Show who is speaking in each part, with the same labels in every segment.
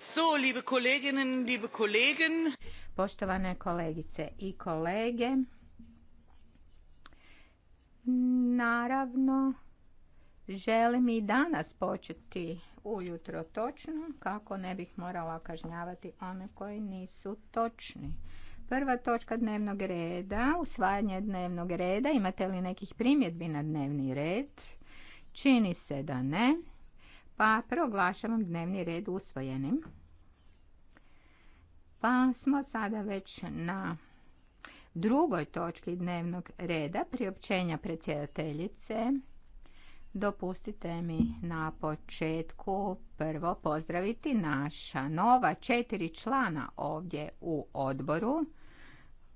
Speaker 1: So, liebe
Speaker 2: Poštovane kolegice i kolege, naravno želim i danas početi ujutro točno kako ne bih morala kažnjavati one koji nisu točni. Prva točka dnevnog reda, usvajanje dnevnog reda. Imate li nekih primjedbi na dnevni red? Čini se da ne pa proglašavam dnevni red usvojenim. Pa smo sada već na drugoj točki dnevnog reda priopćenja predsjedateljice. Dopustite mi na početku prvo pozdraviti naša nova četiri člana ovdje u odboru.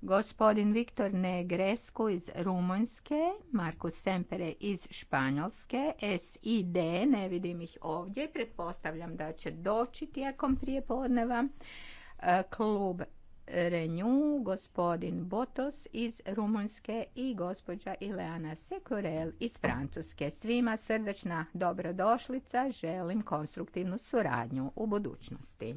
Speaker 2: Gospodin Viktor Negresku iz Rumunjske, Marko Sempere iz Španjolske, SID, ne vidim ih ovdje, pretpostavljam da će doći tijekom prije podneva. E, Klub Renju, gospodin Botos iz Rumunjske i gospođa Ileana Sekurel iz Francuske. Svima srdečna dobrodošlica, želim konstruktivnu suradnju u budućnosti.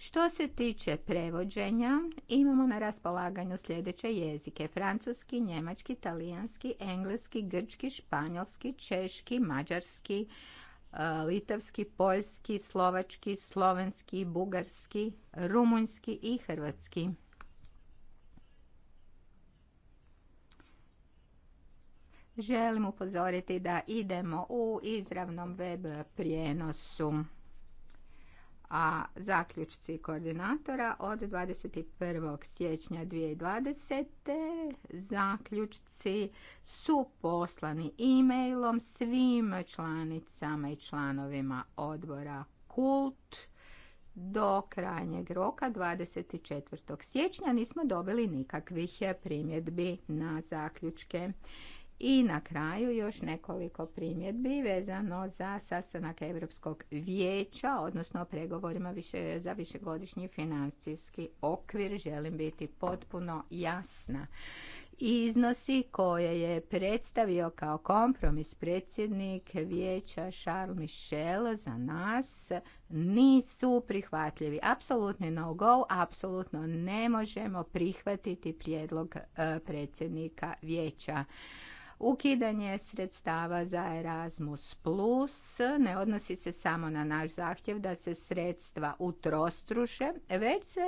Speaker 2: Što se tiče prevođenja, imamo na raspolaganju sljedeće jezike. Francuski, njemački, talijanski, engleski, grčki, španjolski, češki, mađarski, e, litavski, poljski, slovački, slovenski, bugarski, rumunjski i hrvatski. Želim upozoriti da idemo u izravnom web prijenosu a zaključci koordinatora od 21. siječnja 2020. zaključci su poslani e-mailom svim članicama i članovima odbora KULT do krajnjeg roka 24. siječnja nismo dobili nikakvih primjedbi na zaključke. I na kraju još nekoliko primjedbi vezano za sastanak Europskog vijeća, odnosno o pregovorima za višegodišnji financijski okvir. Želim biti potpuno jasna. Iznosi koje je predstavio kao kompromis predsjednik vijeća Charles Michel za nas nisu prihvatljivi. Apsolutni no go, apsolutno ne možemo prihvatiti prijedlog eh, predsjednika vijeća. Ukidanje sredstava za Erasmus Plus ne odnosi se samo na naš zahtjev da se sredstva utrostruše, već se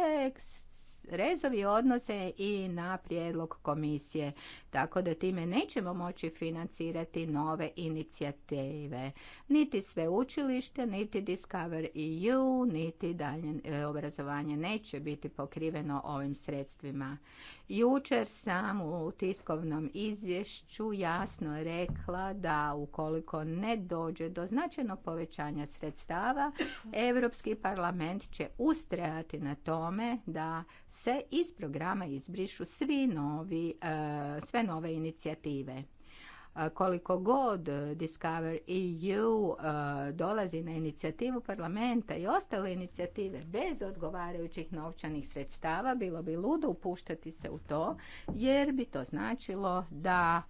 Speaker 2: rezovi odnose i na prijedlog komisije, tako da time nećemo moći financirati nove inicijative. Niti sve učilište, niti Discover EU, niti dalje e, obrazovanje neće biti pokriveno ovim sredstvima. Jučer sam u tiskovnom izvješću jasno rekla da ukoliko ne dođe do značajnog povećanja sredstava, Europski parlament će ustrajati na tome da se iz programa izbrišu svi novi, e, sve nove inicijative e, koliko god Discover EU e, dolazi na inicijativu parlamenta i ostale inicijative bez odgovarajućih novčanih sredstava, bilo bi ludo upuštati se u to jer bi to značilo da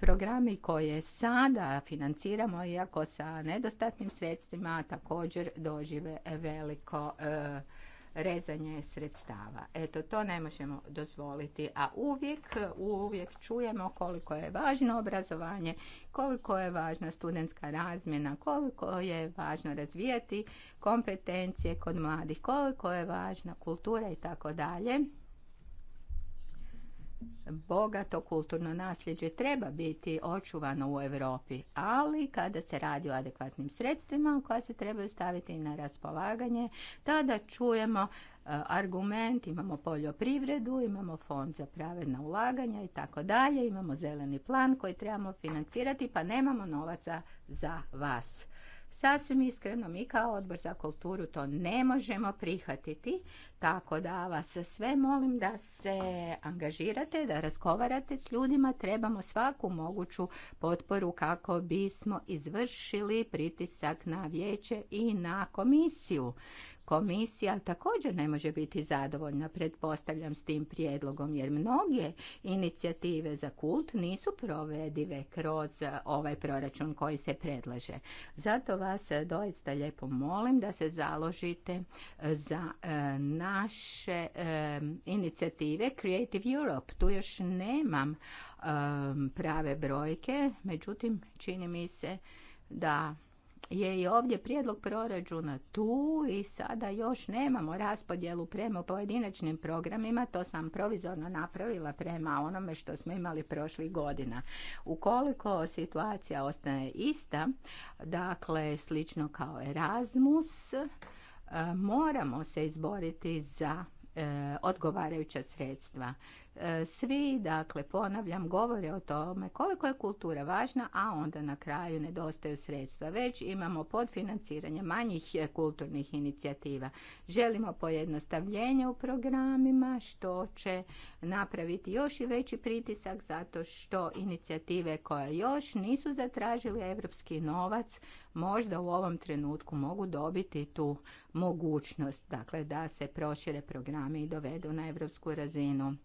Speaker 2: programi koje sada financiramo, iako sa nedostatnim sredstvima, također dožive veliko rezanje sredstava. Eto, to ne možemo dozvoliti. A uvijek, uvijek čujemo koliko je važno obrazovanje, koliko je važna studentska razmjena, koliko je važno razvijati kompetencije kod mladih, koliko je važna kultura i tako dalje bogato kulturno nasljeđe treba biti očuvano u Europi, ali kada se radi o adekvatnim sredstvima koja se trebaju staviti na raspolaganje, tada čujemo e, argument, imamo poljoprivredu, imamo fond za pravedna ulaganja i tako dalje, imamo zeleni plan koji trebamo financirati, pa nemamo novaca za vas. Sasvim iskreno, mi kao odbor za kulturu to ne možemo prihvatiti, tako da vas sve molim da se angažirate, da razgovarate s ljudima, trebamo svaku moguću potporu kako bismo izvršili pritisak na vijeće i na komisiju Komisija također ne može biti zadovoljna, pretpostavljam, s tim prijedlogom, jer mnoge inicijative za kult nisu provedive kroz e, ovaj proračun koji se predlaže. Zato vas e, doista lijepo molim da se založite e, za naše inicijative Creative Europe. Tu još nemam prave brojke, međutim čini mi se da je i ovdje prijedlog proračuna tu i sada još nemamo raspodjelu prema pojedinačnim programima, to sam provizorno napravila prema onome što smo imali prošlih godina. Ukoliko situacija ostane ista, dakle slično kao Erasmus, e, moramo se izboriti za e, odgovarajuća sredstva. E, svi, dakle, ponavljam, govore o tome koliko je kultura važna, a onda na kraju nedostaju sredstva. Već imamo podfinanciranje manjih kulturnih inicijativa. Želimo pojednostavljenje u programima, što će napraviti još i veći pritisak, zato što inicijative koje još nisu zatražile evropski novac, možda u ovom trenutku mogu dobiti tu mogućnost, dakle, da se prošire programe i dovedu na evropsku razinu.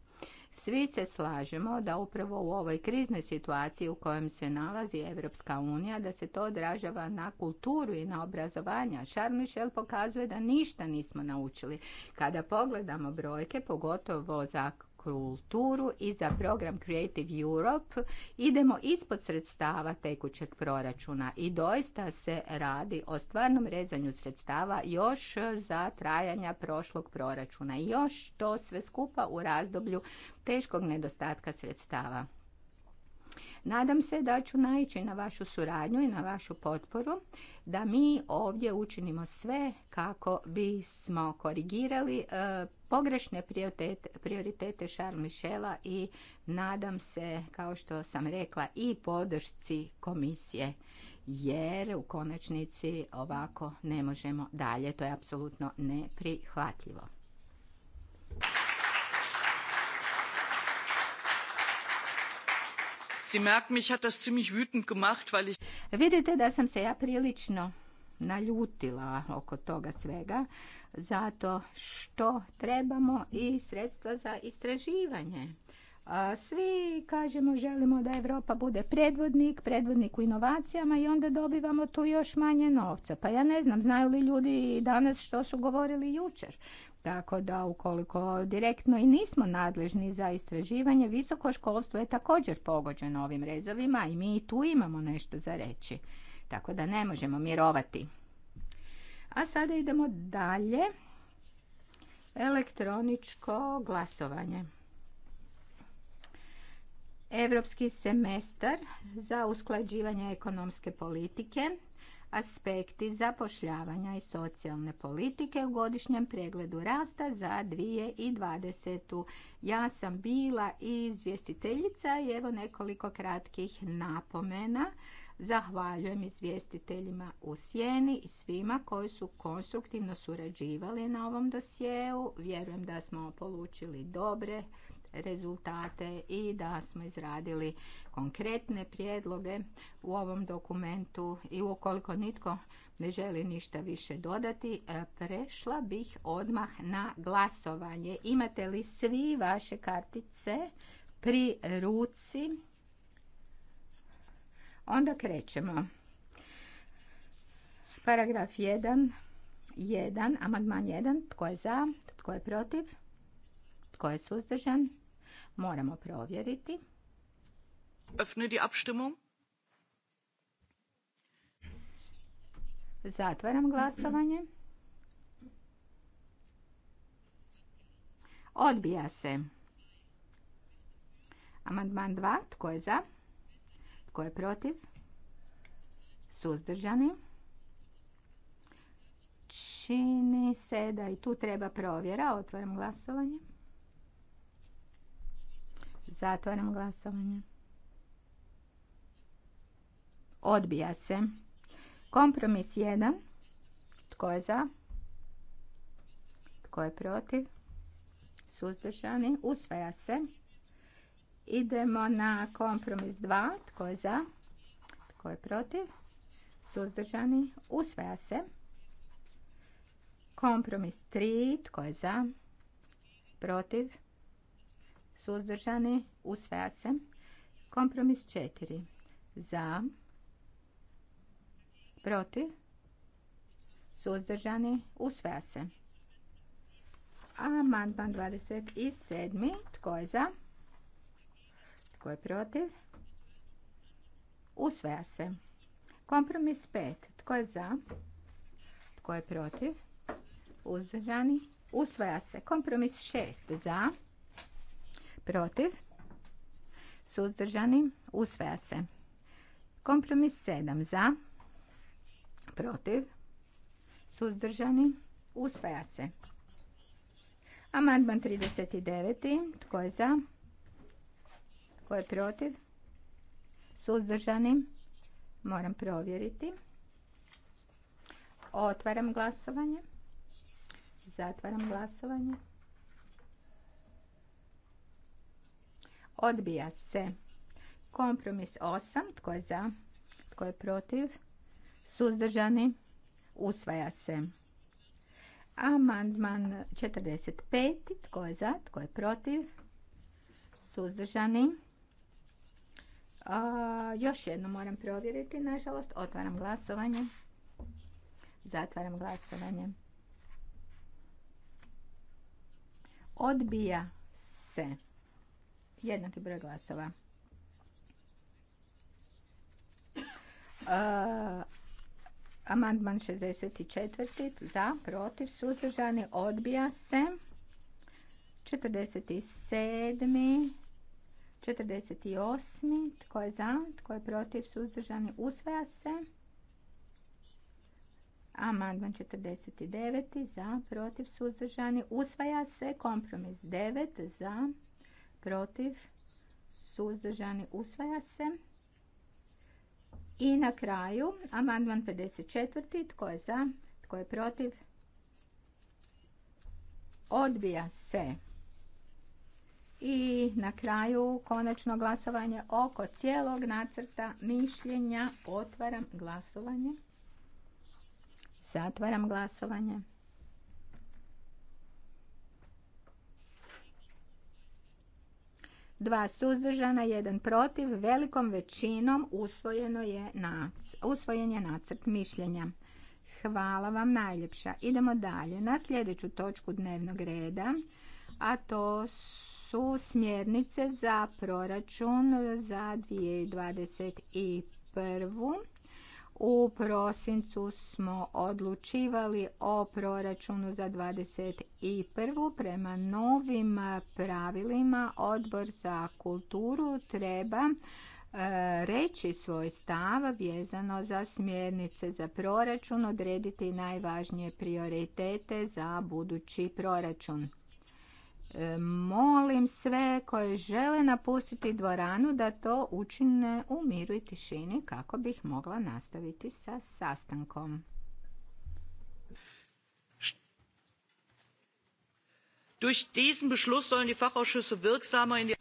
Speaker 2: Svi se slažemo da upravo u ovoj kriznoj situaciji u kojem se nalazi Evropska unija, da se to odražava na kulturu i na obrazovanje. Charles Michel pokazuje da ništa nismo naučili. Kada pogledamo brojke, pogotovo za kulturu i za program Creative Europe idemo ispod sredstava tekućeg proračuna i doista se radi o stvarnom rezanju sredstava još za trajanja prošlog proračuna i još to sve skupa u razdoblju teškog nedostatka sredstava. Nadam se da ću naići na vašu suradnju i na vašu potporu da mi ovdje učinimo sve kako bismo korigirali e, pogrešne prioritete, prioritete Michela i nadam se, kao što sam rekla, i podršci komisije. Jer u konačnici ovako ne možemo dalje, to je
Speaker 1: apsolutno neprihvatljivo.
Speaker 2: Vidite da sam se ja prilično naljutila oko toga svega, zato što trebamo i sredstva za istraživanje. Svi kažemo želimo da Europa bude predvodnik, predvodnik u inovacijama i onda dobivamo tu još manje novca. Pa ja ne znam, znaju li ljudi danas što su govorili jučer. Tako da ukoliko direktno i nismo nadležni za istraživanje, visoko školstvo je također pogođeno ovim rezovima i mi tu imamo nešto za reći. Tako da ne možemo mirovati. A sada idemo dalje. Elektroničko glasovanje. Europski semestar za usklađivanje ekonomske politike aspekti zapošljavanja i socijalne politike u godišnjem pregledu rasta za 2020. Ja sam bila i izvjestiteljica i evo nekoliko kratkih napomena. Zahvaljujem izvjestiteljima u Sjeni i svima koji su konstruktivno surađivali na ovom dosjeu. Vjerujem da smo polučili dobre rezultate i da smo izradili konkretne prijedloge u ovom dokumentu i ukoliko nitko ne želi ništa više dodati, e, prešla bih odmah na glasovanje. Imate li svi vaše kartice pri ruci? Onda krećemo. Paragraf 1, 1, amandman 1, tko je za, tko je protiv, tko je suzdržan, Moramo provjeriti.
Speaker 1: Öffne die Abstimmung.
Speaker 2: Zatvaram glasovanje. Odbija se. Amandman 2. Tko je za? Tko je protiv? Suzdržani. Čini se da i tu treba provjera. Otvaram glasovanje. Zatvaram glasovanje. Odbija se. Kompromis 1. Tko je za? Tko je protiv? Suzdržani. Usvaja se. Idemo na kompromis 2. Tko je za? Tko je protiv? Suzdržani. Usvaja se. Kompromis 3. Tko je za? Protiv? suzdržani, usvaja se. Kompromis 4 za, protiv, suzdržani, usvaja se. Amandman 27. Tko je za? Tko je protiv? Usvaja se. Kompromis 5. Tko je za? Tko je protiv? Uzdržani. Usvaja se. Kompromis 6. Za protiv, suzdržani, usvaja se. Kompromis 7 za, protiv, suzdržani, usvaja se. Amandman 39. Tko je za? Tko je protiv? Suzdržani? Moram provjeriti. Otvaram glasovanje. Zatvaram glasovanje. Odbija se. Kompromis 8. Tko je za? Tko je protiv? Suzdržani? Usvaja se. Amandman 45. Tko je za? Tko je protiv? Suzdržani? još jedno moram provjeriti, nažalost. Otvaram glasovanje. Zatvaram glasovanje. Odbija se jednaki broj glasova. E, amandman 64. Za, protiv, suzdržani, odbija se. 47. 48. Tko je za, tko je protiv, suzdržani, usvaja se. Amandman 49. Za, protiv, suzdržani, usvaja se. Kompromis 9. Za, protiv, suzdržani, usvaja se. I na kraju, amandman 54. Tko je za? Tko je protiv? Odbija se. I na kraju konačno glasovanje oko cijelog nacrta mišljenja. Otvaram glasovanje. Zatvaram glasovanje. dva suzdržana, jedan protiv, velikom većinom usvojeno je usvojen je nacrt mišljenja. Hvala vam najljepša. Idemo dalje na sljedeću točku dnevnog reda, a to su smjernice za proračun za 2021. U prosincu smo odlučivali o proračunu za 2021. Prema novim pravilima odbor za kulturu treba e, reći svoj stav vezano za smjernice za proračun, odrediti najvažnije prioritete za budući proračun. Molim sve koje žele napustiti dvoranu da to učine u miru i tišini kako bih mogla nastaviti sa sastankom.
Speaker 1: Durch diesen Beschluss sollen die Fachausschüsse wirksamer in die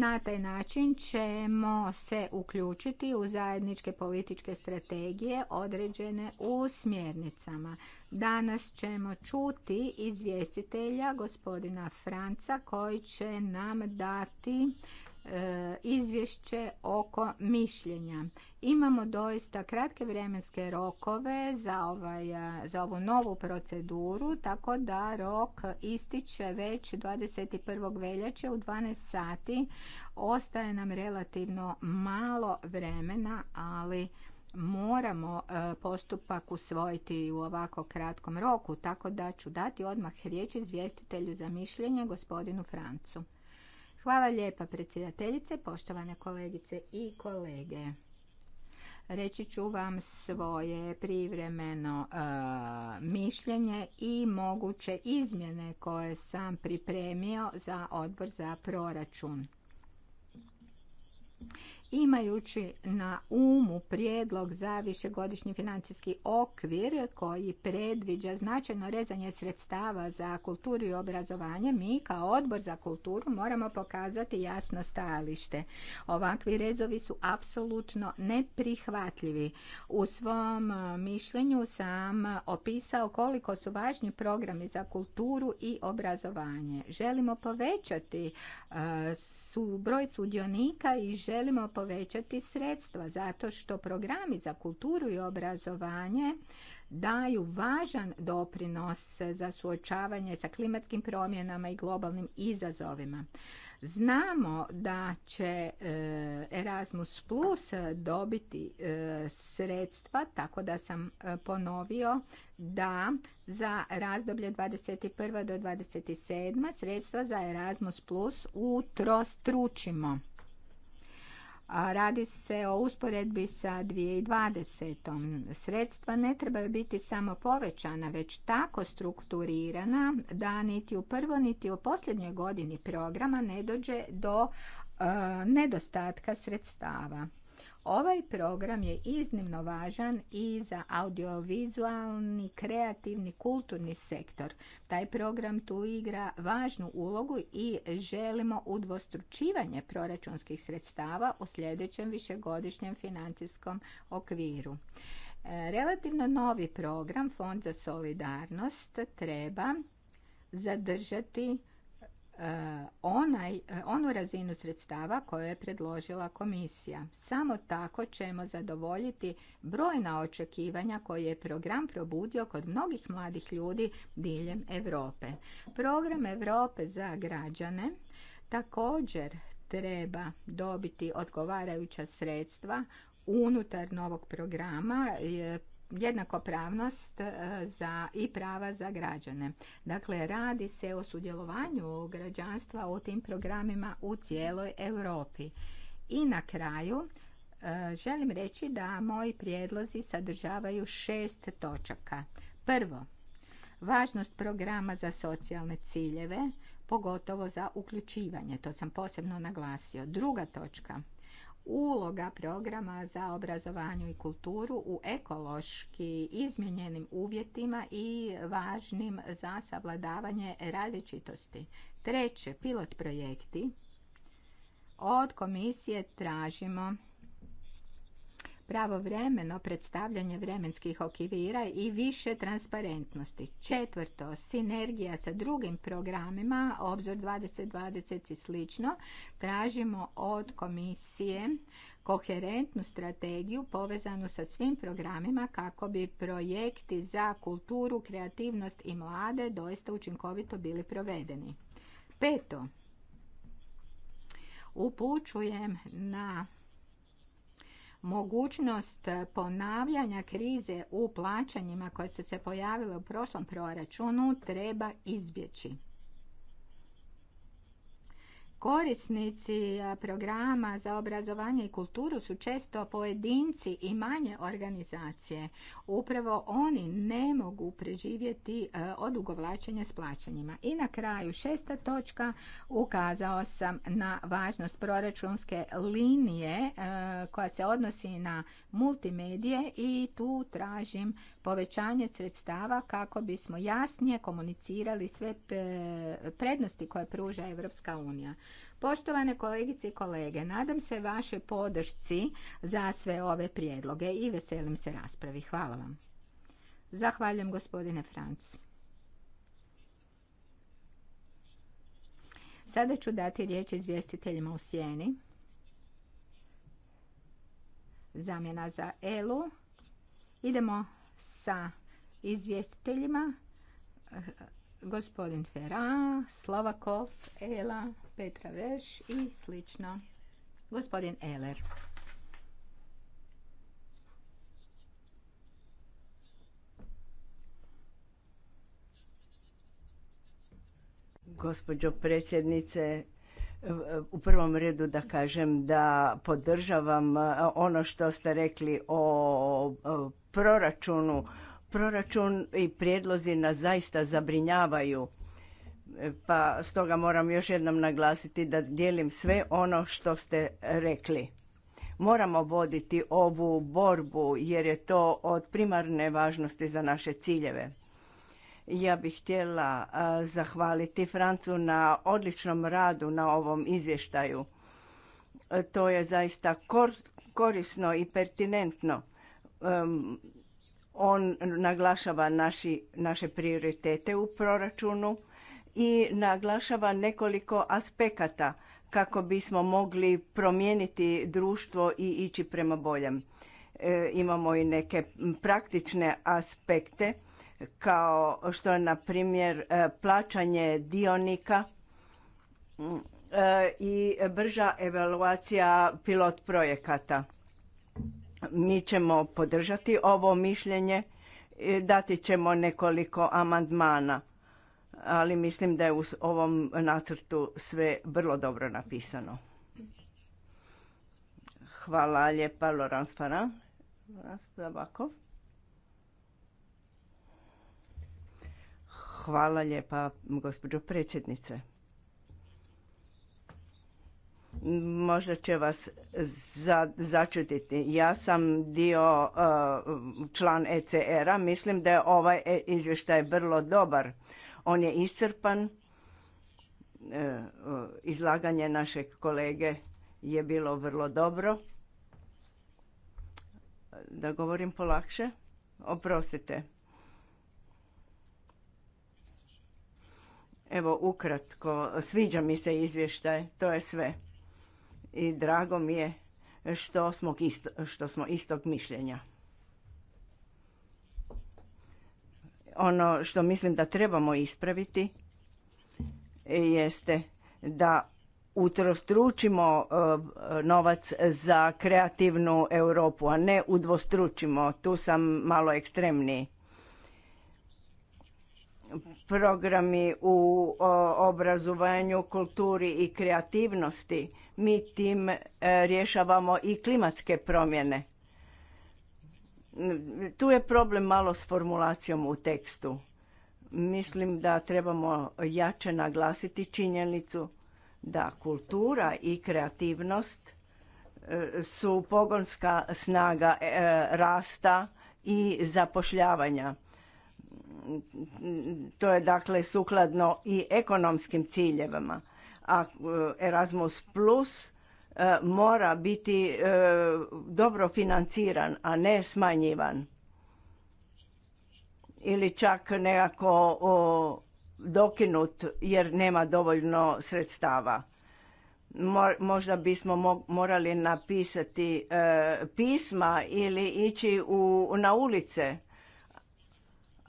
Speaker 2: na taj način ćemo se uključiti u zajedničke političke strategije određene u smjernicama. Danas ćemo čuti izvjestitelja gospodina Franca koji će nam dati E, izvješće oko mišljenja. Imamo doista kratke vremenske rokove za, ovaj, e, za ovu novu proceduru, tako da rok ističe već 21. veljače u 12 sati. Ostaje nam relativno malo vremena, ali moramo e, postupak usvojiti u ovako kratkom roku, tako da ću dati odmah riječ izvjestitelju za mišljenje, gospodinu Francu. Hvala lijepa predsjedateljice, poštovane kolegice i kolege. Reći ću vam svoje privremeno e, mišljenje i moguće izmjene koje sam pripremio za odbor za proračun. Imajući na umu prijedlog za višegodišnji financijski okvir koji predviđa značajno rezanje sredstava za kulturu i obrazovanje, mi kao odbor za kulturu moramo pokazati jasno stajalište. Ovakvi rezovi su apsolutno neprihvatljivi. U svom e, mišljenju sam opisao koliko su važni programi za kulturu i obrazovanje. Želimo povećati e, broj sudionika i želimo povećati povećati sredstva zato što programi za kulturu i obrazovanje daju važan doprinos za suočavanje sa klimatskim promjenama i globalnim izazovima. Znamo da će e, Erasmus Plus dobiti e, sredstva, tako da sam e, ponovio da za razdoblje 21. do 27. sredstva za Erasmus Plus utrostručimo a radi se o usporedbi sa 2020. Sredstva ne trebaju biti samo povećana, već tako strukturirana da niti u prvo niti u posljednjoj godini programa ne dođe do e, nedostatka sredstava. Ovaj program je iznimno važan i za audiovizualni, kreativni, kulturni sektor. Taj program tu igra važnu ulogu i želimo udvostručivanje proračunskih sredstava u sljedećem višegodišnjem financijskom okviru. E, relativno novi program Fond za solidarnost treba zadržati onaj, onu razinu sredstava koju je predložila komisija. Samo tako ćemo zadovoljiti brojna očekivanja koje je program probudio kod mnogih mladih ljudi diljem Europe. Program Europe za građane također treba dobiti odgovarajuća sredstva unutar novog programa jednakopravnost e, za i prava za građane. Dakle, radi se o sudjelovanju građanstva u tim programima u cijeloj Europi. I na kraju e, želim reći da moji prijedlozi sadržavaju šest točaka. Prvo, važnost programa za socijalne ciljeve, pogotovo za uključivanje, to sam posebno naglasio. Druga točka, uloga programa za obrazovanje i kulturu u ekološki izmijenjenim uvjetima i važnim za savladavanje različitosti. Treće, pilot projekti. Od komisije tražimo pravovremeno predstavljanje vremenskih okivira i više transparentnosti. Četvrto, sinergija sa drugim programima, obzor 2020 i slično, tražimo od komisije koherentnu strategiju povezanu sa svim programima kako bi projekti za kulturu, kreativnost i mlade doista učinkovito bili provedeni. Peto, upućujem na mogućnost eh, ponavljanja krize u plaćanjima koje su se pojavile u prošlom proračunu treba izbjeći. Korisnici programa za obrazovanje i kulturu su često pojedinci i manje organizacije. Upravo oni ne mogu preživjeti ugovlačenja s plaćanjima. I na kraju šesta točka ukazao sam na važnost proračunske linije koja se odnosi na multimedije i tu tražim povećanje sredstava kako bismo jasnije komunicirali sve e, prednosti koje pruža Europska unija. Poštovane kolegice i kolege, nadam se vaše podršci za sve ove prijedloge i veselim se raspravi. Hvala vam. Zahvaljujem gospodine Franc. Sada ću dati riječ izvjestiteljima u sjeni. Zamjena za Elu. Idemo sa izvjestiteljima eh, gospodin Fera, Slovakov, Ela, Petra Veš i slično. Gospodin Eler.
Speaker 3: Gospođo predsjednice, u prvom redu da kažem da podržavam e, ono što ste rekli o proračunu. Proračun i prijedlozi nas zaista zabrinjavaju. E, pa stoga moram još jednom naglasiti da dijelim sve ono što ste rekli. Moramo voditi ovu borbu jer je to od primarne važnosti za naše ciljeve. Ja bih htjela zahvaliti Francu na odličnom radu na ovom izvještaju. E, to je zaista korisno i pertinentno. On naglašava naši, naše prioritete u proračunu i naglašava nekoliko aspekata kako bismo mogli promijeniti društvo i ići prema boljem. E, imamo i neke praktične aspekte kao što je na primjer e, plaćanje dionika mm, e, i brža evaluacija pilot projekata. Mi ćemo podržati ovo mišljenje, dati ćemo nekoliko amandmana, ali mislim da je u ovom nacrtu sve vrlo dobro napisano. Hvala lijepa, Laurence Faran. Hvala lijepa, gospođo predsjednice. Možda će vas za, Ja sam dio uh, član ECR-a. Mislim da je ovaj e, izvještaj vrlo dobar. On je iscrpan. Uh, izlaganje našeg kolege je bilo vrlo dobro. Da govorim polakše? Oprostite. Evo, ukratko, sviđa mi se izvještaj, to je sve. I drago mi je što smo, isto, što smo istog mišljenja. Ono što mislim da trebamo ispraviti jeste da utrostručimo e, novac za kreativnu Europu, a ne udvostručimo. Tu sam malo ekstremniji programi u obrazovanju, kulturi i kreativnosti. Mi tim e, rješavamo i klimatske promjene. Tu je problem malo s formulacijom u tekstu. Mislim da trebamo jače naglasiti činjenicu da kultura i kreativnost e, su pogonska snaga e, rasta i zapošljavanja to je dakle sukladno i ekonomskim ciljevima. A e, Erasmus Plus e, mora biti e, dobro financiran, a ne smanjivan. Ili čak nekako dokinut jer nema dovoljno sredstava. Možda bismo morali napisati pisma ili ići na ulice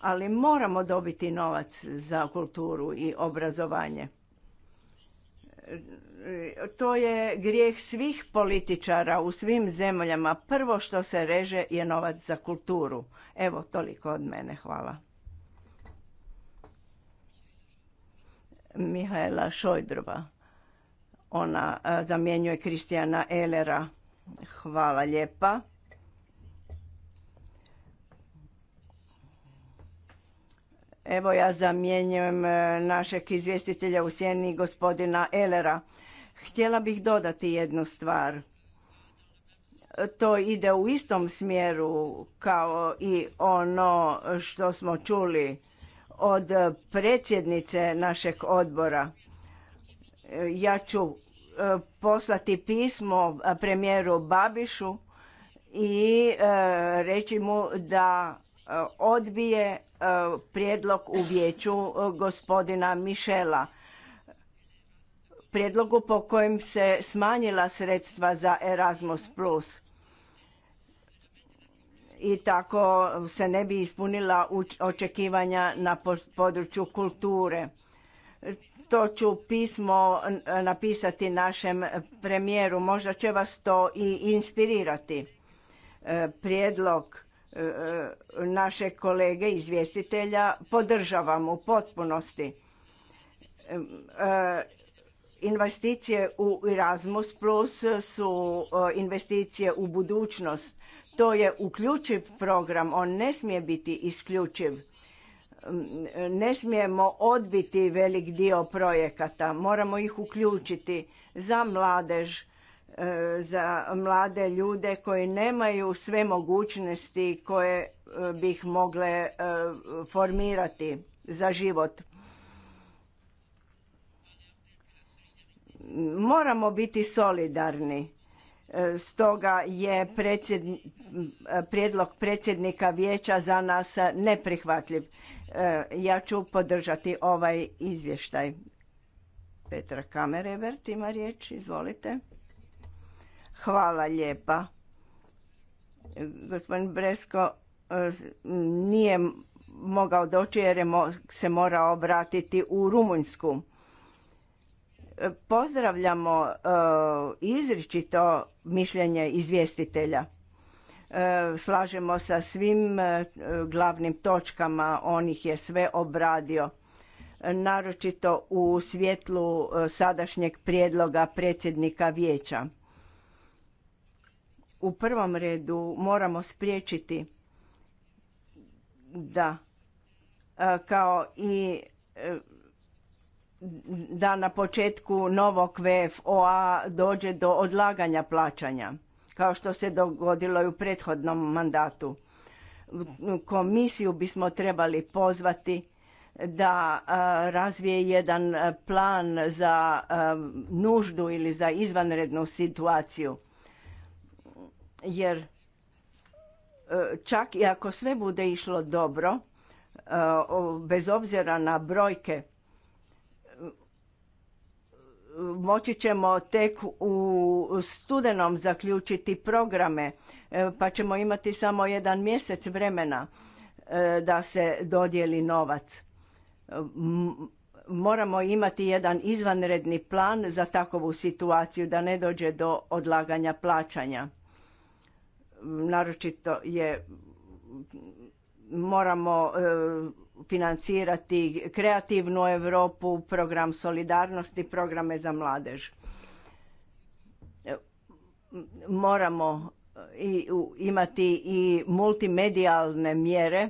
Speaker 3: ali moramo dobiti novac za kulturu i obrazovanje. To je grijeh svih političara u svim zemljama. Prvo što se reže je novac za kulturu. Evo, toliko od mene. Hvala. Mihajla Šojdrova. Ona zamjenjuje Kristijana Elera. Hvala lijepa. Evo ja zamjenjujem e, našeg izvjestitelja u sjeni gospodina Elera. Htjela bih dodati jednu stvar. To ide u istom smjeru kao i ono što smo čuli od predsjednice našeg odbora. Ja ću e, poslati pismo e, premijeru Babišu i reći mu da odbije e, prijedlog u vijeću e, gospodina Mišela prijedlogu po kojem se smanjila sredstva za Erasmus+. I tako se ne bi ispunila očekivanja na području kulture. To ću pismo napisati našem premijeru. Možda će vas to i inspirirati. E, prijedlog naše kolege izvjestitelja podržavam u potpunosti. E, investicije u Erasmus Plus su e, investicije u budućnost. To je uključiv program, on ne smije biti isključiv. Ne smijemo odbiti velik dio projekata, moramo ih uključiti za mladež, E, za mlade ljude koji nemaju sve mogućnosti koje e, bi ih mogle e, formirati za život. Moramo biti solidarni. Stoga je prijedlog predsjednika vijeća za nas neprihvatljiv. Ja ću podržati ovaj izvještaj. Petra Kamerevert ima riječ, izvolite. Hvala lijepa. Gospodin Bresko eh, nije mogao doći jer se mora obratiti u Rumunjsku. Eh, pozdravljamo eh, izričito mišljenje izvjestitelja. Slažemo sa svim glavnim točkama, on ih je sve obradio. Naročito u svjetlu sadašnjeg prijedloga predsjednika vijeća u prvom redu moramo spriječiti da e, kao i e, da na početku novog VFOA dođe do odlaganja plaćanja, kao što se dogodilo i u prethodnom mandatu. Komisiju bismo trebali pozvati da e, razvije jedan plan za nuždu ili za izvanrednu situaciju jer e, čak i ako sve bude išlo dobro, e, bez obzira na brojke, e, moći ćemo tek u studenom zaključiti programe, pa ćemo imati samo jedan mjesec vremena da se dodijeli novac. Moramo imati jedan izvanredni plan za takovu situaciju da ne dođe do odlaganja plaćanja naročito je moramo e, financirati kreativnu Europu, program solidarnosti, programe za mladež. E, moramo e, i, imati i multimedijalne mjere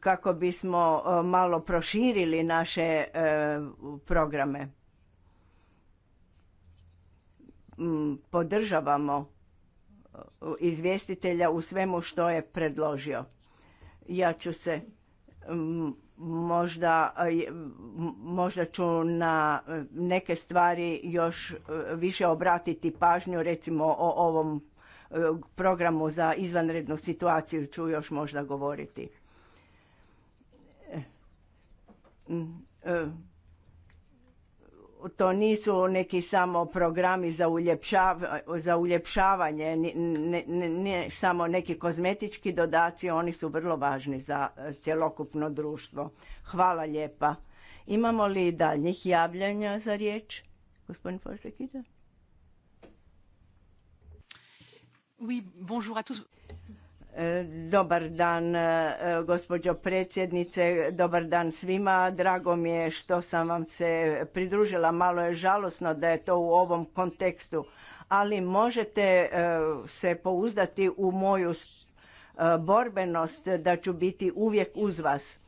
Speaker 3: kako bismo malo proširili naše programe. Podržavamo izvjestitelja u svemu što je predložio. Ja ću se možda, možda ću na neke stvari još više obratiti pažnju, recimo o ovom e, programu za izvanrednu situaciju ću još možda govoriti. E, e, to nisu neki samo programi za, za uljepšavanje, ne, samo neki kozmetički dodaci, oni su vrlo važni za e, cjelokupno društvo. Hvala lijepa. Imamo li daljnjih javljanja za riječ? Gospodin Forsek,
Speaker 1: Oui, bonjour à tous.
Speaker 3: E, dobar dan, e, gospođo predsjednice, dobar dan svima. Drago mi je što sam vam se pridružila. Malo je žalosno da je to u ovom kontekstu, ali možete e, se pouzdati u moju borbenost da ću biti uvijek uz vas.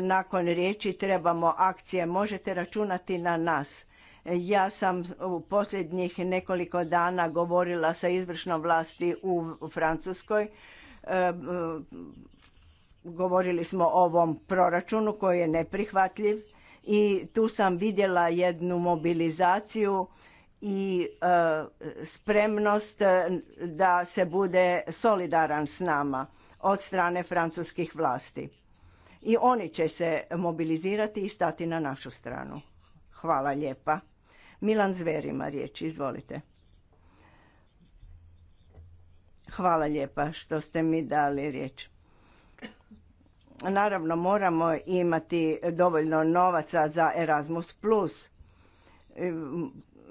Speaker 3: Nakon riječi trebamo akcije. Možete računati na nas ja sam u posljednjih nekoliko dana govorila sa izvršnom vlasti u Francuskoj. E, govorili smo o ovom proračunu koji je neprihvatljiv i tu sam vidjela jednu mobilizaciju i e, spremnost da se bude solidaran s nama od strane francuskih vlasti. I oni će se mobilizirati i stati na našu stranu. Hvala lijepa. Milan Zverima riječ, izvolite. Hvala lijepa što ste mi dali riječ. Naravno, moramo imati dovoljno novaca za Erasmus+.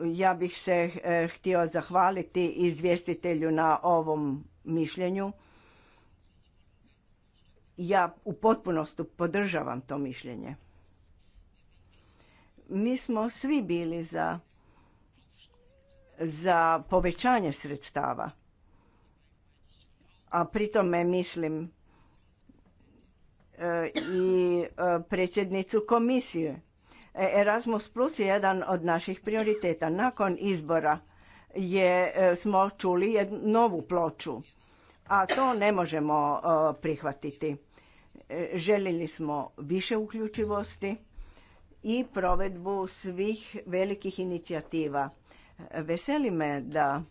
Speaker 3: Ja bih se e, htio zahvaliti izvjestitelju na ovom mišljenju. Ja u potpunosti podržavam to mišljenje mi smo svi bili za za povećanje sredstava. A pri me mislim e, i e, predsjednicu komisije. E, Erasmus Plus je jedan od naših prioriteta. Nakon izbora je, smo čuli novu ploču, a to ne možemo prihvatiti. Željeli smo više uključivosti, i provedbu svih velikih inicijativa. Veseli me da,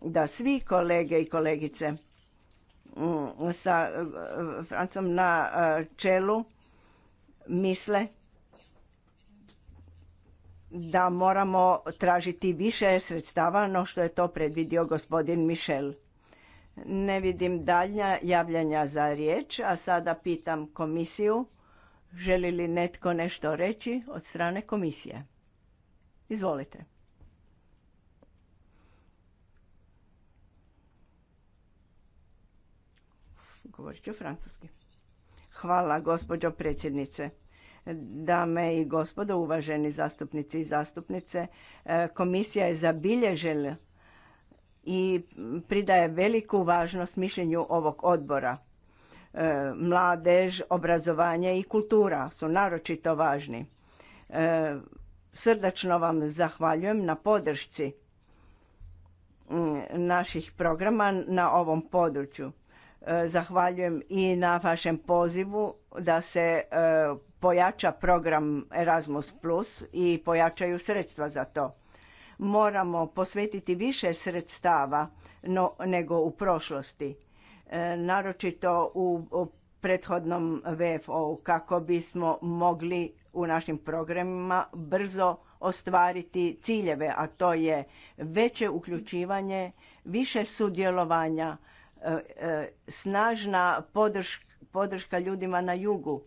Speaker 3: da svi kolege i kolegice mm, sa eh, Francom na eh, čelu misle da moramo tražiti više sredstava no što je to predvidio gospodin Michel. Ne vidim daljnja javljanja za riječ, a sada pitam komisiju Želi li netko nešto reći od strane komisije? Izvolite. Govorit ću francuski. Hvala, gospođo predsjednice. Dame i gospodo, uvaženi zastupnici i zastupnice, e, komisija je zabilježila i pridaje veliku važnost mišljenju ovog odbora. E, mladež, obrazovanje i kultura su naročito važni. E, srdačno vam zahvaljujem na podršci naših programa na ovom području. E, zahvaljujem i na vašem pozivu da se pojača program Erasmus Plus i pojačaju sredstva za to. Moramo posvetiti više sredstava nego u prošlosti E, naročito u, prethodnom VFO-u kako bismo mogli u našim programima brzo ostvariti ciljeve, a to je veće uključivanje, više sudjelovanja, e, e, snažna podrška ljudima na jugu,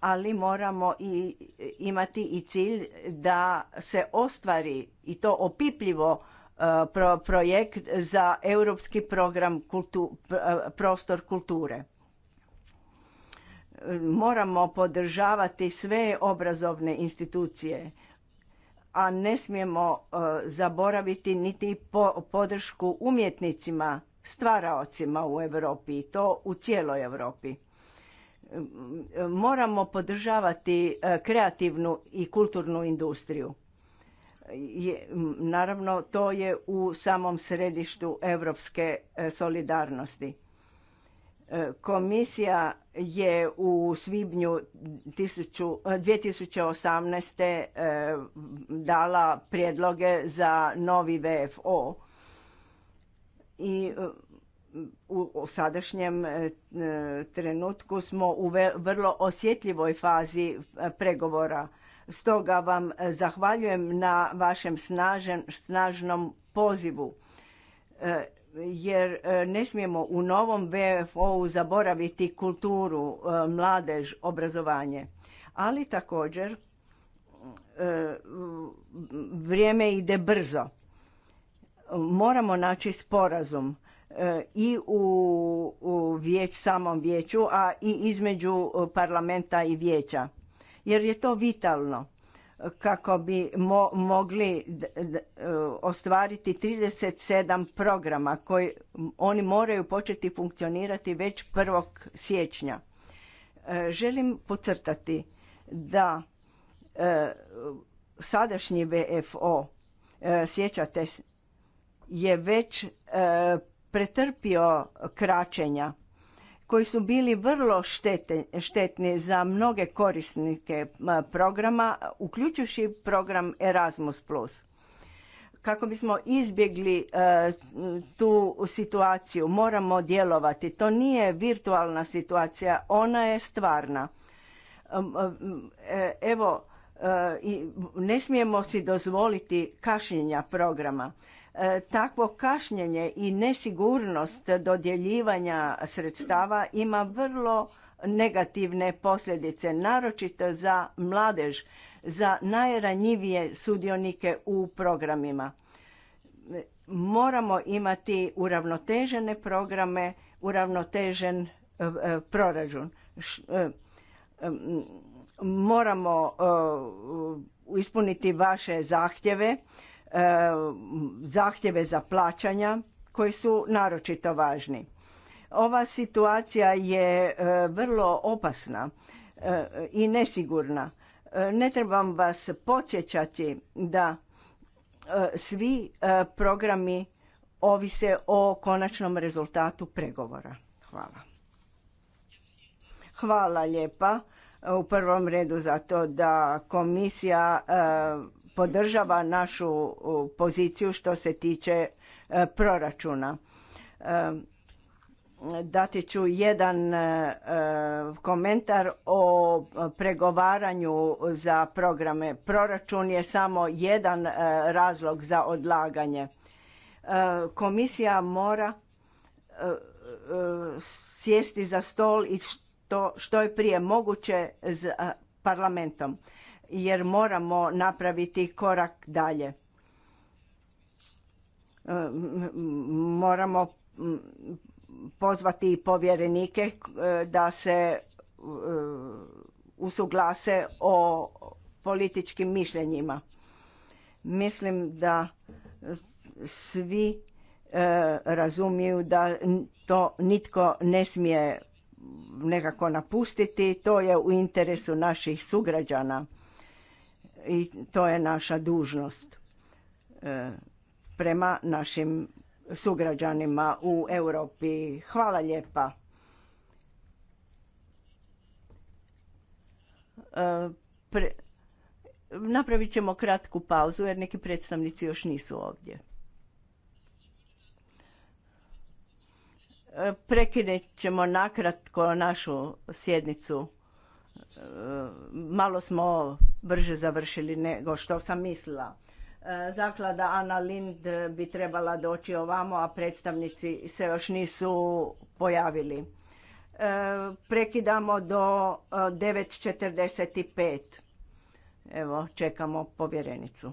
Speaker 3: ali moramo i imati i cilj da se ostvari i to opipljivo E, projekt za europski program e, prostor kulture. E, moramo podržavati sve obrazovne institucije, a ne smijemo zaboraviti niti podršku umjetnicima, stvaraocima u Europi i to u cijeloj Europi. Moramo podržavati kreativnu i kulturnu industriju je, naravno to je u samom središtu europske e, solidarnosti. E, komisija je u svibnju 2018. E, dala prijedloge za novi VFO i u sadašnjem trenutku smo u vrlo osjetljivoj fazi pregovora Stoga vam e, zahvaljujem na vašem snažnom pozivu e, jer e, ne smijemo u novom VFO-u zaboraviti kulturu, mladež, obrazovanje. Ali također vrijeme ide brzo. Moramo naći sporazum i u, u vijeć, samom vijeću, a i između parlamenta i vijeća jer je to vitalno kako bi mogli ostvariti 37 programa koji oni moraju početi funkcionirati već 1. siječnja. E, želim pocrtati da e, sadašnji VFO, e, sjećate, je već e, pretrpio kraćenja koji su bili vrlo štetni za mnoge korisnike programa, uključujući program Erasmus+. Kako bismo izbjegli e, tu situaciju, moramo djelovati. To nije virtualna situacija, ona je stvarna. E, evo, e, ne smijemo si dozvoliti kašnjenja programa E, takvo kašnjenje i nesigurnost dodjeljivanja sredstava ima vrlo negativne posljedice, naročito za mladež, za najranjivije sudionike u programima. E, moramo imati uravnotežene programe, uravnotežen e, proračun. Moramo ispuniti vaše zahtjeve E, zahtjeve za plaćanja koji su naročito važni. Ova situacija je e, vrlo opasna e, i nesigurna. Ne trebam vas podsjećati da svi programi ovise o konačnom rezultatu pregovora. Hvala. Hvala lijepa u prvom redu za to da komisija podržava našu poziciju što se tiče e, proračuna. E, dati ću jedan e, komentar o pregovaranju za programe. Proračun je samo jedan razlog za odlaganje. Komisija mora sjesti za stol i što, je prije moguće s parlamentom jer moramo napraviti korak dalje. E, moramo pozvati povjerenike e, da se e, usuglase o političkim mišljenjima. Mislim da svi razumiju da to nitko ne smije nekako napustiti, to je u interesu naših sugrađana i to je naša dužnost e, prema našim sugrađanima u Europi. Hvala lijepa. E, pre... Napravit ćemo kratku pauzu jer neki predstavnici još nisu ovdje. E, Prekinut ćemo nakratko našu sjednicu. Malo smo brže završili nego što sam mislila. E, zaklada Ana Lind bi trebala doći ovamo, a predstavnici se još nisu pojavili. E, prekidamo do 9.45. E, Evo, čekamo povjerenicu.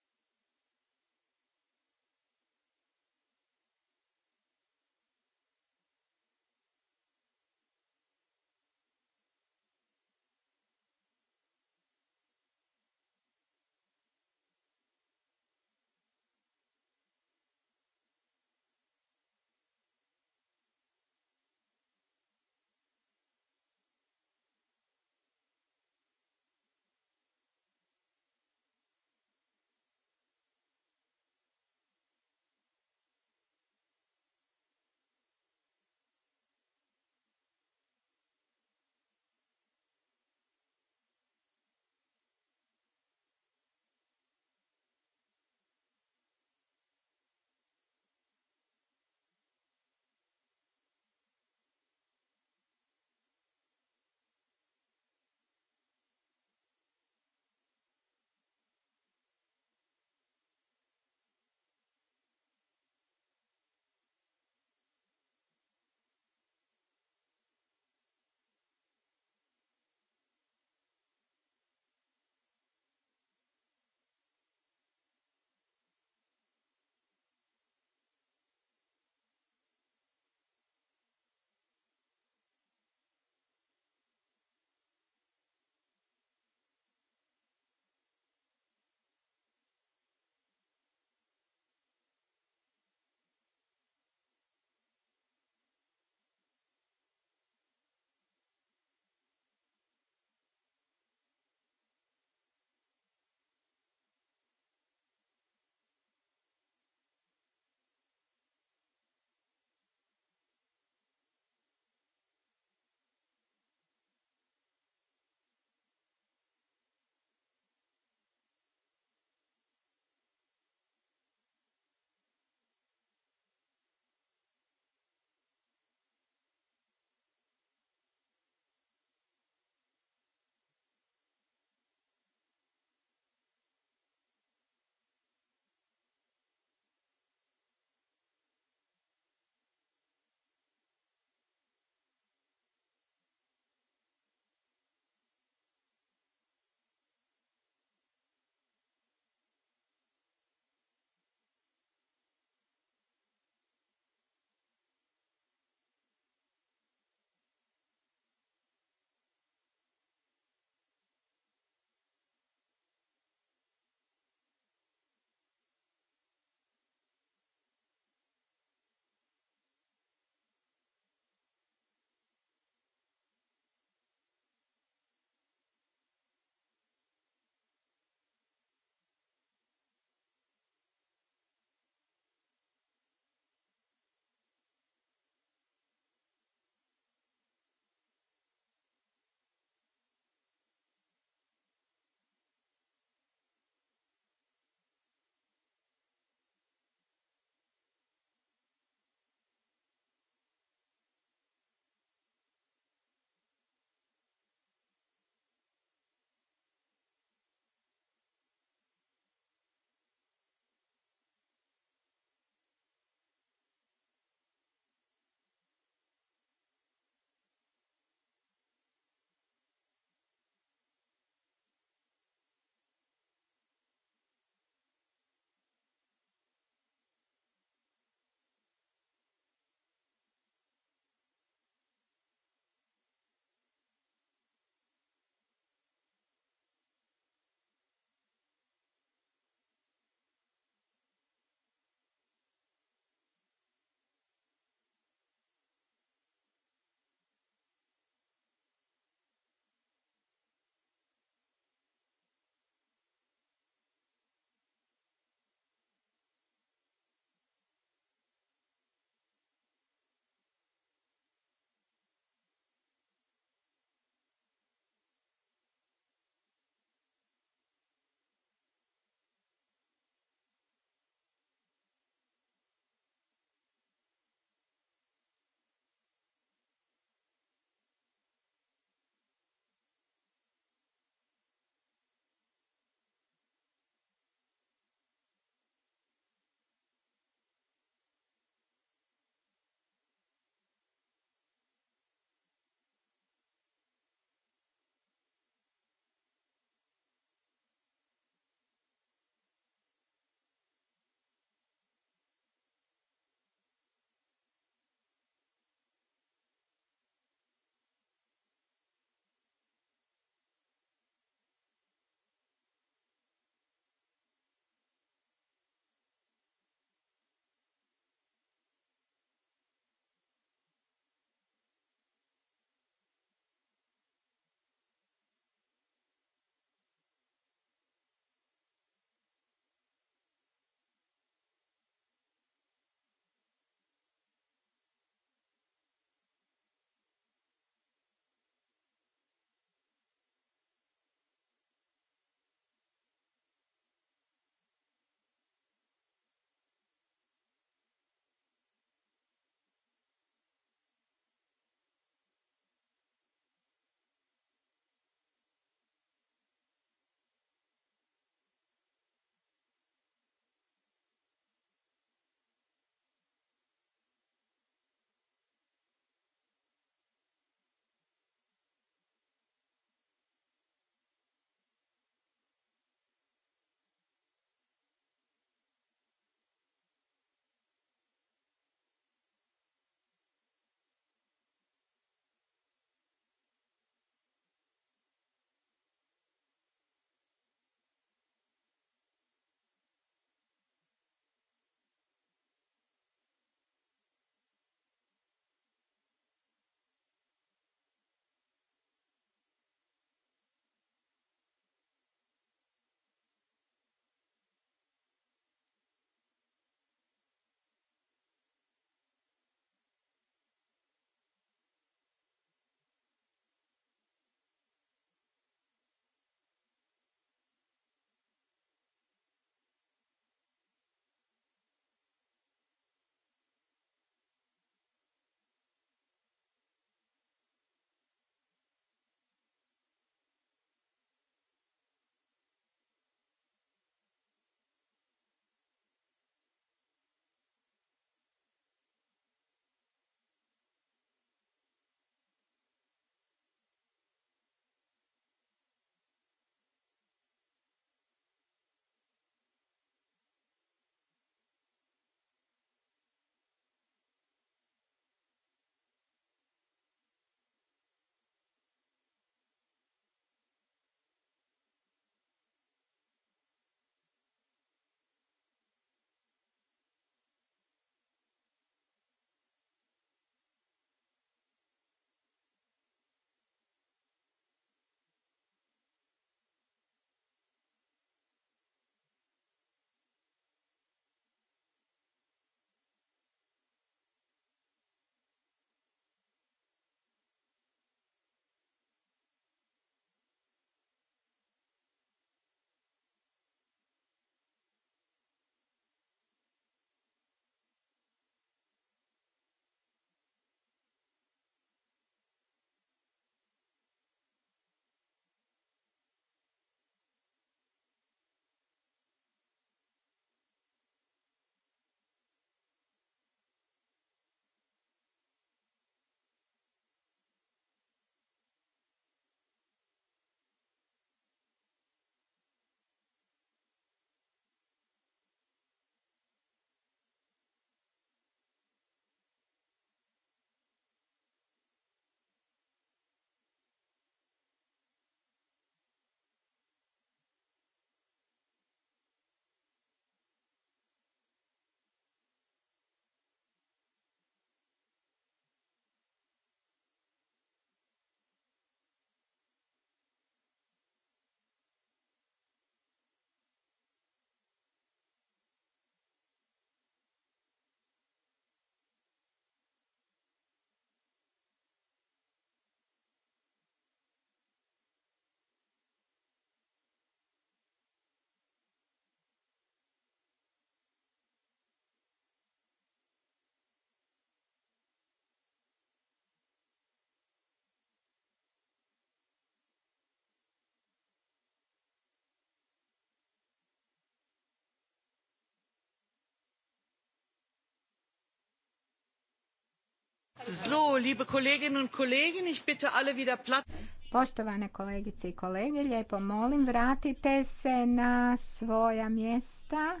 Speaker 2: Poštovane kolegice i kolege, lijepo molim vratite se na svoja mjesta.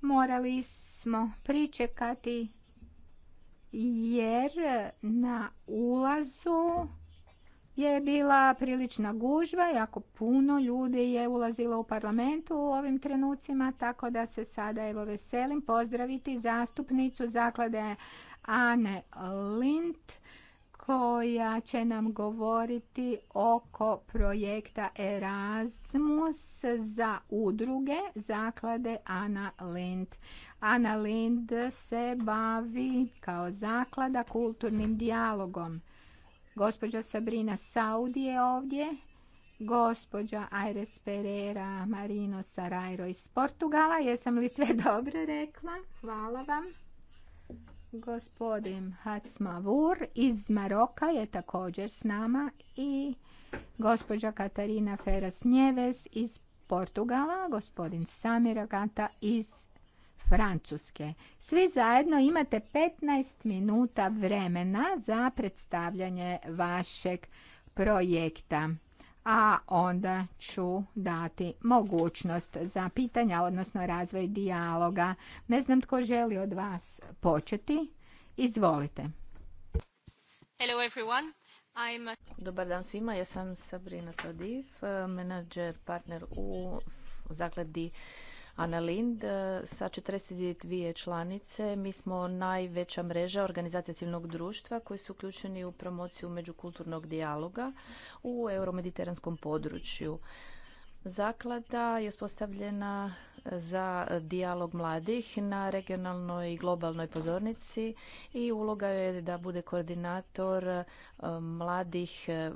Speaker 2: Morali smo pričekati jer na ulazu je bila prilična gužva, jako puno ljudi je ulazilo u parlament u ovim trenucima, tako da se sada evo veselim pozdraviti zastupnicu zaklade Ane Lind koja će nam govoriti oko projekta Erasmus za udruge zaklade Ana Lind. Ana Lind se bavi kao zaklada kulturnim dijalogom. Gospođa Sabrina Saudi je ovdje, gospođa Aires Pereira Marino Sarajro iz Portugala. Jesam li sve dobro rekla? Hvala vam. Gospodin Hacmavur iz Maroka je također s nama i gospođa Katarina Feras Njeves iz Portugala, gospodin Samir Agata iz Francuske. Svi zajedno imate 15 minuta vremena za predstavljanje vašeg projekta a onda ću dati mogućnost za pitanja, odnosno razvoj dijaloga. Ne znam tko želi od vas početi. Izvolite.
Speaker 4: Hello everyone. Dobar dan svima, ja sam Sabrina Sadiv, menadžer, partner u zakladi Ana Lind e, sa 42 članice. Mi smo najveća mreža organizacija civilnog društva koji su uključeni u promociju međukulturnog dijaloga u euromediteranskom području. Zaklada je uspostavljena za dijalog mladih na regionalnoj i globalnoj pozornici i uloga je da bude koordinator e, mladih e, e,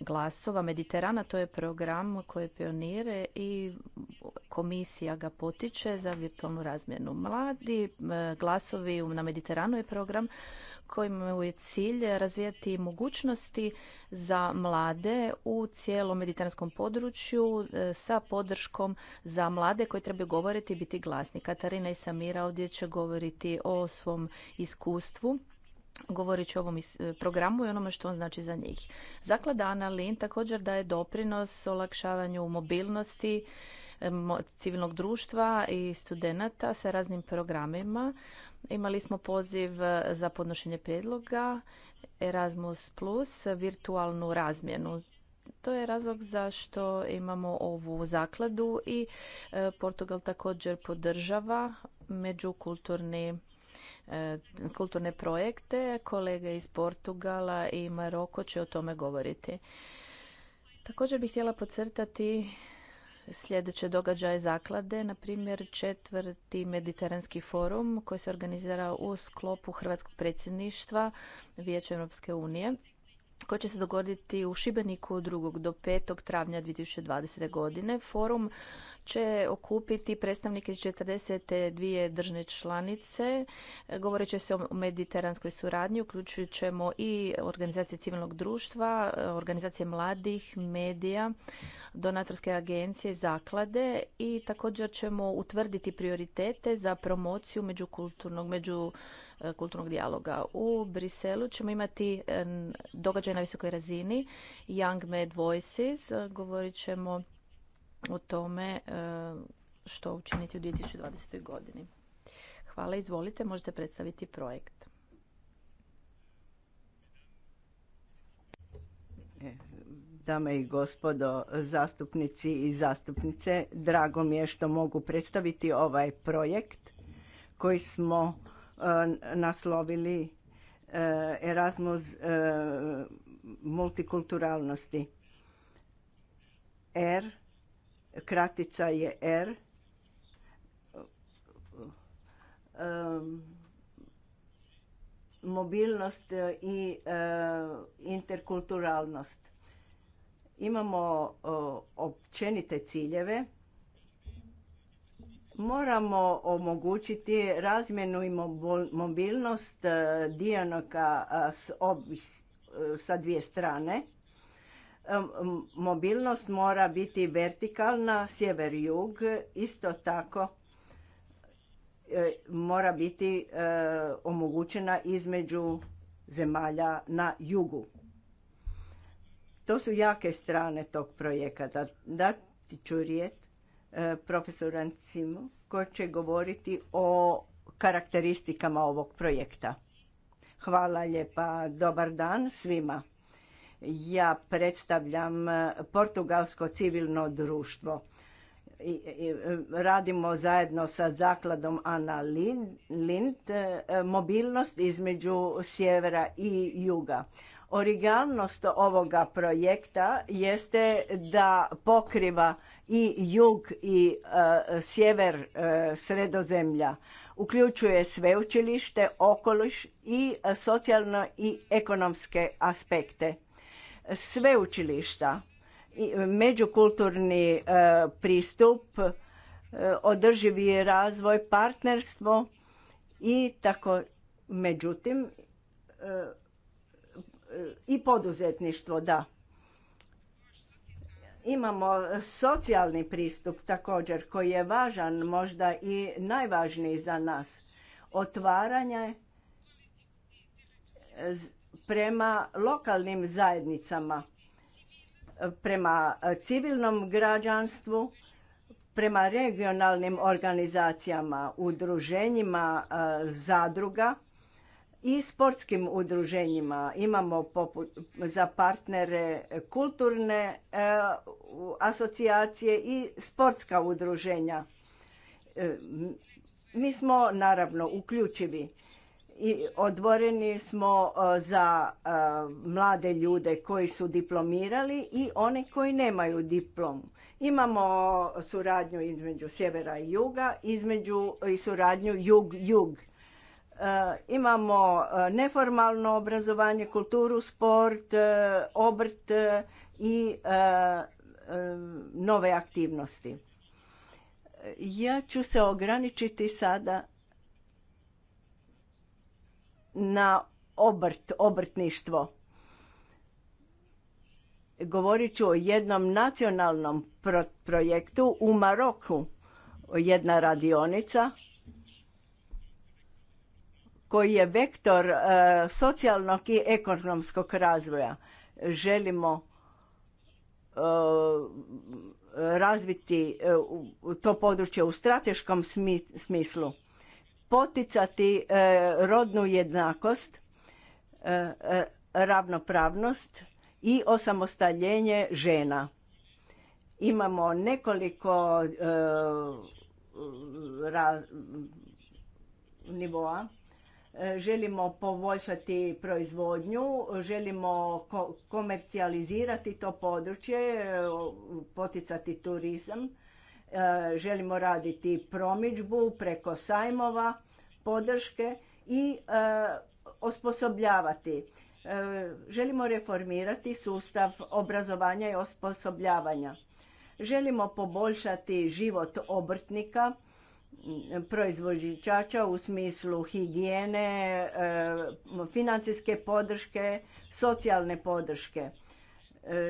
Speaker 4: glasova Mediterana. To je program koji pionire i komisija ga potiče za virtualnu razmjenu. Mladi glasovi na Mediteranu je program kojim je cilj razvijati mogućnosti za mlade u cijelom mediteranskom području e, sa podrškom za mlade koji trebaju govoriti i biti glasni. Katarina i Samira ovdje će govoriti o svom iskustvu govorit o ovom e, programu i onome što on znači za njih. Zaklada Analin također daje doprinos olakšavanju mobilnosti e, civilnog društva i studenata sa raznim programima Imali smo poziv e, za podnošenje prijedloga Erasmus Plus, virtualnu razmjenu. To je razlog zašto imamo ovu zakladu i e, Portugal također podržava međukulturni e, kulturne projekte. Kolege iz Portugala i Maroko će o tome govoriti. Također bih htjela podcrtati sljedeće događaje zaklade, na primjer četvrti mediteranski forum koji se organizira u sklopu Hrvatskog predsjedništva Vijeća Europske unije koji će se dogoditi u Šibeniku od 2. do 5. travnja 2020. godine. Forum će okupiti predstavnike iz 42 držne članice. Govorit će se o mediteranskoj suradnji, uključujući ćemo i organizacije civilnog društva, organizacije mladih, medija, donatorske agencije, zaklade i također ćemo utvrditi prioritete za promociju međukulturnog, među e, kulturnog dijaloga. U Briselu ćemo imati e, događaj na visokoj razini Young Med Voices. Govorit ćemo o tome e, što učiniti u 2020. godini. Hvala, izvolite, možete predstaviti
Speaker 3: projekt. E, dame i gospodo, zastupnici i zastupnice, drago mi je što mogu predstaviti ovaj projekt koji smo e, naslovili Erasmus multikulturalnosti. R kratica je R. Mobilnost e, i e, interkulturalnost. Imamo općenite ciljeve. Moramo omogućiti razmjenu i mobilnost e, dijanoka s sa dvije strane mobilnost mora biti vertikalna, sjever-jug, isto tako e, mora biti e, omogućena između zemalja na jugu. To su jake strane tog projekata. Dati ću rijet e, profesor koji će govoriti o karakteristikama ovog projekta. Hvala lijepa, dobar dan svima. Ja predstavljam e, portugalsko civilno društvo. I, e, radimo zajedno sa zakladom Ana Lind e, mobilnost između sjevera i juga. Originalnost ovoga projekta jeste da pokriva i jug i sjever sredozemlja. Uključuje sveučilište, okoliš i socijalno i ekonomske aspekte sveučilišta, međukulturni e, pristup, e, održivi razvoj, partnerstvo i tako međutim e, i poduzetništvo, da. Imamo socijalni pristup također koji je važan, možda i najvažniji za nas. Otvaranje prema lokalnim zajednicama, prema civilnom građanstvu, prema regionalnim organizacijama, udruženjima e, zadruga i sportskim udruženjima. Imamo za partnere kulturne e, asocijacije i sportska udruženja. E, mi smo naravno uključivi i odvoreni smo e, za e, mlade ljude koji su diplomirali i oni koji nemaju diplom. Imamo suradnju između sjevera i juga, između i suradnju jug-jug. E, imamo neformalno obrazovanje, kulturu, sport, obrt i nove aktivnosti. Ja ću se ograničiti sada na obrt, obrtništvo. Govorit ću o jednom nacionalnom projektu u Maroku. Jedna radionica koji je vektor e, socijalnog i ekonomskog razvoja. Želimo e, razviti e, u, to područje u strateškom smislu poticati e, rodnu jednakost, e, e, ravnopravnost i osamostaljenje žena. Imamo nekoliko nivoa. Želimo poboljšati proizvodnju, želimo komercijalizirati to područje, poticati turizam E, želimo raditi promičbu preko sajmova, podrške i e, osposobljavati. E, želimo reformirati sustav obrazovanja i osposobljavanja. Želimo poboljšati život obrtnika, proizvođača u smislu higijene, financijske podrške, socijalne podrške.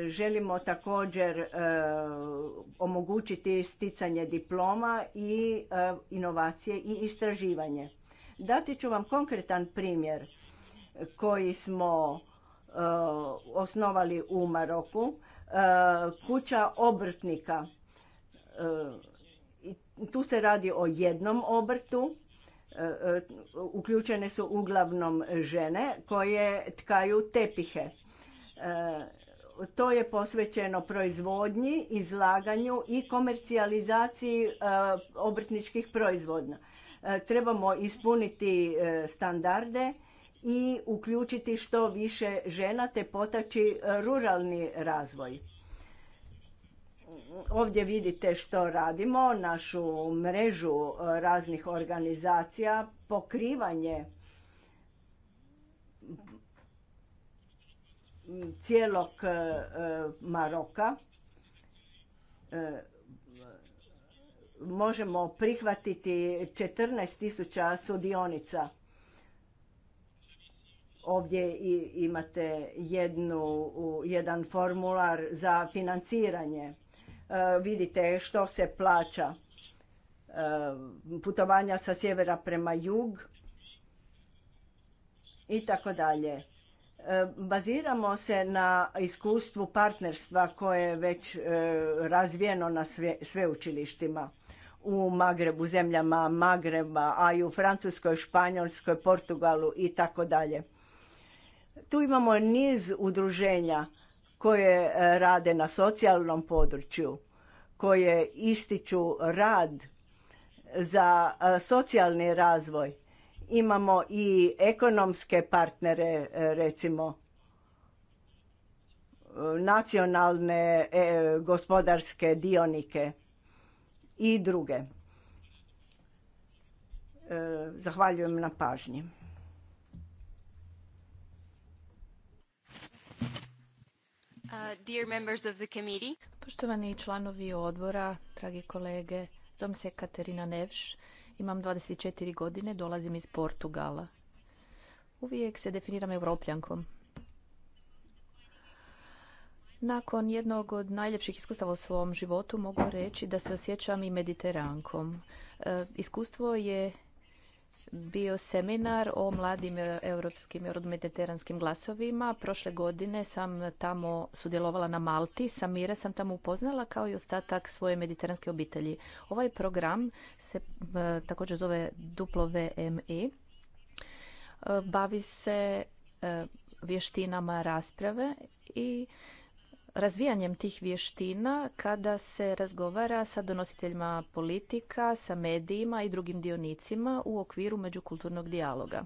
Speaker 3: Želimo također e, omogućiti sticanje diploma i e, inovacije i istraživanje. Dati ću vam konkretan primjer koji smo e, osnovali u Maroku. Kuća obrtnika. Tu se radi o jednom obrtu. Uključene su uglavnom žene koje tkaju tepihe to je posvećeno proizvodnji, izlaganju i komercijalizaciji e, obrtničkih proizvodna. E, trebamo ispuniti e, standarde i uključiti što više žena te potaći ruralni razvoj. Ovdje vidite što radimo, našu mrežu raznih organizacija, pokrivanje cijelog e, Maroka e, možemo prihvatiti 14 tisuća sudionica. Ovdje imate jednu, jedan formular za financiranje. E, vidite što se plaća. Putovanja sa sjevera prema jug i tako dalje Baziramo se na iskustvu partnerstva koje je već e, razvijeno na sve, sveučilištima u Magrebu, zemljama Magreba, a i u Francuskoj, Španjolskoj, Portugalu i tako dalje. Tu imamo niz udruženja koje e, rade na socijalnom području, koje ističu rad za e, socijalni razvoj imamo i ekonomske partnere, e, recimo e, nacionalne e, gospodarske dionike i druge. zahvaljujem na pažnji. Uh, members the
Speaker 4: Poštovani članovi odbora, dragi kolege, zovem se Katerina Nevš imam 24 godine, dolazim iz Portugala. Uvijek se definiram europljankom. Nakon jednog od najljepših iskustava u svom životu mogu reći da se osjećam i mediterankom. E, iskustvo je bio seminar o mladim e, europskim i mediteranskim glasovima. Prošle godine sam tamo sudjelovala na Malti. Samira sam tamo upoznala kao i ostatak svoje mediteranske obitelji. Ovaj program se e, također zove duplo VME. E, bavi se vještinama rasprave i razvijanjem tih vještina kada se razgovara sa donositeljima politika, sa medijima i drugim dionicima u okviru međukulturnog dijaloga.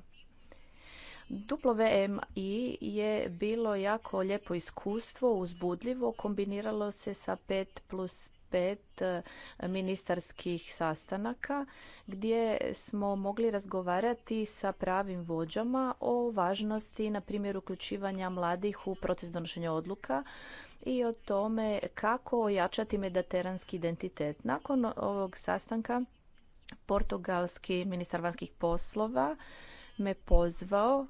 Speaker 4: WMI je bilo jako lijepo iskustvo, uzbudljivo, kombiniralo se sa 5 plus pet eh, ministarskih sastanaka gdje smo mogli razgovarati sa pravim vođama o važnosti, na primjer, uključivanja mladih u proces donošenja odluka, i o tome kako ojačati mediteranski identitet. Nakon ovog sastanka portugalski ministar vanjskih poslova me pozvao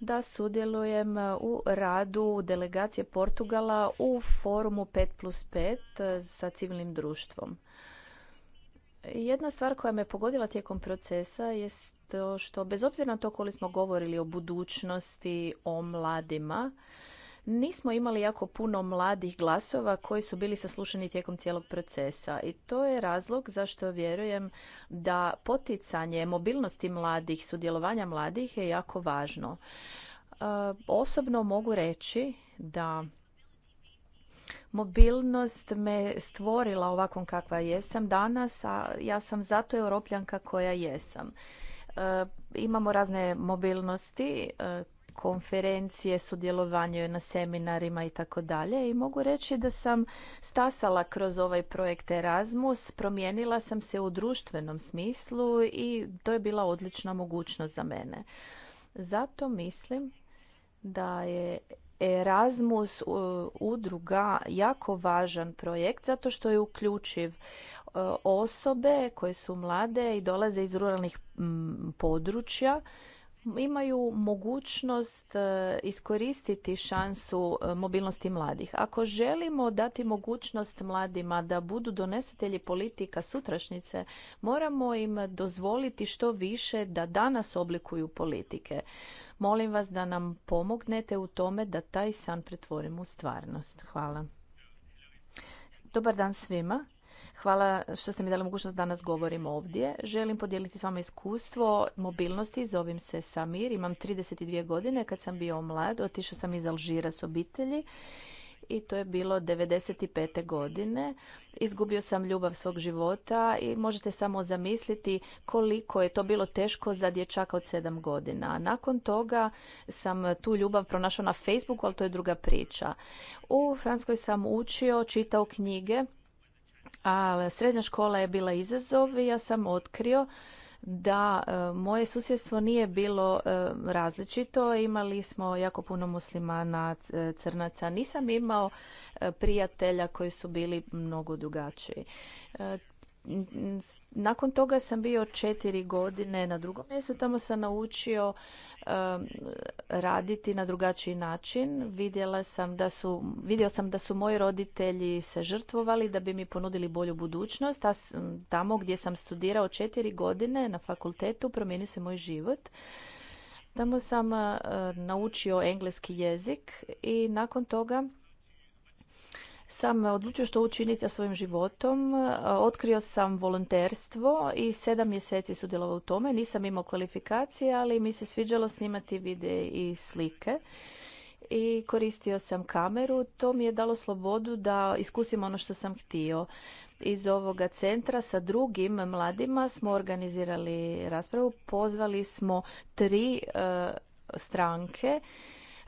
Speaker 4: da sudjelujem u radu delegacije Portugala u forumu 5 plus 5 sa civilnim društvom. Jedna stvar koja me pogodila tijekom procesa je to što, bez obzira na to koliko smo govorili o budućnosti, o mladima, nismo imali jako puno mladih glasova koji su bili saslušani tijekom cijelog procesa i to je razlog zašto vjerujem da poticanje mobilnosti mladih, sudjelovanja mladih je jako važno. E, osobno mogu reći da mobilnost me stvorila ovakvom kakva jesam danas, a ja sam zato europljanka koja jesam. E, imamo razne mobilnosti e, konferencije, sudjelovanje na seminarima i tako dalje. I mogu reći da sam stasala kroz ovaj projekt Erasmus, promijenila sam se u društvenom smislu i to je bila odlična mogućnost za mene. Zato mislim da je Erasmus udruga jako važan projekt zato što je uključiv e, osobe koje su mlade i dolaze iz ruralnih područja imaju mogućnost e, iskoristiti šansu e, mobilnosti mladih. Ako želimo dati mogućnost mladima da budu donesitelji politika sutrašnjice, moramo im dozvoliti što više da danas oblikuju politike. Molim vas da nam pomognete u tome da taj san pretvorimo u stvarnost. Hvala. Dobar dan svima. Hvala što ste mi dali mogućnost da danas govorim ovdje. Želim podijeliti s vama iskustvo mobilnosti. Zovim se Samir, imam 32 godine. Kad sam bio mlad, otišao sam iz Alžira s obitelji i to je bilo 95. godine. Izgubio sam ljubav svog života i možete samo zamisliti koliko je to bilo teško za dječaka od 7 godina. Nakon toga sam tu ljubav pronašao na Facebooku, ali to je druga priča. U Franskoj sam učio, čitao knjige ali srednja škola je bila izazov i ja sam otkrio da e, moje susjedstvo nije bilo e, različito. Imali smo jako puno muslimana, e, crnaca. Nisam imao prijatelja koji su bili mnogo drugačiji nakon toga sam bio četiri godine na drugom mjestu, tamo sam naučio raditi na drugačiji način. Vidjela sam da su, vidio sam da su moji roditelji se žrtvovali da bi mi ponudili bolju budućnost, a tamo gdje sam studirao četiri godine na fakultetu promijenio se moj život. Tamo sam eh, naučio engleski jezik i nakon toga sam odlučio što učiniti sa svojim životom. E, otkrio sam volonterstvo i sedam mjeseci sudjelovao u tome. Nisam imao kvalifikacije, ali mi se sviđalo snimati videe i slike i koristio sam kameru. To mi je dalo slobodu da iskusim ono što sam htio. Iz ovoga centra sa drugim mladima smo organizirali raspravu. Pozvali smo tri e, stranke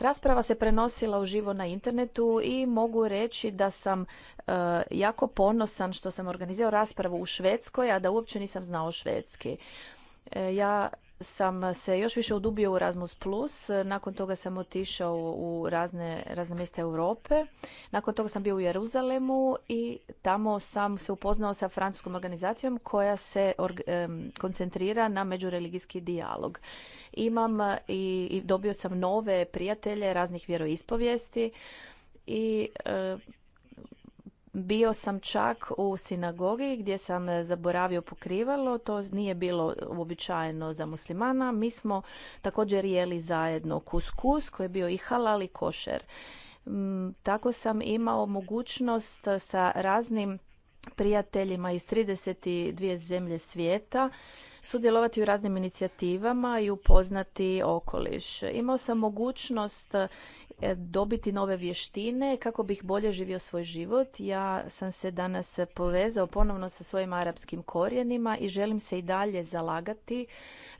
Speaker 4: Rasprava se prenosila uživo na internetu i mogu reći da sam e, jako ponosan što sam organizirao raspravu u Švedskoj, a da uopće nisam znao švedski. E, ja sam se još više udubio u Erasmus Plus, nakon toga sam otišao u razne, razne Europe, nakon toga sam bio u Jeruzalemu i tamo sam se upoznao sa francuskom organizacijom koja se koncentrira na međureligijski dijalog. Imam e, i, dobio sam nove prijatelje raznih vjeroispovijesti i e, bio sam čak u sinagogi gdje sam e, zaboravio pokrivalo, to nije bilo uobičajeno za muslimana. Mi smo također jeli zajedno kuskus koji je bio i halal i košer. Mm, tako sam imao mogućnost e, sa raznim prijateljima iz 32 zemlje svijeta sudjelovati u raznim inicijativama i upoznati okoliš. Imao sam mogućnost e, dobiti nove vještine kako bih bolje živio svoj život. Ja sam se danas povezao ponovno sa svojim arapskim korijenima i želim se i dalje zalagati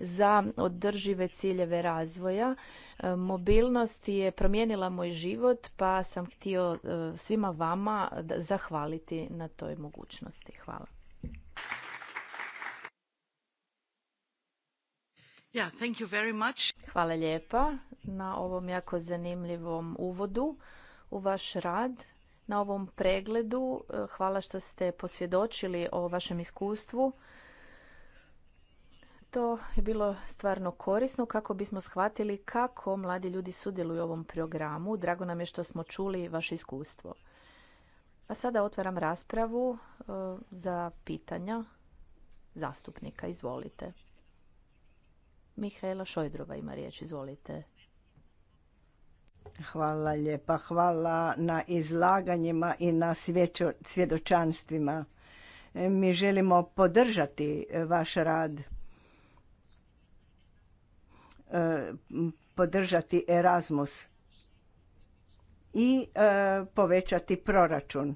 Speaker 4: za održive ciljeve razvoja. E, mobilnost je promijenila moj život pa sam htio e, svima vama zahvaliti na toj mogućnosti. Hvala. Hvala lijepa na ovom jako zanimljivom uvodu u vaš rad, na ovom pregledu. Hvala što ste posvjedočili o vašem iskustvu. To je bilo stvarno korisno kako bismo shvatili kako mladi ljudi sudjeluju u ovom programu. Drago nam je što smo čuli vaše iskustvo. A sada otvaram raspravu eh, za pitanja
Speaker 3: zastupnika. Izvolite. Mihaela Šojdrova ima riječ, izvolite. Hvala lijepa, hvala na izlaganjima i na svjedočanstvima. E, mi želimo podržati e, vaš rad, e, podržati Erasmus i povećati proračun.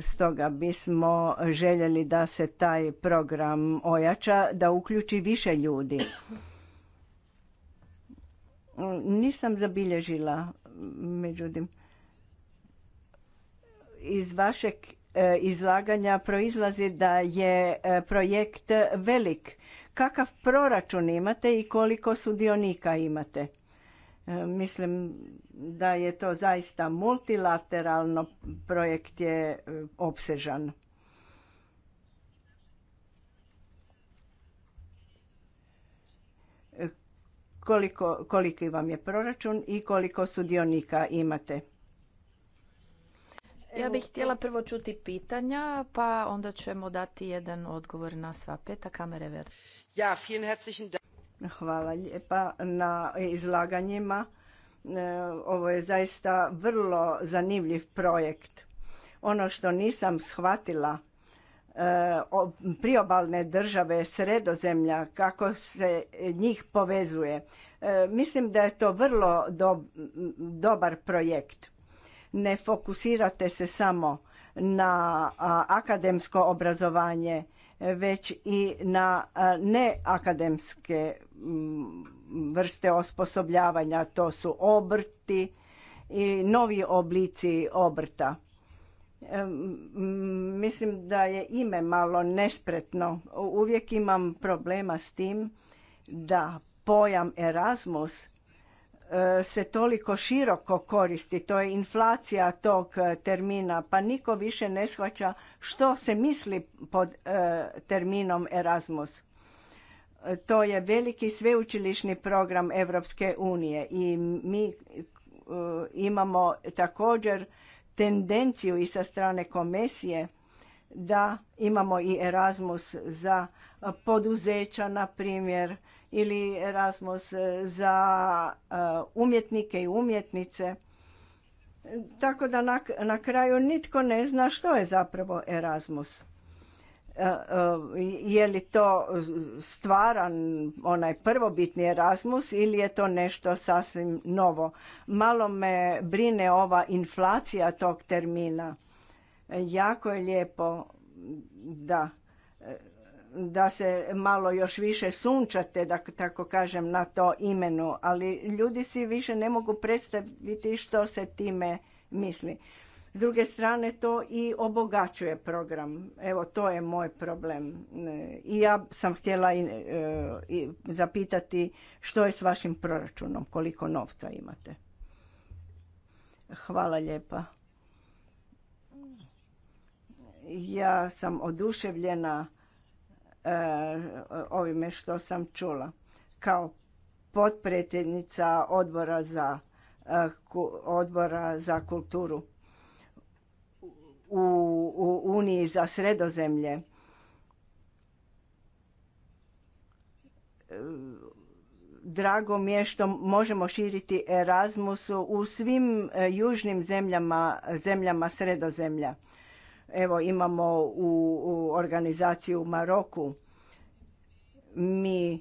Speaker 3: Stoga bismo željeli da se taj program ojača, da uključi više ljudi. Nisam zabilježila, međutim, iz vašeg e, izlaganja proizlazi da je e, projekt velik. Kakav proračun imate i koliko sudionika imate? E, mislim da je to zaista multilateralno, projekt je e, opsežan. E, koliko, koliki vam je proračun i koliko sudionika imate?
Speaker 1: Ja bih htjela
Speaker 4: prvo čuti pitanja, pa onda ćemo dati jedan odgovor na sva
Speaker 3: peta kamere ver.
Speaker 1: Ja, vielen herzlichen
Speaker 3: Hvala lijepa na izlaganjima. E, ovo je zaista vrlo zanimljiv projekt. Ono što nisam shvatila, e, priobalne države sredozemlja, kako se njih povezuje. E, mislim da je to vrlo dobar projekt. Ne fokusirate se samo na akademsko obrazovanje, već i na neakademske Mm, vrste osposobljavanja, to su obrti i novi oblici obrta. Mm, mislim da je ime malo nespretno. Uvijek imam problema s tim da pojam Erasmus e, se toliko široko koristi. To je inflacija tog e, termina, pa niko više ne shvaća što se misli pod e, terminom Erasmus to je veliki sveučilišni program Europske unije i mi e, imamo također tendenciju i sa strane komisije da imamo i Erasmus za poduzeća, na primjer, ili Erasmus za e, umjetnike i umjetnice. Tako da na, na kraju nitko ne zna što je zapravo Erasmus. E, e, je li to stvaran onaj prvobitni Erasmus ili je to nešto sasvim novo. Malo me brine ova inflacija tog termina. Jako je lijepo da da se malo još više sunčate, da tako kažem, na to imenu, ali ljudi si više ne mogu predstaviti što se time misli. S druge strane to i obogaćuje program. Evo to je moj problem. E, I ja sam htjela e, i, zapitati što je s vašim proračunom, koliko novca imate. Hvala lijepa. Ja sam oduševljena e, ovime što sam čula. Kao potpredsjednica odbora za odbora za kulturu u, u Uniji za sredozemlje. E, drago mi je što možemo širiti Erasmus u svim e, južnim zemljama, zemljama sredozemlja. Evo imamo u, organizaciju u Maroku. Mi e,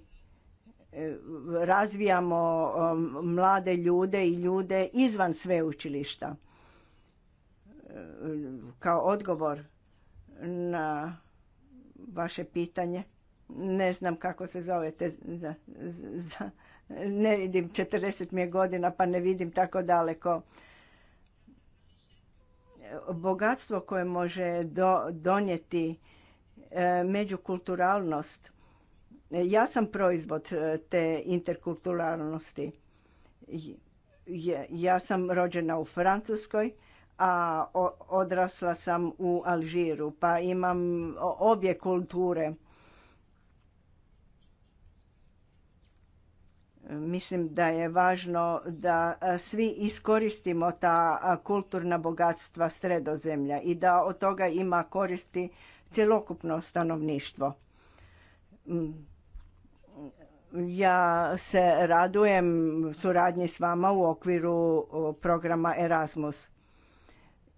Speaker 3: razvijamo mlade ljude i ljude izvan sveučilišta kao odgovor na vaše pitanje. Ne znam kako se zovete, za, za, ne vidim, 40 mi je godina pa ne vidim tako daleko. Bogatstvo koje može donijeti e, međukulturalnost. Ja sam proizvod e, te interkulturalnosti. Ja sam rođena u Francuskoj a odrasla sam u Alžiru, pa imam obje kulture. Mislim da je važno da svi iskoristimo ta kulturna bogatstva sredozemlja i da od toga ima koristi cjelokupno stanovništvo. Mm. Ja se radujem suradnji s vama u okviru programa Erasmus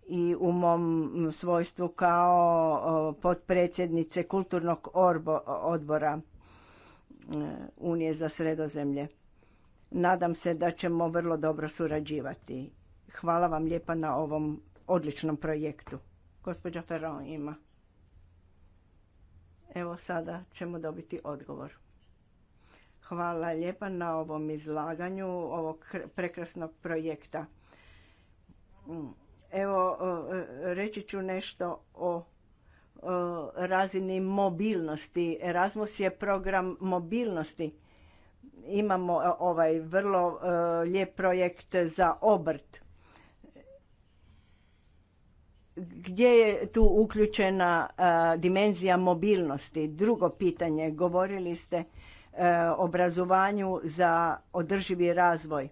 Speaker 3: i u mom svojstvu kao potpredsjednice kulturnog orbo, odbora e, Unije za sredozemlje. Nadam se da ćemo vrlo dobro surađivati. Hvala vam lijepa na ovom odličnom projektu. Gospođa Ferron ima. Evo sada ćemo dobiti odgovor. Hvala lijepa na ovom izlaganju ovog prekrasnog projekta. Evo, e, e, reći ću nešto o e, razini mobilnosti. Erasmus je program mobilnosti. Imamo ovaj vrlo lijep projekt za obrt. Gdje je tu uključena dimenzija mobilnosti? Drugo pitanje, govorili ste obrazovanju za održivi razvoj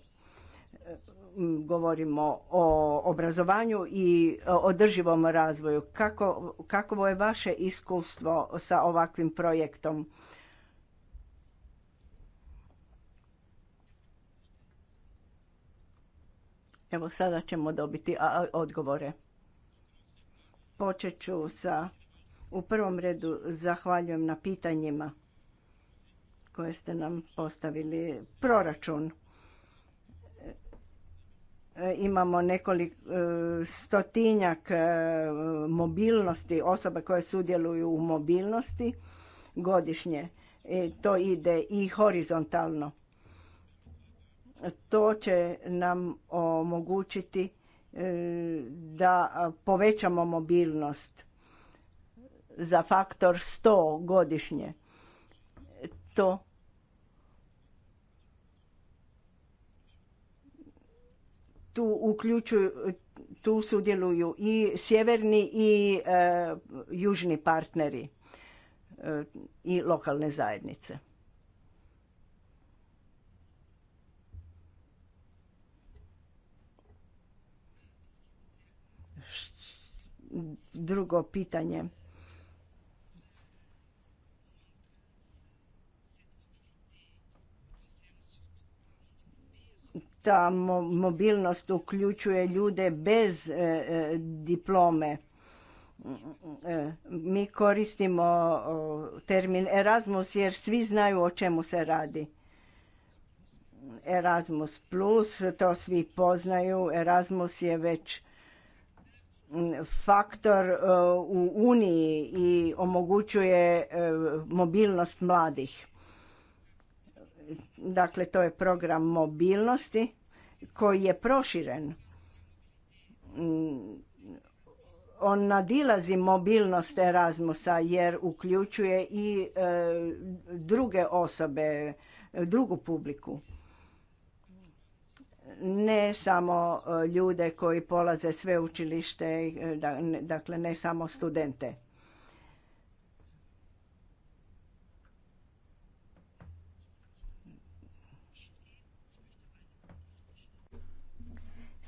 Speaker 3: govorimo o obrazovanju i održivom razvoju. Kako, kakvo je vaše iskustvo sa ovakvim projektom? Evo sada ćemo dobiti odgovore. Počet ću sa, u prvom redu zahvaljujem na pitanjima koje ste nam postavili. Proračun imamo nekoliko e, stotinjak e, mobilnosti, osoba koje sudjeluju u mobilnosti godišnje. E, to ide i horizontalno. To će nam omogućiti da povećamo mobilnost za faktor 100 godišnje. To tu uključuju, tu sudjeluju i sjeverni i e, južni partneri e, i lokalne zajednice. Drugo pitanje. ta mobilnost uključuje ljude bez e, e, diplome. E, mi koristimo termin Erasmus jer svi znaju o čemu se radi. Erasmus plus, to svi poznaju. Erasmus je već faktor u Uniji i omogućuje mobilnost mladih dakle to je program mobilnosti koji je proširen. Mm, on nadilazi mobilnost Erasmusa jer uključuje i e, druge osobe, drugu publiku. Ne samo e, ljude koji polaze sve učilište, e, dakle ne samo studente.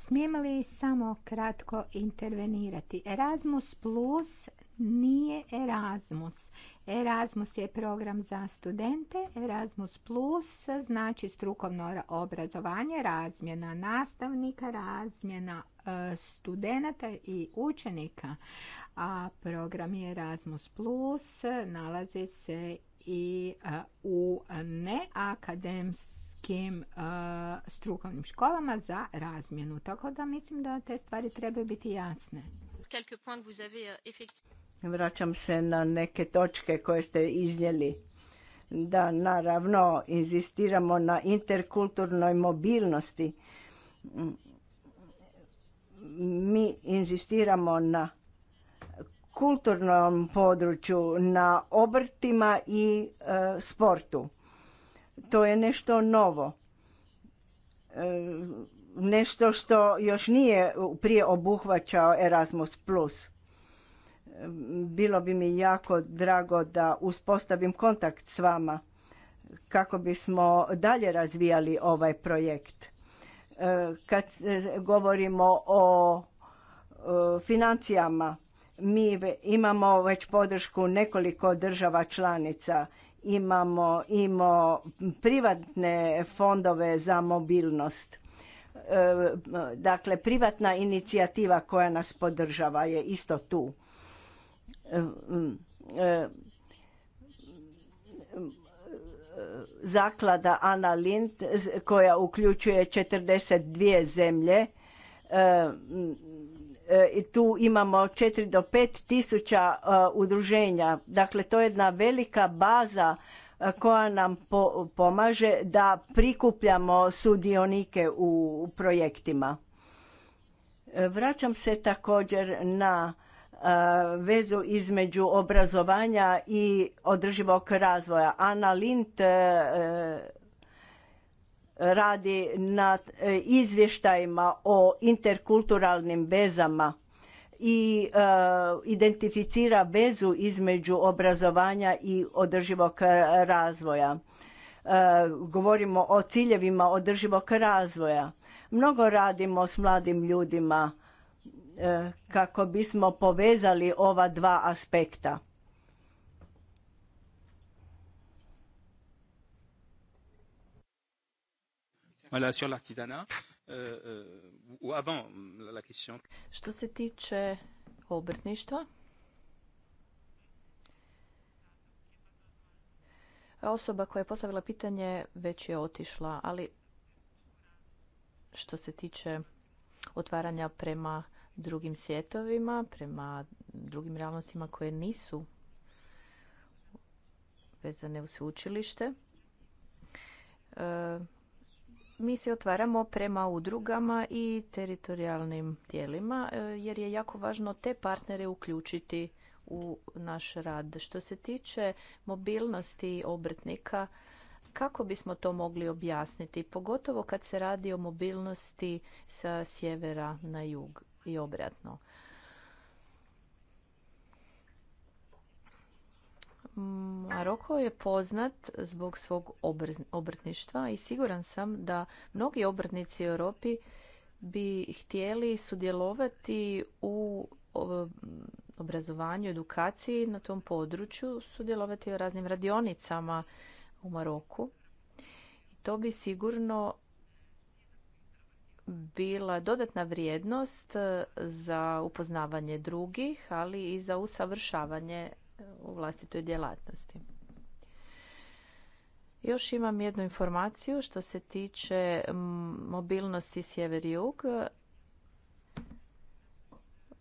Speaker 2: Smijem li samo kratko intervenirati? Erasmus Plus nije Erasmus. Erasmus je program za studente, Erasmus Plus znači strukovno obrazovanje, razmjena nastavnika, razmjena e, studenta i učenika. A program je Erasmus Plus nalazi se i e, u neakademskim kim e, strukovnim školama za razmjenu. Tako da mislim da te stvari trebaju biti jasne. Euh, Vraćam se na neke točke koje ste iznijeli.
Speaker 3: Da, naravno, inzistiramo na interkulturnoj mobilnosti. Mi inzistiramo na kulturnom području, na obrtima i e, sportu. To je nešto novo. E, nešto što još nije prije obuhvaćao Erasmus+. E, bilo bi mi jako drago da uspostavim kontakt s vama kako bismo dalje razvijali ovaj projekt. E, kad govorimo o financijama, mi imamo već podršku nekoliko država članica imamo, imamo privatne fondove za mobilnost. E, dakle, privatna inicijativa koja nas podržava je isto tu. E, e, zaklada Ana Lind koja uključuje 42 zemlje E, tu imamo 4 do 5 tisuća e, udruženja. Dakle, to je jedna velika baza e, koja nam pomaže da prikupljamo sudionike u projektima. Vraćam se također na vezu između obrazovanja i održivog razvoja. Ana Lind radi na e, izvještajima o interkulturalnim vezama i e, identificira vezu između obrazovanja i održivog razvoja. E, govorimo o ciljevima održivog razvoja. Mnogo radimo s mladim ljudima kako bismo povezali ova dva aspekta.
Speaker 1: Voilà, sur
Speaker 2: l'artisanat. euh, euh avant la question.
Speaker 4: Što se tiče obrtništva, Osoba koja je postavila pitanje već je otišla, ali što se tiče otvaranja prema drugim svjetovima, prema drugim realnostima koje nisu vezane u sveučilište, e, mi se otvaramo prema udrugama i teritorijalnim tijelima e, jer je jako važno te partnere uključiti u naš rad. Što se tiče mobilnosti obrtnika, kako bismo to mogli objasniti, pogotovo kad se radi o mobilnosti sa sjevera na jug i obratno? Maroko je poznat zbog svog obrtništva i siguran sam da mnogi obrtnici u Europi bi htjeli sudjelovati u obrazovanju, edukaciji na tom području, sudjelovati u raznim radionicama u Maroku. To bi sigurno bila dodatna vrijednost e, za upoznavanje drugih, ali i za usavršavanje u vlastitoj djelatnosti. Još imam jednu informaciju što se tiče mobilnosti sjever-jug.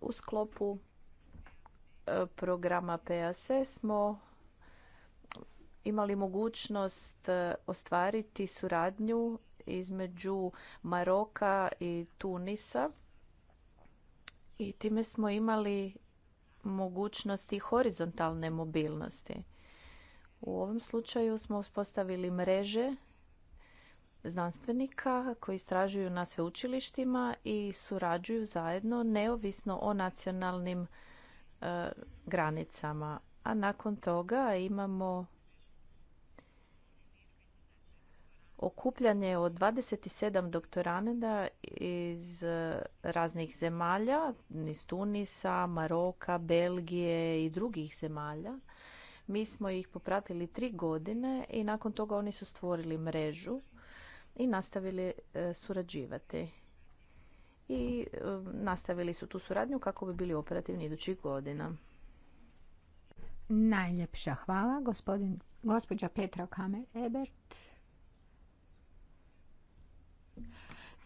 Speaker 4: U sklopu e, programa PASE smo imali mogućnost e, ostvariti suradnju između Maroka i Tunisa i time smo imali mogućnosti horizontalne mobilnosti. U ovom slučaju smo uspostavili mreže znanstvenika koji istražuju na sveučilištima i surađuju zajedno neovisno o nacionalnim e, granicama. A nakon toga imamo okupljanje od 27 doktoranada iz e, raznih zemalja, iz Tunisa, Maroka, Belgije i drugih zemalja. Mi smo ih popratili tri godine i nakon toga oni su stvorili mrežu i nastavili e, surađivati. I e, nastavili su tu suradnju kako bi bili operativni idućih godina.
Speaker 2: Najljepša hvala, gospodin, gospođa Petra Kamer-Ebert.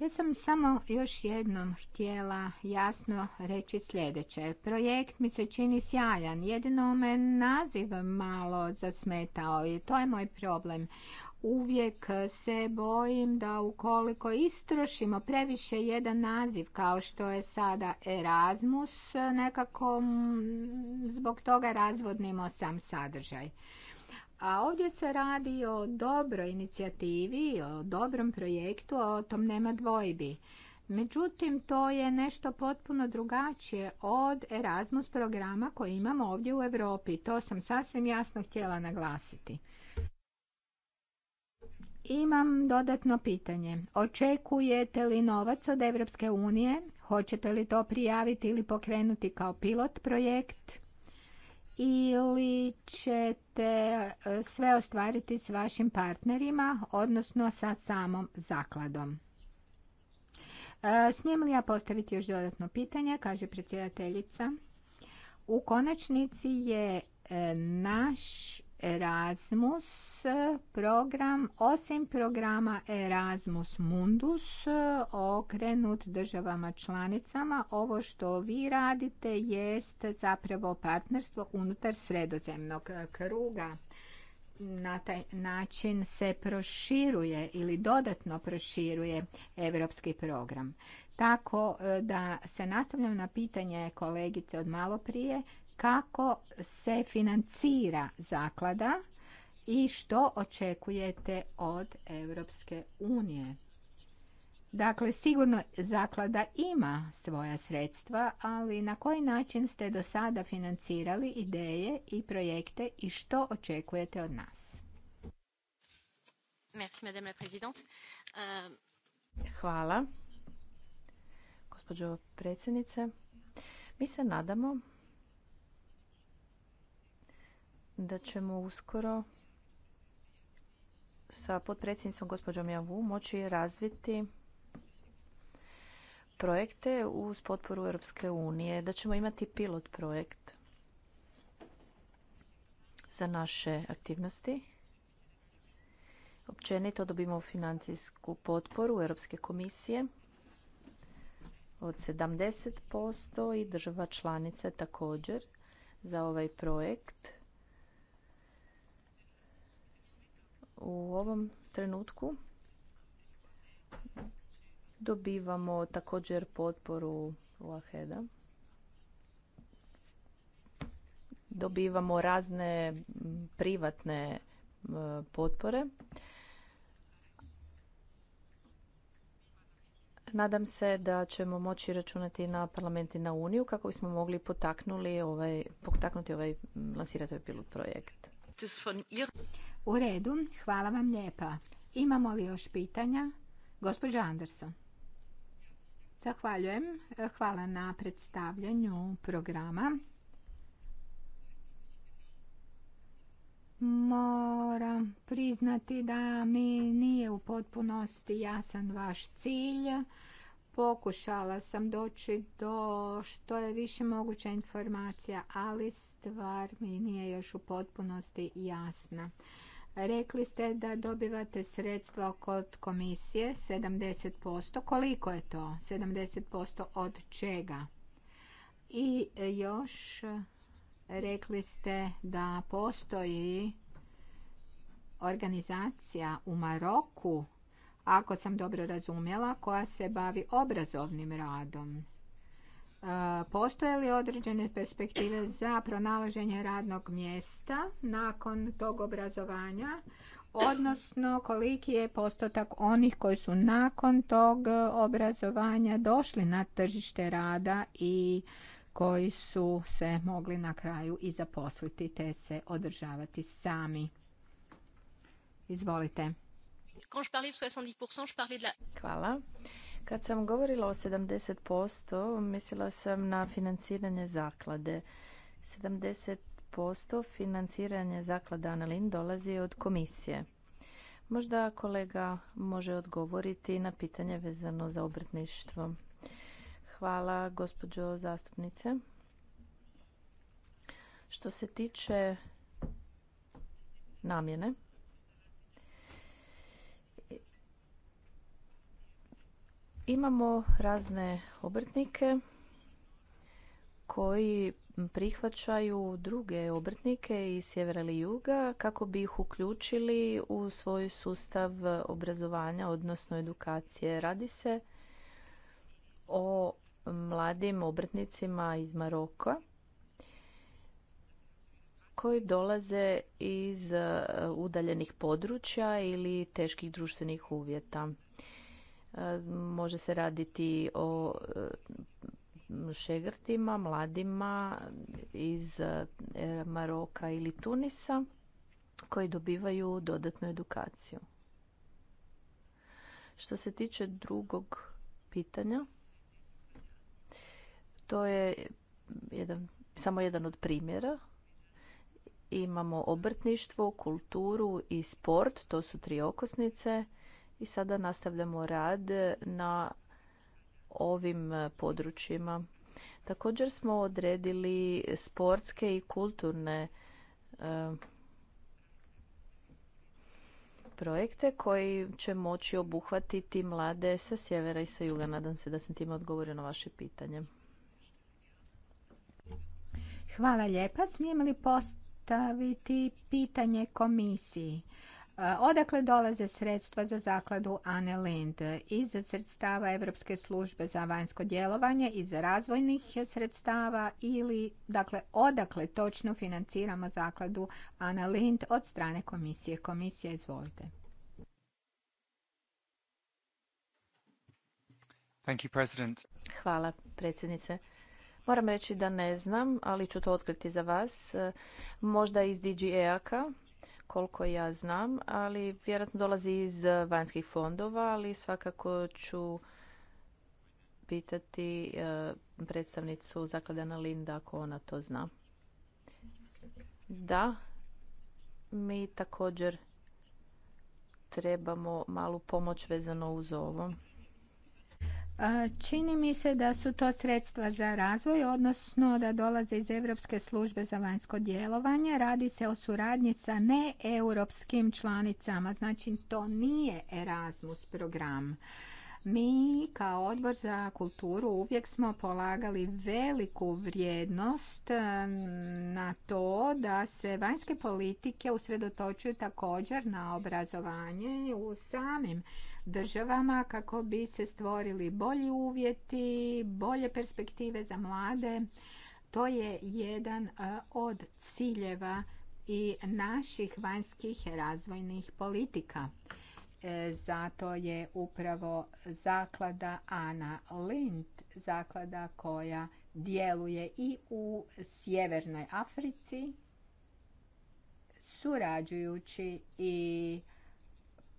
Speaker 2: Ja sam samo još jednom htjela jasno reći sljedeće. Projekt mi se čini sjajan, jedino me naziv malo zasmetao i to je moj problem. Uvijek se bojim da ukoliko istrošimo previše jedan naziv kao što je sada Erasmus, nekako zbog toga razvodnimo sam sadržaj. A ovdje se radi o dobroj inicijativi, o dobrom projektu, o tom nema dvojbi. Međutim, to je nešto potpuno drugačije od Erasmus programa koji imamo ovdje u Europi. To sam sasvim jasno htjela naglasiti. Imam dodatno pitanje. Očekujete li novac od Europske unije? Hoćete li to prijaviti ili pokrenuti kao pilot projekt? ili ćete e, sve ostvariti s vašim partnerima, odnosno sa samom zakladom? E, smijem li ja postaviti još dodatno pitanje, kaže predsjedateljica. U konačnici je e, naš Erasmus program, osim programa Erasmus Mundus okrenut državama članicama, ovo što vi radite jest zapravo partnerstvo unutar sredozemnog kruga. Na taj način se proširuje ili dodatno proširuje europski program. Tako e, da se nastavljam na pitanje kolegice od malo prije, kako se financira zaklada i što očekujete od Europske unije. Dakle, sigurno zaklada ima svoja sredstva, ali na koji način ste do sada financirali ideje i projekte i što očekujete od nas?
Speaker 4: Merci, madame la présidente. Euh, Hvala, gospođo predsjednice. Mi se nadamo da ćemo uskoro sa potpredsjednicom gospođom Javu moći razviti projekte uz potporu Europske unije, da ćemo imati pilot projekt za naše aktivnosti. Općenito dobimo financijsku potporu Europske komisije od 70% i država članica također za ovaj projekt u ovom trenutku dobivamo također potporu UAHED-a. Dobivamo razne privatne potpore. Nadam se da ćemo moći računati na parlament i na Uniju kako bismo mogli
Speaker 2: ovaj, potaknuti ovaj, lansirati ovaj pilot projekt. U redu, hvala vam lijepa. Imamo li još pitanja? Gospođa Anderson. Zahvaljujem. Hvala na predstavljanju programa. Moram priznati da mi nije u potpunosti jasan vaš cilj. Pokušala sam doći do što je više moguća informacija, ali stvar mi nije još u potpunosti jasna. Rekli ste da dobivate sredstva kod komisije 70%. Koliko je to? 70% od čega? I još rekli ste da postoji organizacija u Maroku, ako sam dobro razumjela, koja se bavi obrazovnim radom. E, postoje li određene perspektive za pronalaženje radnog mjesta nakon tog obrazovanja, odnosno koliki je postotak onih koji su nakon tog obrazovanja došli na tržište rada i koji su se mogli na kraju i zaposliti te se održavati sami. Izvolite. Hvala.
Speaker 4: Kad sam govorila o 70%, mislila sam na financiranje zaklade. 70% financiranje zaklade Analin dolazi od komisije. Možda kolega može odgovoriti na pitanje vezano za obrtništvo. Hvala, gospođo zastupnice. Što se tiče namjene, Imamo razne obrtnike koji prihvaćaju druge obrtnike iz sjevera ili juga kako bi ih uključili u svoj sustav obrazovanja, odnosno edukacije. Radi se o mladim obrtnicima iz Maroka koji dolaze iz uh, udaljenih područja ili teških društvenih uvjeta. E, može se raditi o e, šegrtima, mladima iz e, Maroka ili Tunisa koji dobivaju dodatnu edukaciju. Što se tiče drugog pitanja, to je jedan, samo jedan od primjera. Imamo obrtništvo, kulturu i sport, to su tri okosnice – i sada nastavljamo rad na ovim područjima. Također smo odredili sportske i kulturne e, projekte koji će moći obuhvatiti mlade sa sjevera i sa juga. Nadam se da sam time odgovorio na vaše pitanje.
Speaker 2: Hvala lijepa. Smijem li postaviti pitanje komisiji? Odakle dolaze sredstva za zakladu Anne Lind? Iz sredstava Europske službe za vanjsko djelovanje, iz razvojnih sredstava ili, dakle, odakle točno financiramo zakladu Anne Lind od strane komisije? Komisija, izvolite.
Speaker 5: Thank you, President.
Speaker 4: Hvala, predsjednice. Moram reći da ne znam, ali ću to otkriti za vas. Možda iz DG a koliko ja znam, ali vjerojatno dolazi iz vanjskih fondova, ali svakako ću pitati e, predstavnicu zaklade na Linda ako ona to zna. Da, mi također trebamo malu pomoć vezano uz ovo.
Speaker 2: Čini mi se da su to sredstva za razvoj, odnosno da dolaze iz Europske službe za vanjsko djelovanje. Radi se o suradnji sa neeuropskim članicama, znači to nije Erasmus program. Mi kao odbor za kulturu uvijek smo polagali veliku vrijednost e, na to da se vanjske politike usredotočuju također na obrazovanje u samim državama kako bi se stvorili bolji uvjeti, bolje perspektive za mlade. To je jedan od ciljeva i naših vanjskih razvojnih politika. E, zato je upravo zaklada Ana Lind, zaklada koja djeluje i u Sjevernoj Africi, surađujući i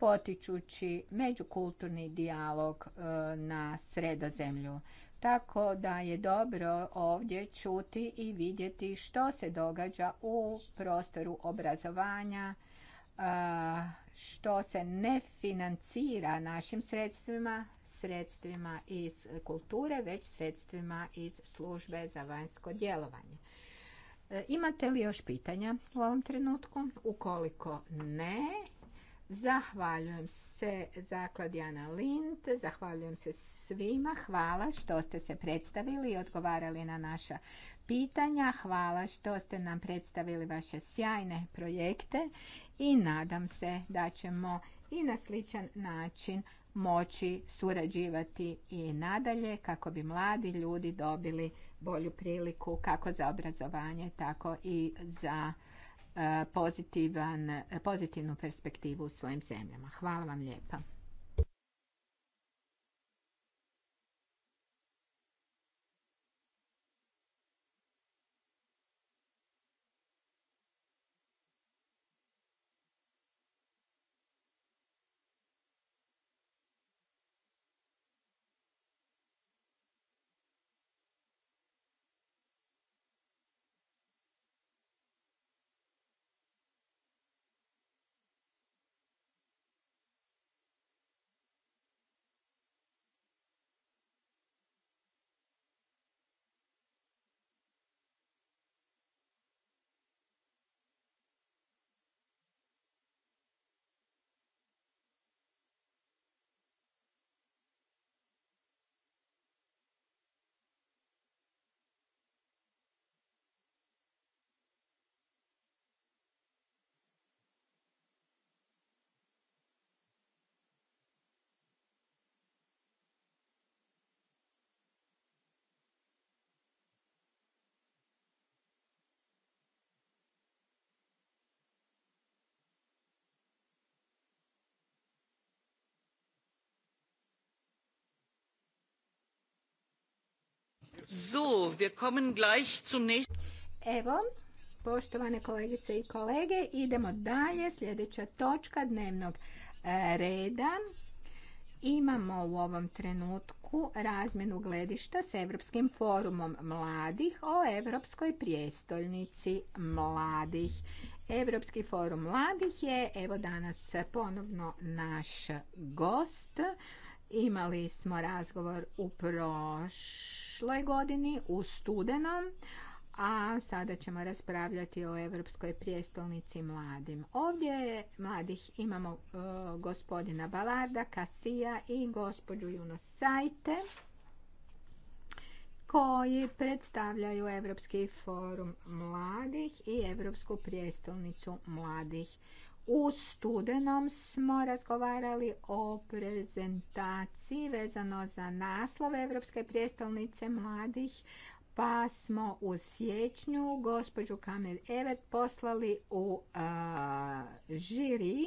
Speaker 2: potičući međukulturni dijalog e, na sredozemlju. Tako da je dobro ovdje čuti i vidjeti što se događa u prostoru obrazovanja, e, što se ne financira našim sredstvima, sredstvima iz kulture, već sredstvima iz službe za vanjsko djelovanje. E, imate li još pitanja u ovom trenutku? Ukoliko ne, Zahvaljujem se zakladi Ana Lind, zahvaljujem se svima, hvala što ste se predstavili i odgovarali na naša pitanja, hvala što ste nam predstavili vaše sjajne projekte i nadam se da ćemo i na sličan način moći surađivati i nadalje kako bi mladi ljudi dobili bolju priliku kako za obrazovanje, tako i za pozitivan, pozitivnu perspektivu u svojim zemljama. Hvala vam lijepa. Evo, poštovane kolegice i kolege, idemo dalje. Sljedeća točka dnevnog e, reda. Imamo u ovom trenutku razmjenu gledišta s Europskim forumom mladih o Europskoj prijestolnici mladih. Evropski forum mladih je evo danas ponovno naš gost. Imali smo razgovor u prošloj godini, u studenom, a sada ćemo raspravljati o Europskoj prijestolnici mladim. Ovdje mladih imamo e, gospodina Balarda, Kasija i gospođu Juno Sajte koji predstavljaju Europski forum mladih i Europsku prijestolnicu mladih. U studenom smo razgovarali o prezentaciji vezano za naslove Evropske prijestolnice mladih, pa smo u siječnju gospođu Kamer Evert poslali u žiri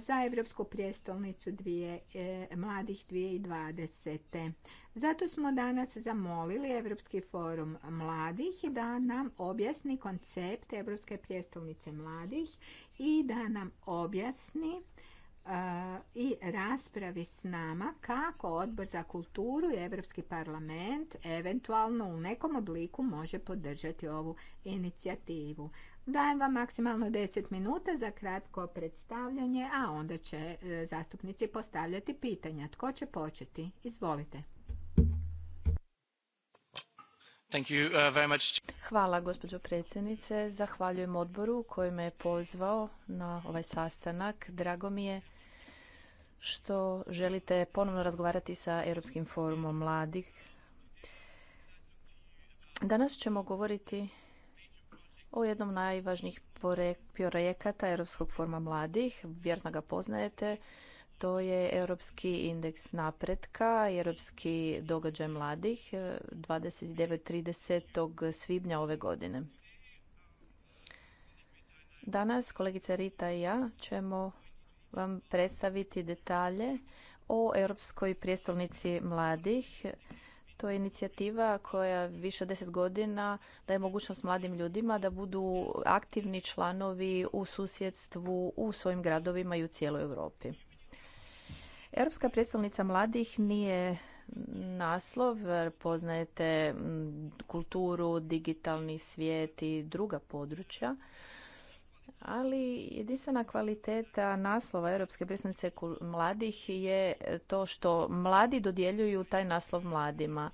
Speaker 2: za Europsku prijestolnicu dvije, e, mladih 2020. Zato smo danas zamolili Europski forum mladih da nam objasni koncept Europske prijestolnice mladih i da nam objasni i raspravi s nama kako Odbor za kulturu i Europski parlament eventualno u nekom obliku može podržati ovu inicijativu. Dajem vam maksimalno 10 minuta za kratko predstavljanje, a onda će e, zastupnici postavljati pitanja. Tko će početi? Izvolite.
Speaker 5: Thank you uh, very much.
Speaker 4: Hvala gospođo predsjednice. Zahvaljujem odboru koji me je pozvao na ovaj sastanak. Drago mi je što želite ponovno razgovarati sa Europskim forumom mladih. Danas ćemo govoriti o jednom najvažnijih projekata Europskog forma mladih. Vjerno ga poznajete. To je Europski indeks napretka, Europski događaj mladih 29.30. Eh, svibnja ove godine. Danas kolegica Rita i ja ćemo vam predstaviti detalje o Europskoj prijestolnici mladih to je inicijativa koja više od deset godina daje mogućnost mladim ljudima da budu aktivni članovi u susjedstvu, u svojim gradovima i u cijeloj Europi. Europska predstavnica mladih nije naslov, poznajete mm, kulturu, digitalni svijet i druga područja ali jedinstvena kvaliteta naslova Europske predstavnice mladih je to što mladi dodjeljuju taj naslov mladima.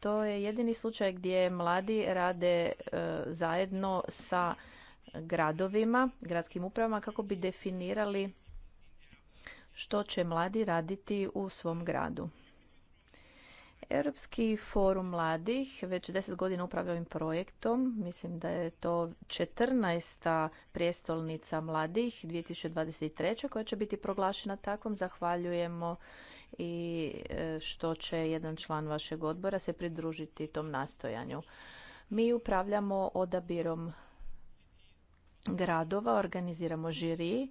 Speaker 4: To je jedini slučaj gdje mladi rade e, zajedno sa gradovima, gradskim upravama kako bi definirali što će mladi raditi u svom gradu. Europski forum mladih već deset godina upravlja ovim projektom. Mislim da je to 14. prijestolnica mladih 2023. koja će biti proglašena takvom. Zahvaljujemo i e, što će jedan član vašeg odbora se pridružiti tom nastojanju. Mi upravljamo odabirom gradova, organiziramo žiri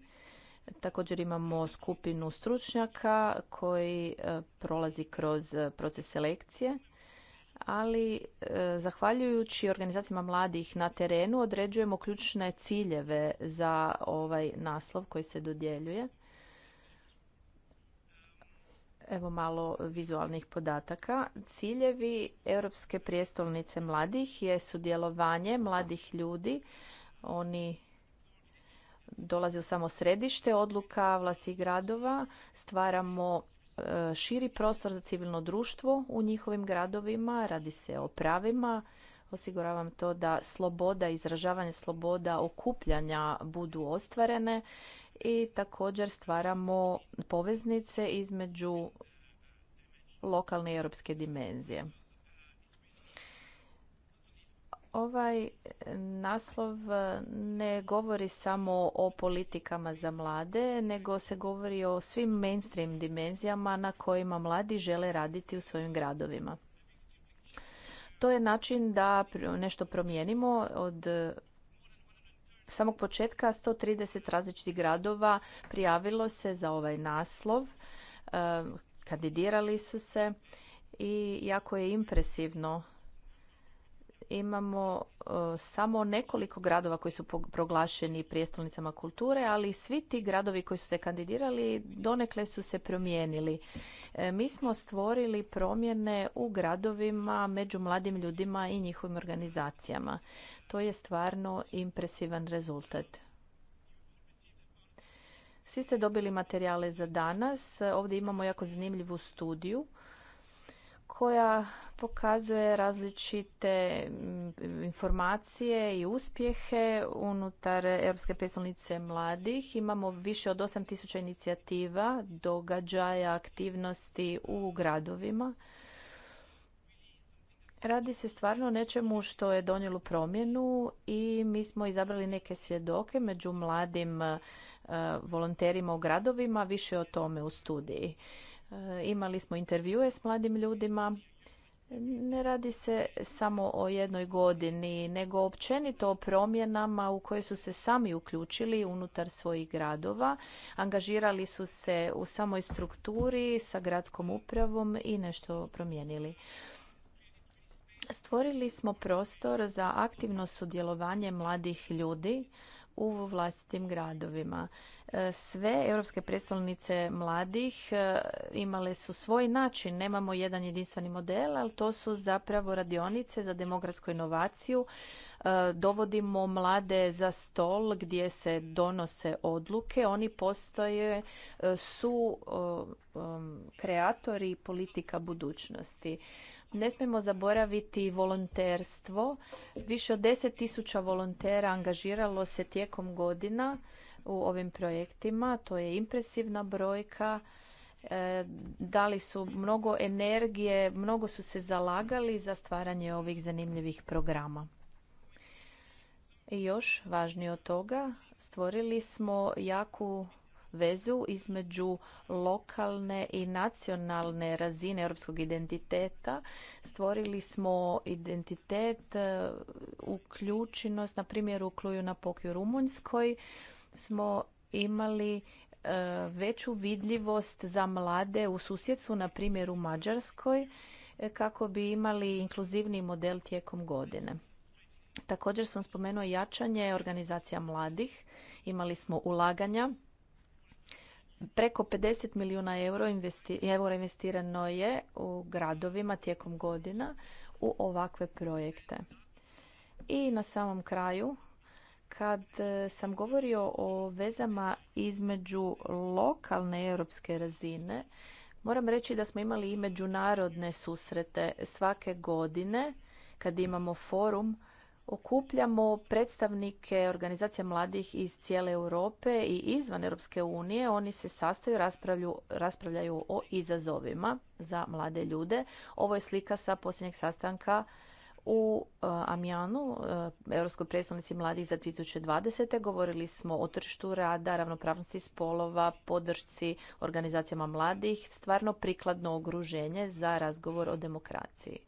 Speaker 4: Također imamo skupinu stručnjaka koji e, prolazi kroz e, proces selekcije, ali e, zahvaljujući organizacijama mladih na terenu određujemo ključne ciljeve za ovaj naslov koji se dodjeljuje. Evo malo vizualnih podataka. Ciljevi Europske prijestolnice mladih je sudjelovanje mladih ljudi. Oni dolazi u samo središte odluka vlasih gradova, stvaramo e, širi prostor za civilno društvo u njihovim gradovima, radi se o pravima, osiguravam to da sloboda, izražavanje sloboda, okupljanja budu ostvarene i također stvaramo poveznice između lokalne i europske dimenzije. Ovaj naslov ne govori samo o politikama za mlade, nego se govori o svim mainstream dimenzijama na kojima mladi žele raditi u svojim gradovima. To je način da nešto promijenimo od e, samog početka 130 različitih gradova prijavilo se za ovaj naslov, e, kandidirali su se i jako je impresivno imamo e, samo nekoliko gradova koji su proglašeni prijestolnicama kulture, ali svi ti gradovi koji su se kandidirali donekle su se promijenili. E, mi smo stvorili promjene u gradovima među mladim ljudima i njihovim organizacijama. To je stvarno impresivan rezultat. Svi ste dobili materijale za danas. Ovdje imamo jako zanimljivu studiju koja pokazuje različite mm, informacije i uspjehe unutar Europske predstavnice mladih. Imamo više od 8000 inicijativa, događaja, aktivnosti u gradovima. Radi se stvarno o nečemu što je donijelo promjenu i mi smo izabrali neke svjedoke među mladim eh, volonterima u gradovima, više o tome u studiji. E, imali smo intervjue s mladim ljudima. Ne radi se samo o jednoj godini, nego općenito o promjenama u koje su se sami uključili unutar svojih gradova. Angažirali su se u samoj strukturi sa gradskom upravom i nešto promijenili. Stvorili smo prostor za aktivno sudjelovanje mladih ljudi u vlastitim gradovima. E, sve europske predstavnice mladih e, imale su svoj način, nemamo jedan jedinstveni model, ali to su zapravo radionice za demografsku inovaciju. E, dovodimo mlade za stol gdje se donose odluke, oni postoje, su kreatori politika budućnosti. Ne smijemo zaboraviti volonterstvo. Više od tisuća volontera angažiralo se tijekom godina u ovim projektima. To je impresivna brojka. E, dali su mnogo energije, mnogo su se zalagali za stvaranje ovih zanimljivih programa. I još važnije od toga, stvorili smo jaku vezu između lokalne i nacionalne razine europskog identiteta. Stvorili smo identitet, e, uključenost, na primjer u Kluju na Pokju Rumunjskoj smo imali e, veću vidljivost za mlade u susjedstvu, na primjer u Mađarskoj, e, kako bi imali inkluzivni model tijekom godine. Također sam spomenuo jačanje organizacija mladih. Imali smo ulaganja preko 50 milijuna eura investirano je u gradovima tijekom godina u ovakve projekte. I na samom kraju, kad e, sam govorio o vezama između lokalne i europske razine, moram reći da smo imali i međunarodne susrete svake godine kad imamo forum okupljamo predstavnike organizacija mladih iz cijele Europe i izvan Europske unije. Oni se sastaju, raspravljaju o izazovima za mlade ljude. Ovo je slika sa posljednjeg sastanka u e, Amjanu, e, Europskoj predstavnici mladih za 2020. Govorili smo o tržištu rada, ravnopravnosti spolova, podršci organizacijama mladih, stvarno prikladno ogruženje za razgovor o demokraciji.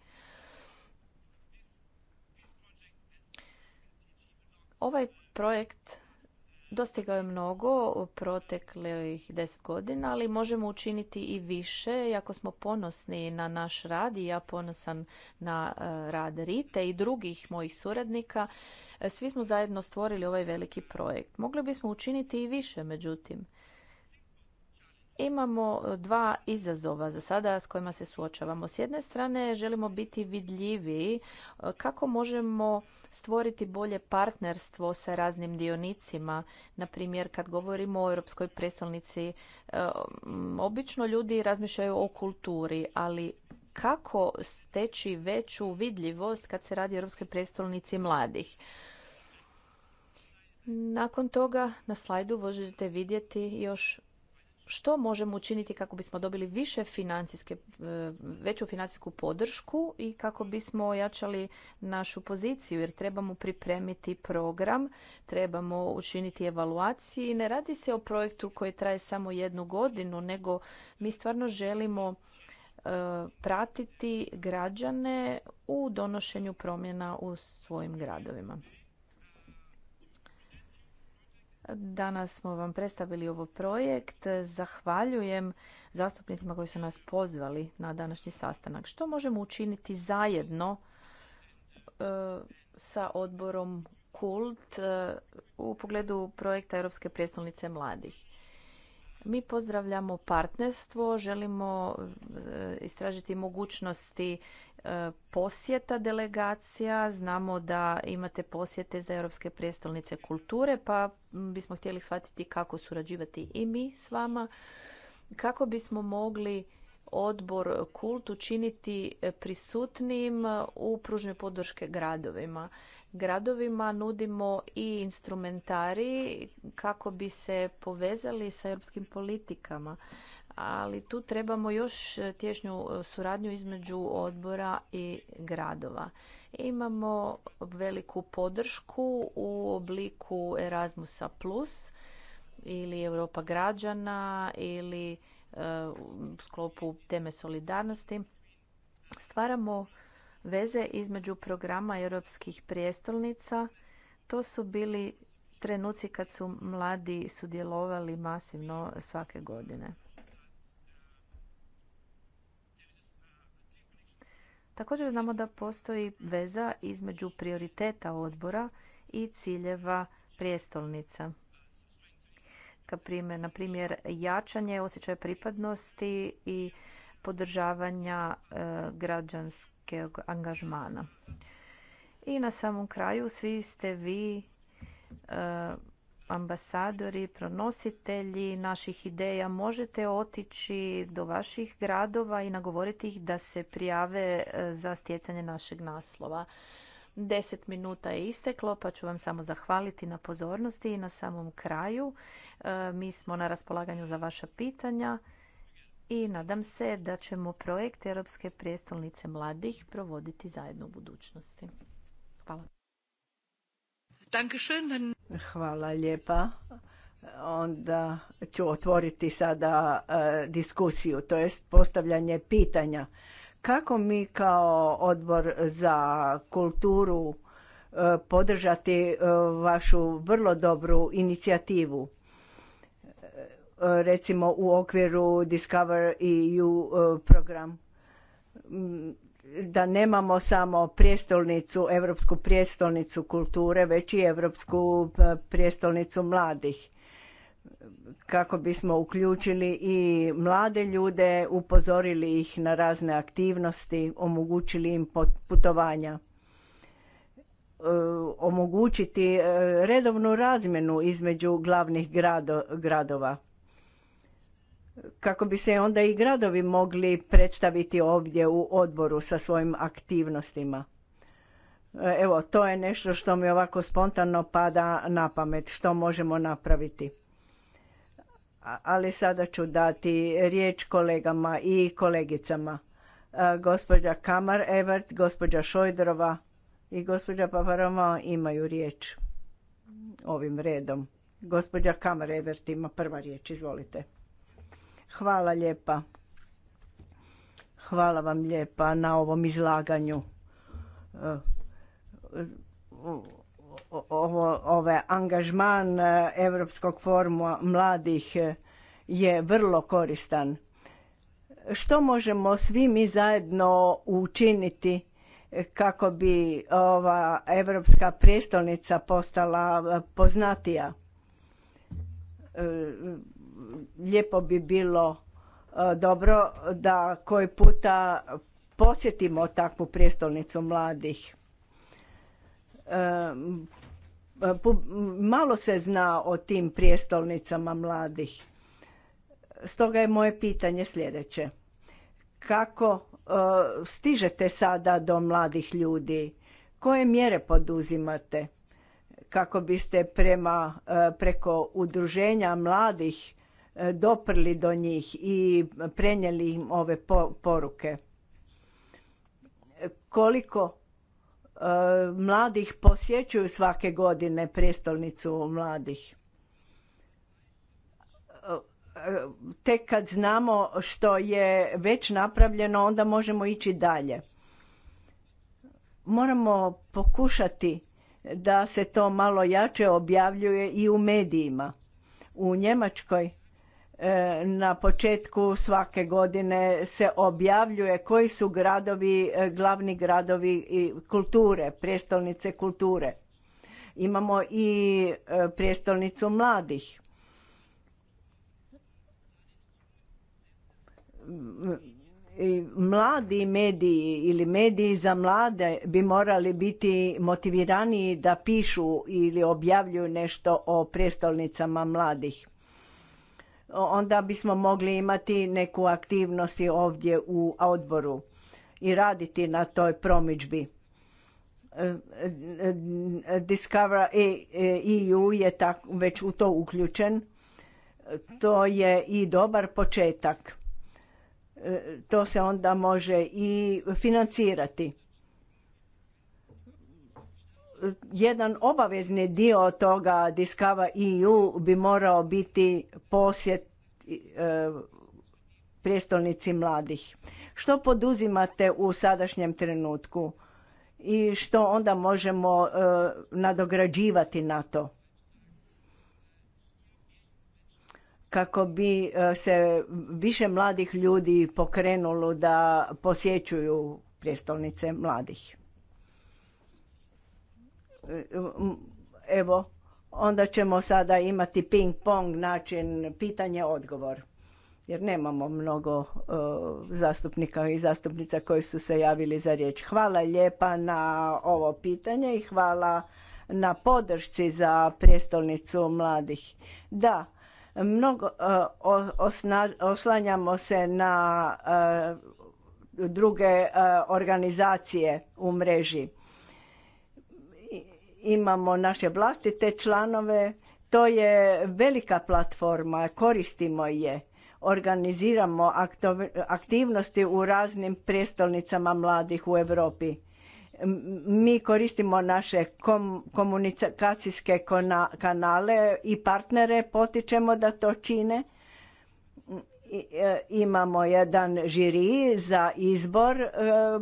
Speaker 4: Ovaj projekt dostigao je mnogo u proteklih deset godina, ali možemo učiniti i više. Iako smo ponosni na naš rad i ja ponosan na e, rad Rite i drugih mojih suradnika. E, svi smo zajedno stvorili ovaj veliki projekt. Mogli bismo učiniti i više, međutim. Imamo e, dva izazova za sada s kojima se suočavamo. S jedne strane želimo biti vidljiviji e, kako možemo stvoriti bolje partnerstvo sa raznim dionicima. Na primjer, kad govorimo o europskoj prestolnici, e, obično ljudi razmišljaju o kulturi, ali kako steći veću vidljivost kad se radi o europskoj prestolnici mladih? Nakon toga na slajdu možete vidjeti još što možemo učiniti kako bismo dobili više financijske, e, veću financijsku podršku i kako bismo ojačali našu poziciju jer trebamo pripremiti program, trebamo učiniti evaluaciju i ne radi se o projektu koji traje samo jednu godinu, nego mi stvarno želimo e, pratiti građane u donošenju promjena u svojim gradovima. Danas smo vam predstavili ovo projekt. Zahvaljujem zastupnicima koji su nas pozvali na današnji sastanak. Što možemo učiniti zajedno e, sa odborom KULT e, u pogledu projekta Europske prijestolnice mladih? Mi pozdravljamo partnerstvo, želimo eh, istražiti mogućnosti eh, posjeta delegacija. Znamo da imate posjete za Europske prijestolnice kulture, pa bismo htjeli shvatiti kako surađivati i mi s vama, kako bismo mogli odbor kult učiniti e, prisutnijim u pružnoj podrške gradovima. Gradovima nudimo i instrumentari kako bi se povezali sa europskim politikama. Ali tu trebamo još e, tješnju e, suradnju između odbora i gradova. Imamo veliku podršku u obliku Erasmusa Plus ili Europa građana ili E, u sklopu teme solidarnosti stvaramo veze između programa europskih prijestolnica. To su bili trenuci kad su mladi sudjelovali masivno svake godine. Također znamo da postoji veza između prioriteta odbora i ciljeva prijestolnica na primjer jačanje osjećaja pripadnosti i podržavanja e, građanskog angažmana. I na samom kraju svi ste vi e, ambasadori, pronositelji naših ideja, možete otići do vaših gradova i nagovoriti ih da se prijave e, za stjecanje našeg naslova. Deset minuta je isteklo, pa ću vam samo zahvaliti na pozornosti i na samom kraju. E, mi smo na raspolaganju za vaša pitanja i nadam se da ćemo projekt Europske prijestolnice mladih provoditi zajedno u budućnosti. Hvala.
Speaker 3: Hvala lijepa. Onda ću otvoriti sada e, diskusiju, to jest postavljanje pitanja. Kako mi kao odbor za kulturu e, podržati e, vašu vrlo dobru inicijativu? E, recimo u okviru Discover EU program da nemamo samo prijestolnicu, europsku prijestolnicu kulture, već i europsku prijestolnicu mladih kako bismo uključili i mlade ljude, upozorili ih na razne aktivnosti, omogućili im putovanja e, omogućiti e, redovnu razmjenu između glavnih gradova. Kako bi se onda i gradovi mogli predstaviti ovdje u odboru sa svojim aktivnostima. Evo, to je nešto što mi ovako spontano pada na pamet, što možemo napraviti ali sada ću dati riječ kolegama i kolegicama. E, gospođa Kamar Evert, gospođa Šojdrova i gospođa Pavaroma imaju riječ ovim redom. Gospođa Kamar Evert ima prva riječ, izvolite. Hvala lijepa. Hvala vam lijepa na ovom izlaganju e, ovo, ovaj angažman Europskog foruma mladih e, je vrlo koristan. Što možemo svi mi zajedno učiniti e, kako bi ova Europska prijestolnica postala e, poznatija? Lijepo bi bilo dobro da koji puta posjetimo takvu prijestolnicu mladih malo se zna o tim prijestolnicama mladih. Stoga je moje pitanje sljedeće. Kako e, stižete sada do mladih ljudi? Koje mjere poduzimate kako biste prema, e, preko udruženja mladih e, doprli do njih i prenijeli im ove poruke? Koliko Eh, mladih posjećuju svake godine prijestolnicu mladih. Eh, tek kad znamo što je već napravljeno, onda možemo ići dalje. Moramo pokušati da se to malo jače objavljuje i u medijima. U Njemačkoj E, na početku svake godine se objavljuje koji su gradovi, e, glavni gradovi kulture, prijestolnice kulture. Imamo i e, prijestolnicu mladih. Mladi mediji ili mediji za mlade bi morali biti motiviraniji da pišu ili objavljuju nešto o prijestolnicama mladih onda bismo mogli imati neku aktivnost ovdje u odboru i raditi na toj promidžbi. Discover EU e je tak već u to uključen. To je i dobar početak. E, to se onda može i financirati jedan obavezni dio toga Diskava EU bi morao biti posjet e, prijestolnici mladih. Što poduzimate u sadašnjem trenutku i što onda možemo e, nadograđivati na to? kako bi e, se više mladih ljudi pokrenulo da posjećuju prijestolnice mladih. E, evo, onda ćemo sada imati ping-pong način pitanje-odgovor. Jer nemamo mnogo e, zastupnika i zastupnica koji su se javili za riječ. Hvala lijepa na ovo pitanje i hvala na podršci za prijestolnicu mladih. Da, mnogo e, oslanjamo se na druge organizacije u mreži imamo naše vlastite članove, to je velika platforma, koristimo je. Organiziramo aktivnosti u raznim prijestolnicama mladih u Europi. Mi koristimo naše komunikacijske kanale i partnere, potičemo da to čine. E, imamo jedan žiri za izbor e,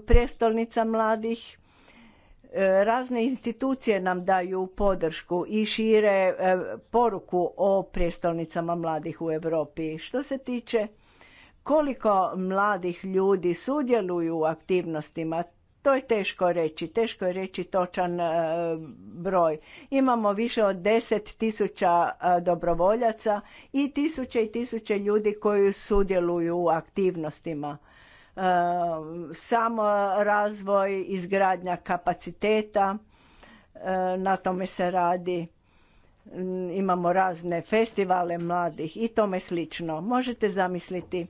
Speaker 3: prijestolnica mladih E, razne institucije nam daju podršku i šire e, poruku o prijestolnicama mladih u Europi. Što se tiče koliko mladih ljudi sudjeluju u aktivnostima, to je teško reći. Teško je reći točan e, broj. Imamo više od 10 tisuća dobrovoljaca i tisuće i tisuće ljudi koji sudjeluju u aktivnostima. E, samo razvoj, izgradnja kapaciteta, e, na tome se radi. Mm, imamo razne festivale mladih i tome slično. Možete zamisliti e,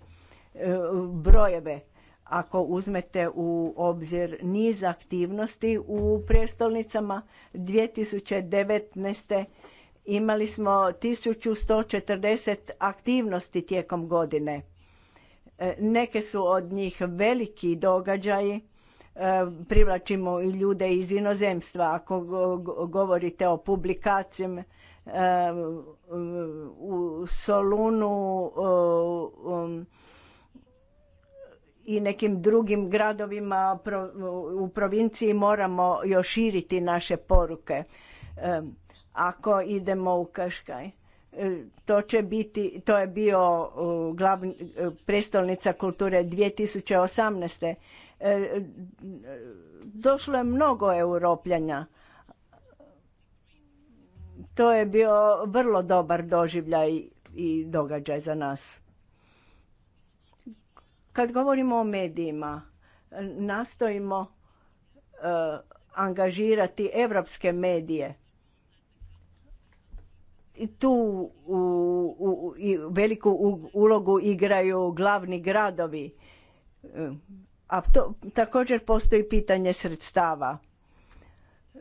Speaker 3: brojeve ako uzmete u obzir niz aktivnosti u prijestolnicama 2019. imali smo 1140 aktivnosti tijekom godine. Neke su od njih veliki događaji, e, privlačimo i ljude iz inozemstva. Ako govorite o publikacijama, e, u Solunu i nekim drugim gradovima u provinciji moramo još širiti naše poruke. E, ako idemo u Kaškaj, to će biti, to je bio glavni, prestolnica kulture 2018. E, došlo je mnogo europljanja. To je bio vrlo dobar doživljaj i događaj za nas. Kad govorimo o medijima, nastojimo e, angažirati evropske medije tu u, u, veliku ulogu igraju glavni gradovi. E, a to, također postoji pitanje sredstava. E,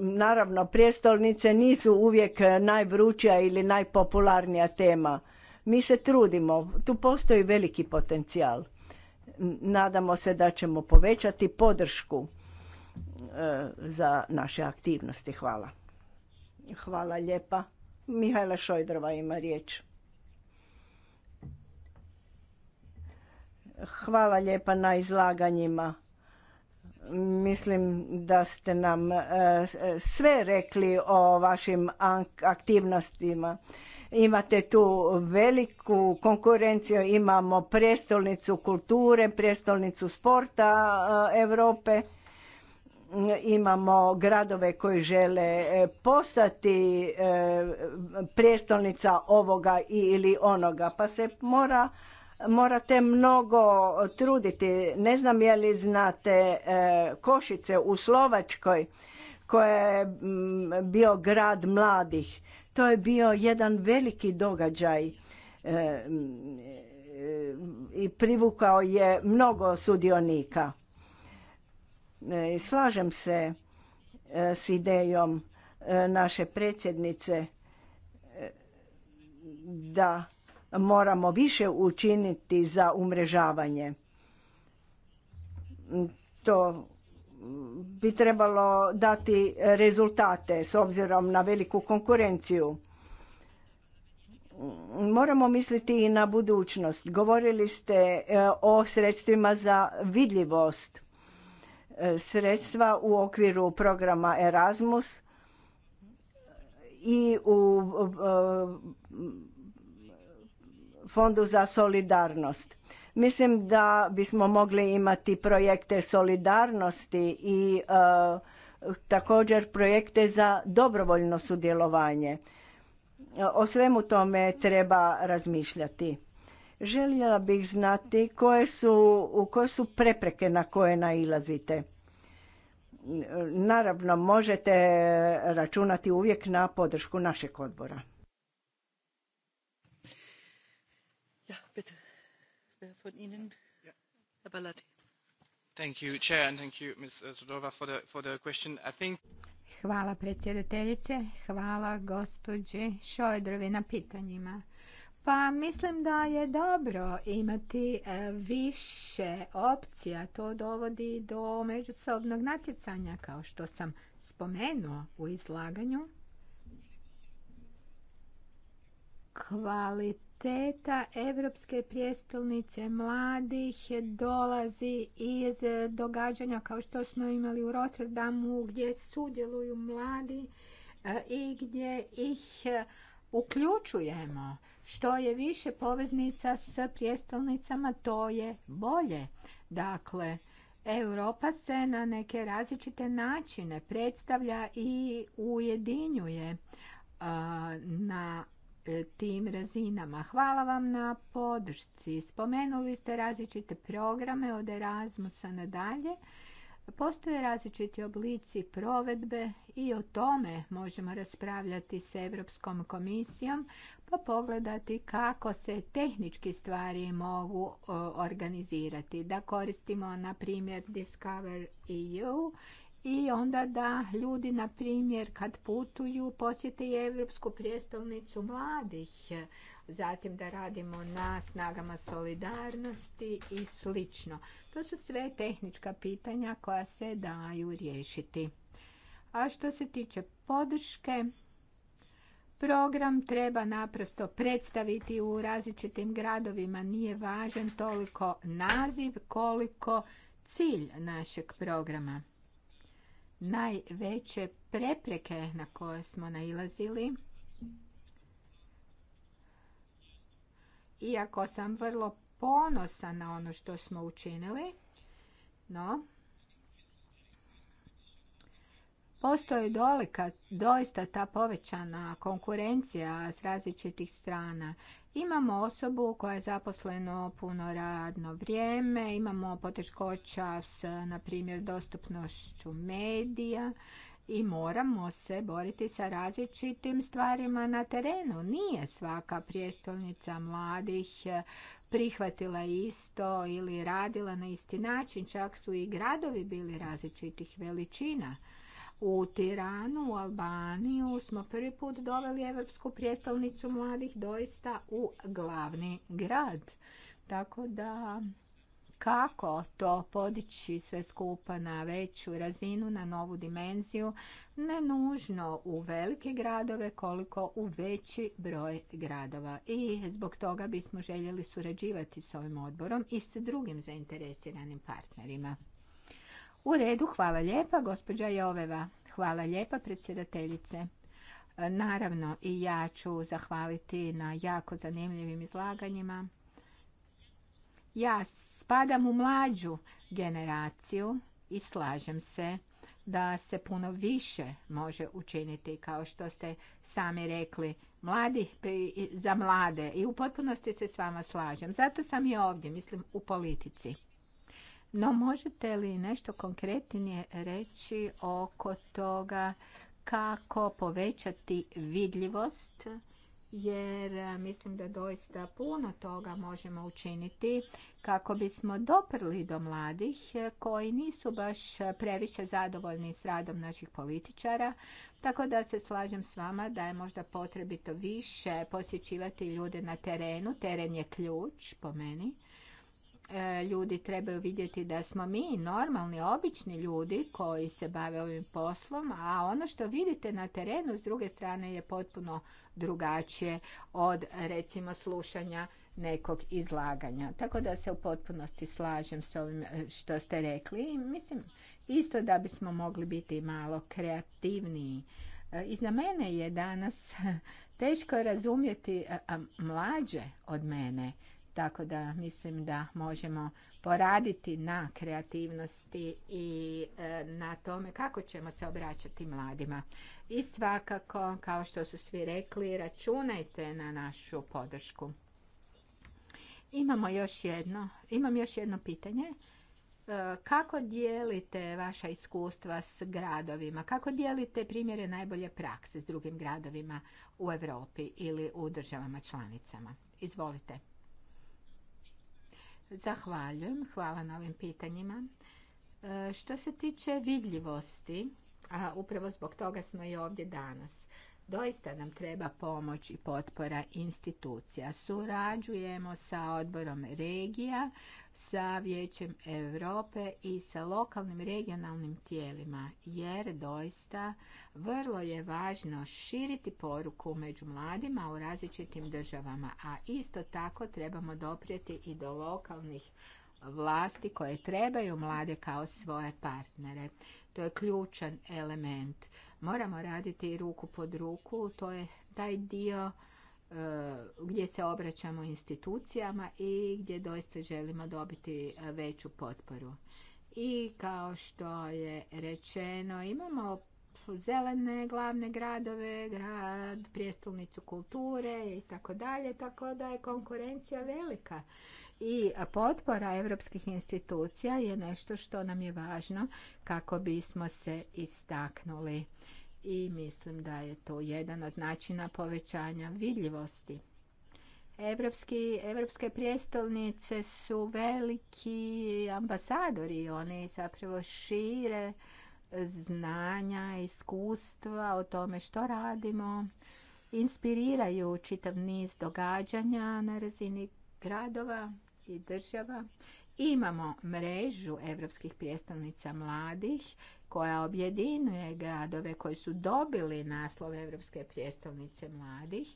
Speaker 3: naravno, prijestolnice nisu uvijek najvrućija ili najpopularnija tema. Mi se trudimo, tu postoji veliki potencijal. Nadamo se da ćemo povećati podršku e, za naše aktivnosti. Hvala. Hvala lijepa. Mihajla Šojdrova ima riječ. Hvala lijepa na izlaganjima. Mislim da ste nam e, sve rekli o vašim aktivnostima. Imate tu veliku konkurenciju, imamo prestolnicu kulture, prijestolnicu sporta e, Europe imamo gradove koji žele e, postati e, prijestolnica ovoga ili onoga, pa se mora, morate mnogo truditi. Ne znam je li znate e, Košice u Slovačkoj koja je bio grad mladih. To je bio jedan veliki događaj i privukao je mnogo sudionika E, slažem se e, s idejom e, naše predsjednice da moramo više učiniti za umrežavanje. To bi trebalo dati rezultate s obzirom na veliku konkurenciju. Moramo misliti i na budućnost. Govorili ste o sredstvima za vidljivost sredstva u okviru programa Erasmus i u Fondu za solidarnost. Mislim da bismo mogli imati projekte solidarnosti i e, također projekte za dobrovoljno sudjelovanje. O svemu tome treba razmišljati. Željela bih znati koje su, koje su prepreke na koje nailazite. Naravno, možete računati uvijek na podršku našeg odbora.
Speaker 1: Ja, bitte. Von Ihnen, Herr Thank you, Chair, and thank you, Ms. Sudova, for the, for the question. I think...
Speaker 2: Hvala predsjedateljice, hvala gospođi Šojdrovi na pitanjima. Pa mislim da je dobro imati e, više opcija. To dovodi do međusobnog natjecanja, kao što sam spomenuo u izlaganju. Kvaliteta Evropske prijestolnice mladih dolazi iz događanja kao što smo imali u Rotterdamu gdje sudjeluju mladi e, i gdje ih uključujemo. Što je više poveznica s prijestolnicama, to je bolje. Dakle, Europa se na neke različite načine predstavlja i ujedinjuje na e, tim razinama. Hvala vam na podršci. Spomenuli ste različite programe od Erasmusa nadalje Postoje različiti oblici provedbe i o tome možemo raspravljati s Europskom komisijom pa pogledati kako se tehnički stvari mogu organizirati. Da koristimo na primjer Discover EU i onda da ljudi na primjer kad putuju posjete i Europsku prijestolnicu mladih zatim da radimo na snagama solidarnosti i slično. To su sve tehnička pitanja koja se daju riješiti. A što se tiče podrške, program treba naprosto predstaviti u različitim gradovima. Nije važan toliko naziv koliko cilj našeg programa. Najveće prepreke na koje smo nailazili iako sam vrlo ponosan na ono što smo učinili, no postoji dolika, doista ta povećana konkurencija s različitih strana. Imamo osobu koja je zaposleno puno radno vrijeme, imamo poteškoća s, na primjer, dostupnošću medija, i moramo se boriti sa različitim stvarima na terenu. Nije svaka prijestolnica mladih eh, prihvatila isto ili radila na isti način. Čak su i gradovi bili različitih veličina. U Tiranu, u Albaniju smo prvi put doveli Evropsku prijestolnicu mladih doista u glavni grad. Tako da kako to podići sve skupa na veću razinu, na novu dimenziju, ne nužno u velike gradove koliko u veći broj gradova. I zbog toga bismo željeli surađivati s ovim odborom i s drugim zainteresiranim partnerima. U redu, hvala lijepa, gospođa Joveva. Hvala lijepa, predsjedateljice. Naravno, i ja ću zahvaliti na jako zanimljivim izlaganjima. Ja Spadam u mlađu generaciju i slažem se da se puno više može učiniti kao što ste sami rekli mladi za mlade i u potpunosti se s vama slažem. Zato sam i ovdje, mislim u politici. No možete li nešto konkretnije reći oko toga kako povećati vidljivost jer e, mislim da doista puno toga možemo učiniti kako bismo doprli do mladih e, koji nisu baš e, previše zadovoljni s radom naših političara. Tako da se slažem s vama da je možda potrebito više posjećivati ljude na terenu. Teren je ključ po meni. E, ljudi trebaju vidjeti da smo mi normalni, obični ljudi koji se bave ovim poslom, a ono što vidite na terenu s druge strane je potpuno drugačije od recimo slušanja nekog izlaganja. Tako da se u potpunosti slažem s ovim e, što ste rekli. Mislim isto da bismo mogli biti malo kreativniji. E, I za mene je danas teško razumjeti mlađe od mene tako da mislim da možemo poraditi na kreativnosti i e, na tome kako ćemo se obraćati mladima. I svakako, kao što su svi rekli, računajte na našu podršku. Imamo još jedno, imam još jedno pitanje. E, kako dijelite vaša iskustva s gradovima? Kako dijelite primjere najbolje prakse s drugim gradovima u Europi ili u državama članicama? Izvolite. Zahvaljujem, hvala na ovim pitanjima. E, što se tiče vidljivosti, a upravo zbog toga smo i ovdje danas. Doista nam treba pomoć i potpora institucija. Surađujemo sa odborom regija, sa Vijećem Europe i sa lokalnim regionalnim tijelima jer doista vrlo je važno širiti poruku među mladima u različitim državama, a isto tako trebamo doprijeti i do lokalnih vlasti koje trebaju mlade kao svoje partnere. To je ključan element moramo raditi ruku pod ruku. To je taj dio e, gdje se obraćamo institucijama i gdje doista želimo dobiti e, veću potporu. I kao što je rečeno, imamo zelene glavne gradove, grad, prijestolnicu kulture i tako dalje, tako da je konkurencija velika i potpora europskih institucija je nešto što nam je važno kako bismo se istaknuli i mislim da je to jedan od načina povećanja vidljivosti. Evropski, evropske prijestolnice su veliki ambasadori, oni zapravo šire znanja, iskustva o tome što radimo, inspiriraju čitav niz događanja na razini gradova i država. Imamo mrežu europskih prijestavnica mladih koja objedinuje gradove koji su dobili naslov Europske prijestavnice mladih.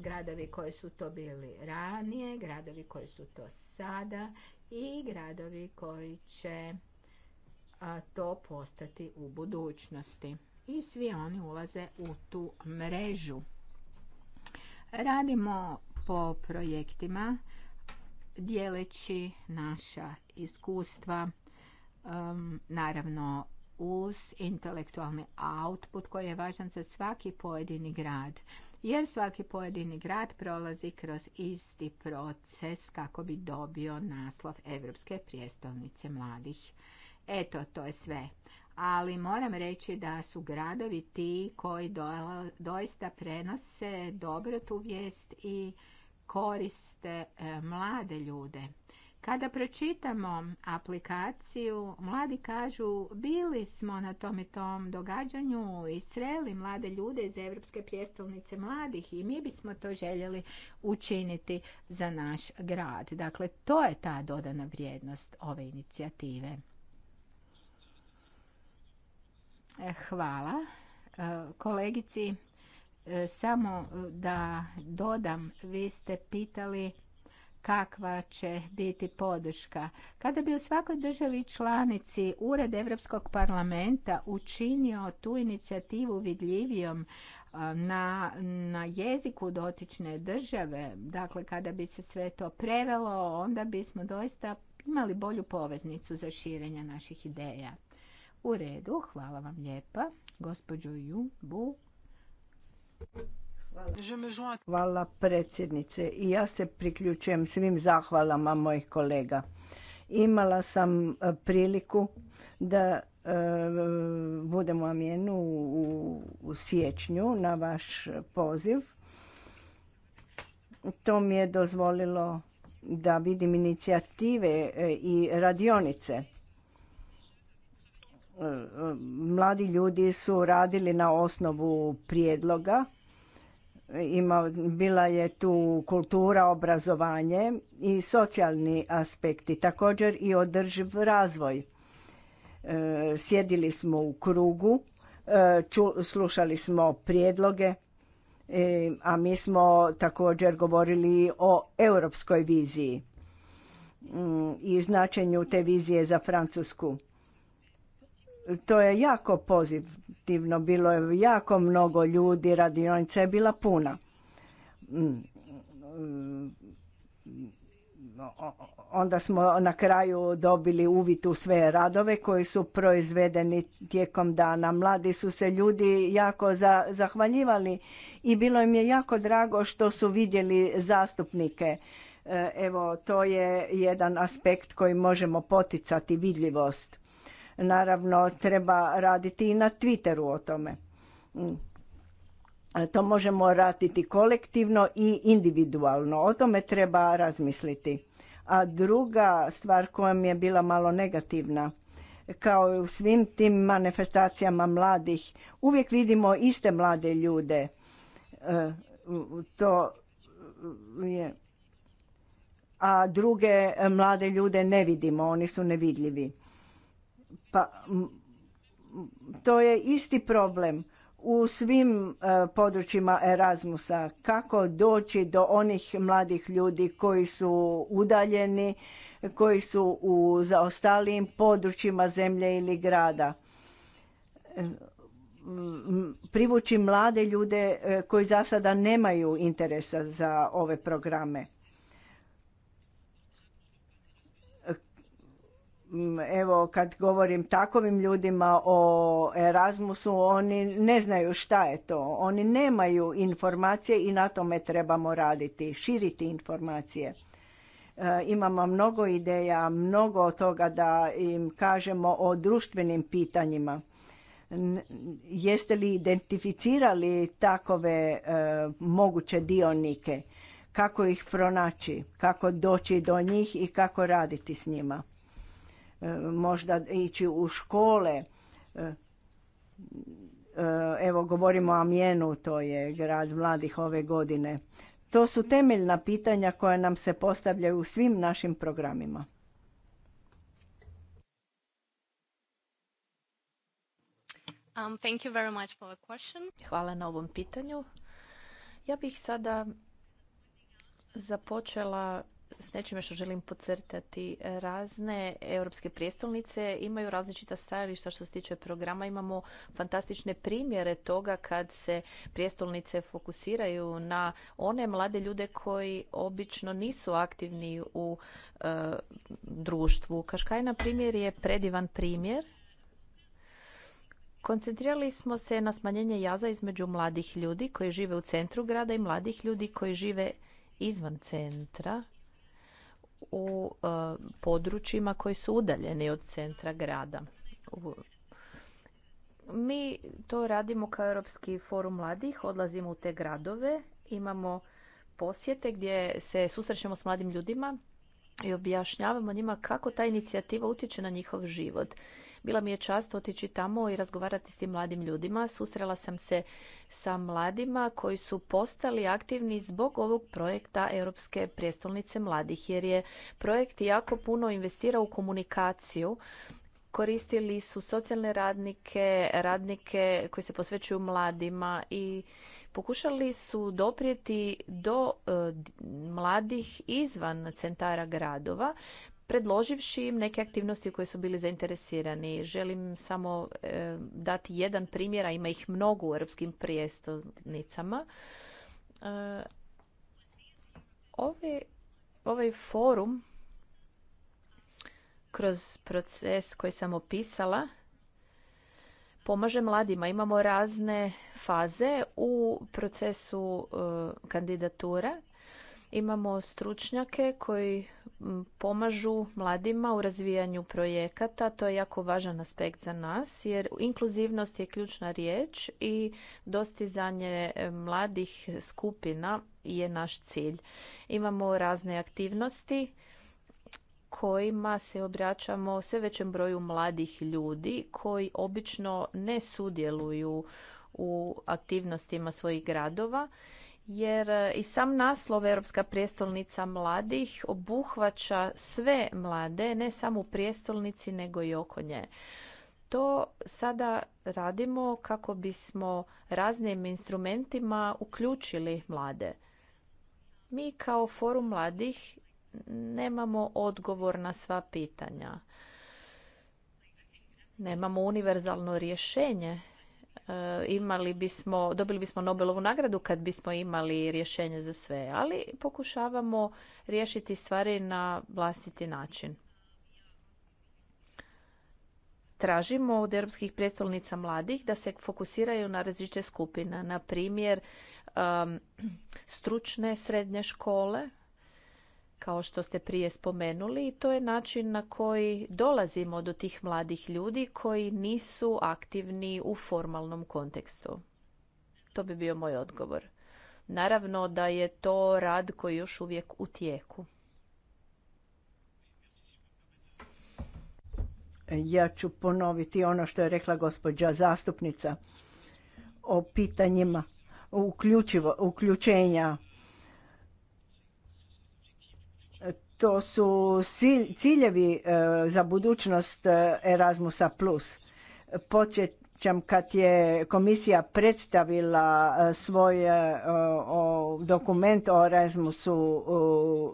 Speaker 2: gradovi koji su to bili ranije, gradovi koji su to sada i gradovi koji će to postati u budućnosti. I svi oni ulaze u tu mrežu. Radimo po projektima dijeleći naša iskustva, naravno uz intelektualni output koji je važan za svaki pojedini grad. Jer svaki pojedini grad prolazi kroz isti proces kako bi dobio naslov Evropske prijestolnice mladih. Eto, to je sve. Ali moram reći da su gradovi ti koji doista prenose dobro tu vijest i koriste e, mlade ljude. Kada pročitamo aplikaciju, mladi kažu bili smo na tom i tom događanju i sreli mlade ljude iz Europske prijestolnice mladih i mi bismo to željeli učiniti za naš grad. Dakle, to je ta dodana vrijednost ove inicijative. E, hvala e, kolegici E, samo e, da dodam, vi ste pitali kakva će biti podrška. Kada bi u svakoj državi članici Ured Europskog parlamenta učinio tu inicijativu vidljivijom e, na, na jeziku dotične države, dakle kada bi se sve to prevelo, onda bismo doista imali bolju poveznicu za širenje naših ideja. U redu, hvala vam lijepa, gospođo Bu. Hvala.
Speaker 3: predsjednice i ja se priključujem svim zahvalama mojih kolega. Imala sam e, priliku da budemo budem u Amjenu u, u siječnju na vaš poziv. To mi je dozvolilo da vidim inicijative e, i radionice mladi ljudi su radili na osnovu prijedloga. Ima, bila je tu kultura, obrazovanje i socijalni aspekti, također i održiv razvoj. E, sjedili smo u krugu, e, slušali smo prijedloge, e, a mi smo također govorili o europskoj viziji mm, i značenju te vizije za Francusku to je jako pozitivno, bilo je jako mnogo ljudi, radionica je bila puna. Mm. Onda smo na kraju dobili uvid u sve radove koji su proizvedeni tijekom dana. Mladi su se ljudi jako zahvaljivali i bilo im je jako drago što su vidjeli zastupnike. E, evo, to je jedan aspekt koji možemo poticati, vidljivost. Naravno, treba raditi i na Twitteru o tome. Mm. E, to možemo raditi kolektivno i individualno. O tome treba razmisliti. A druga stvar koja mi je bila malo negativna, kao i u svim tim manifestacijama mladih, uvijek vidimo iste mlade ljude. E, to je. A druge mlade ljude ne vidimo, oni su nevidljivi pa to je isti problem u svim e, područjima Erasmusa. Kako doći do onih mladih ljudi koji su udaljeni, koji su u zaostalijim područjima zemlje ili grada. E, privući mlade ljude e, koji za sada nemaju interesa za ove programe. Mm, evo kad govorim takovim ljudima o Erasmusu, oni ne znaju šta je to. Oni nemaju informacije i na tome trebamo raditi, širiti informacije. E, imamo mnogo ideja, mnogo toga da im kažemo o društvenim pitanjima. Jeste li identificirali takove e, moguće dionike? Kako ih pronaći? Kako doći do njih i kako raditi s njima? E, možda ići u škole. E, e, evo govorimo o Amjenu, to je grad mladih ove godine. To su temeljna pitanja koja nam se postavljaju u svim našim programima.
Speaker 2: Um,
Speaker 4: Hvala na ovom pitanju. Ja bih sada započela s nečime što želim podcrtati. Razne europske prijestolnice imaju različita stajališta što se tiče programa. Imamo fantastične primjere toga kad se prijestolnice fokusiraju na one mlade ljude koji obično nisu aktivni u e, društvu. Kaškajna na primjer, je predivan primjer. Koncentrirali smo se na smanjenje jaza između mladih ljudi koji žive u centru grada i mladih ljudi koji žive izvan centra u e, područjima koji su udaljeni od centra grada. Mi to radimo kao Europski forum mladih, odlazimo u te gradove, imamo posjete gdje se susrećemo s mladim ljudima i objašnjavamo njima kako ta inicijativa utječe na njihov život bila mi je čast otići tamo i razgovarati s tim mladim ljudima. Susrela sam se sa mladima koji su postali aktivni zbog ovog projekta Europske prijestolnice mladih, jer je projekt jako puno investirao u komunikaciju koristili su socijalne radnike, radnike koji se posvećuju mladima i pokušali su doprijeti do e, mladih izvan centara gradova predloživši im neke aktivnosti koje su bili zainteresirani. Želim samo e, dati jedan primjer, a ima ih mnogo u europskim prijestolnicama. E, ovaj, ovaj forum kroz proces koji sam opisala pomaže mladima. Imamo razne faze u procesu e, kandidatura Imamo stručnjake koji pomažu mladima u razvijanju projekata. To je jako važan aspekt za nas jer inkluzivnost je ključna riječ i dostizanje e, mladih skupina je naš cilj. Imamo razne aktivnosti kojima se obraćamo sve većem broju mladih ljudi koji obično ne sudjeluju u aktivnostima svojih gradova jer e, i sam naslov Europska prijestolnica mladih obuhvaća sve mlade, ne samo u prijestolnici nego i oko nje. To sada radimo kako bismo raznim instrumentima uključili mlade. Mi kao forum mladih nemamo odgovor na sva pitanja. Nemamo univerzalno rješenje Eh, imali bismo, dobili bismo Nobelovu nagradu kad bismo imali rješenje za sve, ali pokušavamo riješiti stvari na vlastiti način. Tražimo od europskih prijestolnica mladih da se fokusiraju na različite skupine, na primjer stručne srednje škole, kao što ste prije spomenuli i to je način na koji dolazimo do tih mladih ljudi koji nisu aktivni u formalnom kontekstu. To bi bio moj odgovor. Naravno da je to rad koji još uvijek u tijeku.
Speaker 3: Ja ću ponoviti ono što je rekla gospođa zastupnica o pitanjima uključivo, uključenja to su ciljevi e, za budućnost e, Erasmusa+. Podsjećam kad je komisija predstavila e, svoj dokument o Erasmusu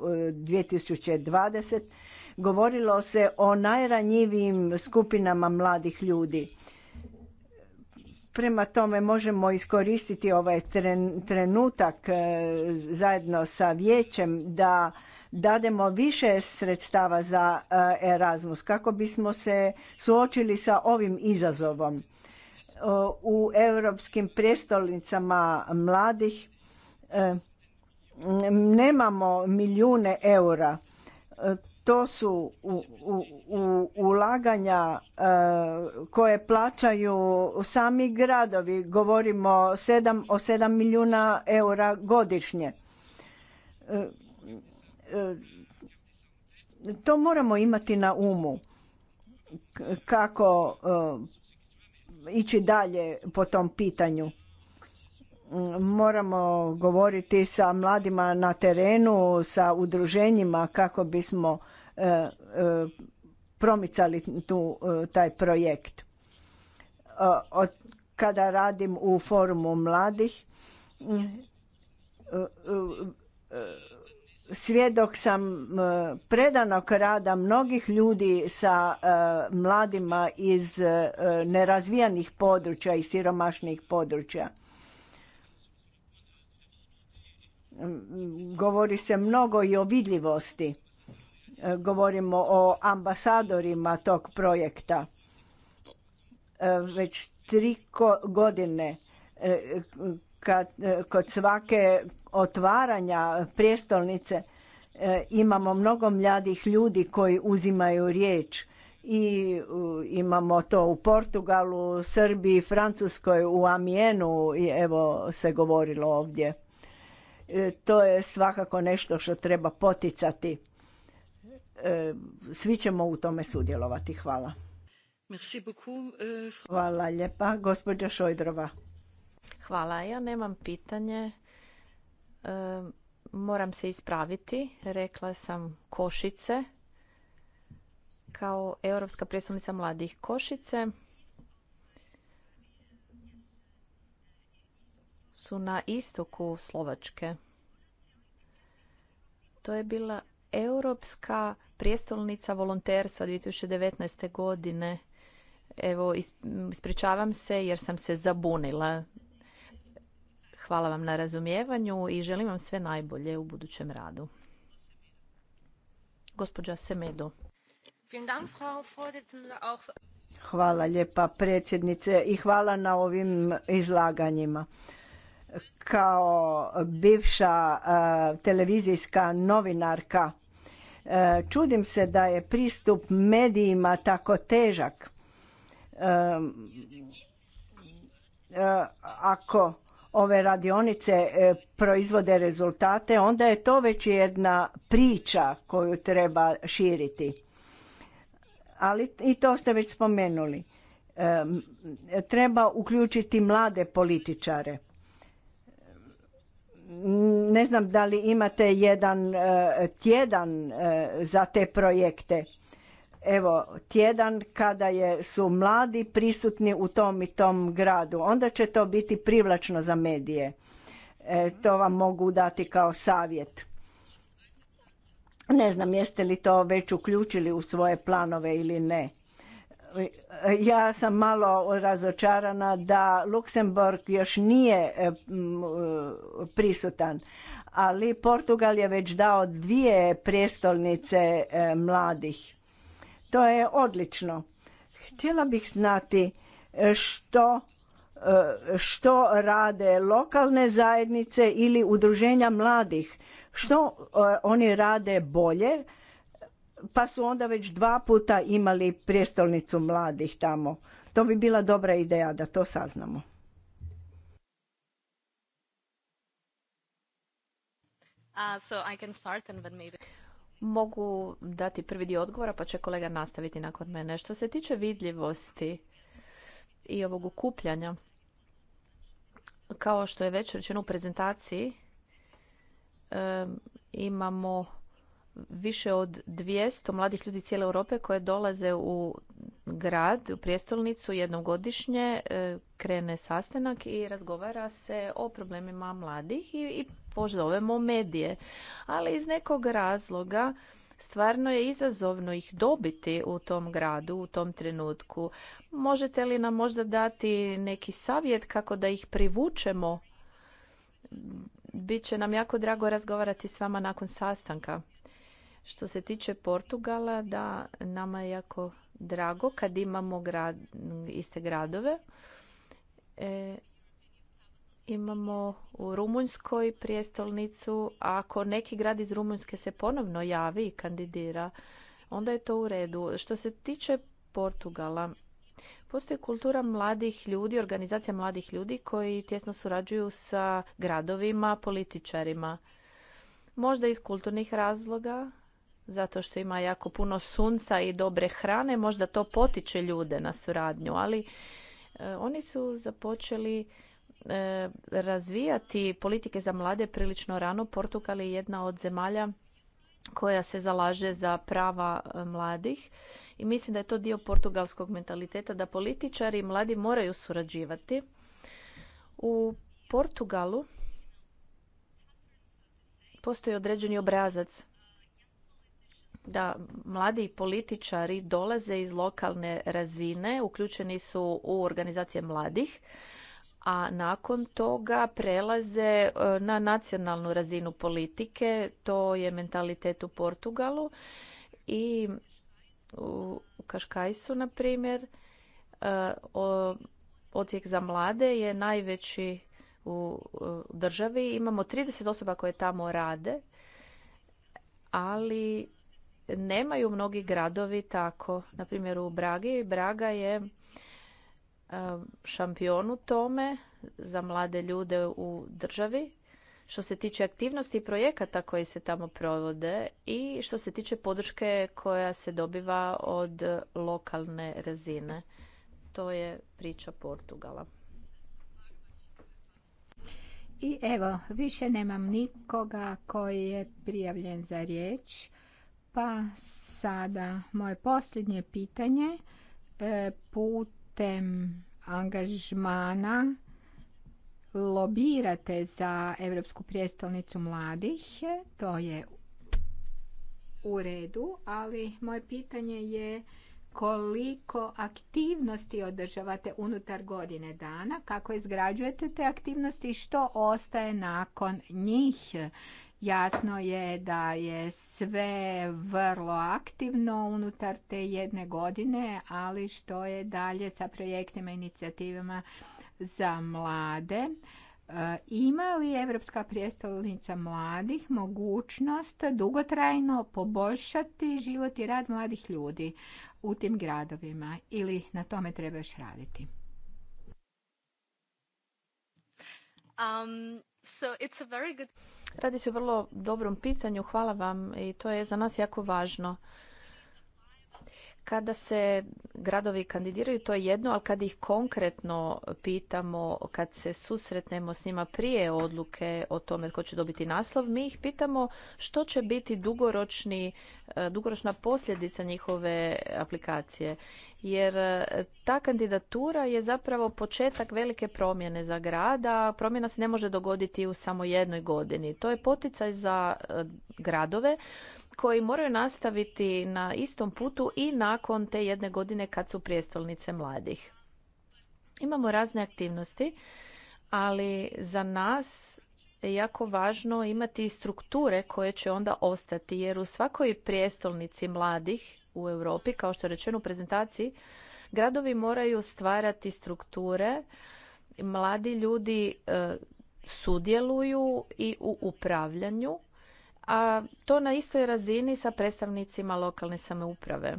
Speaker 3: 2020, govorilo se o najranjivijim skupinama mladih ljudi. Prema tome možemo iskoristiti ovaj trenutak zajedno sa vijećem da dademo više sredstava za e, Erasmus kako bismo se suočili sa ovim izazovom. E, u europskim prijestolnicama mladih e, nemamo milijune eura. To su ulaganja koje plaćaju sami gradovi. Govorimo o 7 milijuna eura godišnje. E, to moramo imati na umu kako e, ići dalje po tom pitanju mm, moramo govoriti sa mladima na terenu sa udruženjima kako bismo e, promicali tu taj projekt kada radim u forumu mladih mm, svjedok sam e, predanog rada mnogih ljudi sa e, mladima iz e, nerazvijenih područja i siromašnih područja. Mm, govori se mnogo i o vidljivosti. Govorimo o ambasadorima tog projekta. Već tri godine kad, e, kod svake otvaranja prijestolnice e, imamo mnogo mladih ljudi koji uzimaju riječ i imamo to u Portugalu, Srbiji, Francuskoj, u Amijenu i evo se govorilo ovdje. E, to je svakako nešto što treba poticati. Svi ćemo u tome sudjelovati. Hvala. Hvala lijepa, gospođa Šojdrova.
Speaker 4: Hvala. Ja nemam pitanje. E, moram se ispraviti. Rekla sam Košice kao Europska prijestolnica mladih Košice. su na istoku Slovačke. To je bila Europska prijestolnica volonterstva 2019. godine. Evo, ispričavam se jer sam se zabunila. Hvala vam na razumijevanju i želim vam sve najbolje u budućem
Speaker 3: radu. Gospođa Semedo. Hvala lijepa predsjednice i hvala na ovim izlaganjima. Kao bivša televizijska novinarka čudim se da je pristup medijima tako težak. Ako ove radionice e, proizvode rezultate, onda je to već jedna priča koju treba širiti. Ali i to ste već spomenuli. Treba uključiti mlade političare. Ne znam da li imate jedan e, tjedan e, za te projekte evo tjedan kada je, su mladi prisutni u tom i tom gradu, onda će to biti privlačno za medije. E, to vam mogu dati kao savjet. Ne znam jeste li to već uključili u svoje planove ili ne. E, ja sam malo razočarana da Luksemburg još nije e, prisutan, ali Portugal je već dao dvije prijestolnice mladih to je odlično. Htjela bih znati e, što e, što rade lokalne zajednice ili udruženja mladih. Što e, oni rade bolje, pa su onda već dva puta imali prijestolnicu mladih tamo. To bi bila dobra ideja da to saznamo.
Speaker 5: Uh, so
Speaker 2: I can start and then maybe...
Speaker 4: Mogu dati prvi dio odgovora, pa će kolega nastaviti nakon mene. Što se tiče vidljivosti i ovog ukupljanja, kao što je već rečeno u prezentaciji, imamo više od 200 mladih ljudi cijele Europe koje dolaze u grad, u prijestolnicu jednom e, krene sastanak i razgovara se o problemima mladih i pozovemo medije. Ali iz nekog razloga stvarno je izazovno ih dobiti u tom gradu, u tom trenutku. Možete li nam možda dati neki savjet kako da ih privučemo? Biće nam jako drago razgovarati s vama nakon sastanka. Što se tiče Portugala, da nama je jako drago kad imamo grad, iste gradove. E, imamo u Rumunjskoj prijestolnicu, a ako neki grad iz Rumunjske se ponovno javi i kandidira, onda je to u redu. Što se tiče Portugala, postoji kultura mladih ljudi, organizacija mladih ljudi koji tjesno surađuju sa gradovima, političarima. Možda iz kulturnih razloga, zato što ima jako puno sunca i dobre hrane, možda to potiče ljude na suradnju, ali e, oni su započeli E, razvijati politike za mlade prilično rano. Portugal je jedna od zemalja koja se zalaže za prava e, mladih i mislim da je to dio portugalskog mentaliteta da političari i mladi moraju surađivati. U Portugalu postoji određeni obrazac da mladi političari dolaze iz lokalne razine, uključeni su u organizacije mladih a nakon toga prelaze e, na nacionalnu razinu politike. To je mentalitet u Portugalu i u Kaškajsu, na primjer, e, odsjek za mlade je najveći u državi. Imamo 30 osoba koje tamo rade, ali nemaju mnogi gradovi tako. Na primjer, u Bragi. Braga je šampion u tome za mlade ljude u državi što se tiče aktivnosti i projekata koji se tamo provode i što se tiče podrške koja se dobiva od lokalne razine. To je priča Portugala.
Speaker 2: I evo, više nemam nikoga koji je prijavljen za riječ. Pa sada moje posljednje pitanje. E, put putem angažmana lobirate za Europsku prijestolnicu mladih, to je u redu, ali moje pitanje je koliko aktivnosti održavate unutar godine dana, kako izgrađujete te aktivnosti i što ostaje nakon njih Jasno je da je sve vrlo aktivno unutar te jedne godine, ali što je dalje sa projektima i inicijativama za mlade? E, ima li Evropska prijestolnica mladih mogućnost dugotrajno poboljšati život i rad mladih ljudi u tim gradovima ili na tome treba još raditi?
Speaker 5: Um, so it's a very good...
Speaker 2: Radi se o vrlo dobrom
Speaker 4: pitanju, hvala vam i to je za nas jako važno. Kada se gradovi kandidiraju, to je jedno, ali kad ih konkretno pitamo, kad se susretnemo s njima prije odluke o tome tko će dobiti naslov, mi ih pitamo što će biti dugoročni, e, dugoročna posljedica njihove aplikacije. Jer e, ta kandidatura je zapravo početak velike promjene za grada. Promjena se ne može dogoditi u samo jednoj godini. To je poticaj za e, gradove koji moraju nastaviti na istom putu i nakon te jedne godine kad su prijestolnice mladih. Imamo razne aktivnosti, ali za nas je jako važno imati strukture koje će onda ostati, jer u svakoj prijestolnici mladih u Europi, kao što je rečeno u prezentaciji, gradovi moraju stvarati strukture, mladi ljudi e, sudjeluju i u upravljanju a to na istoj razini sa predstavnicima lokalne samouprave.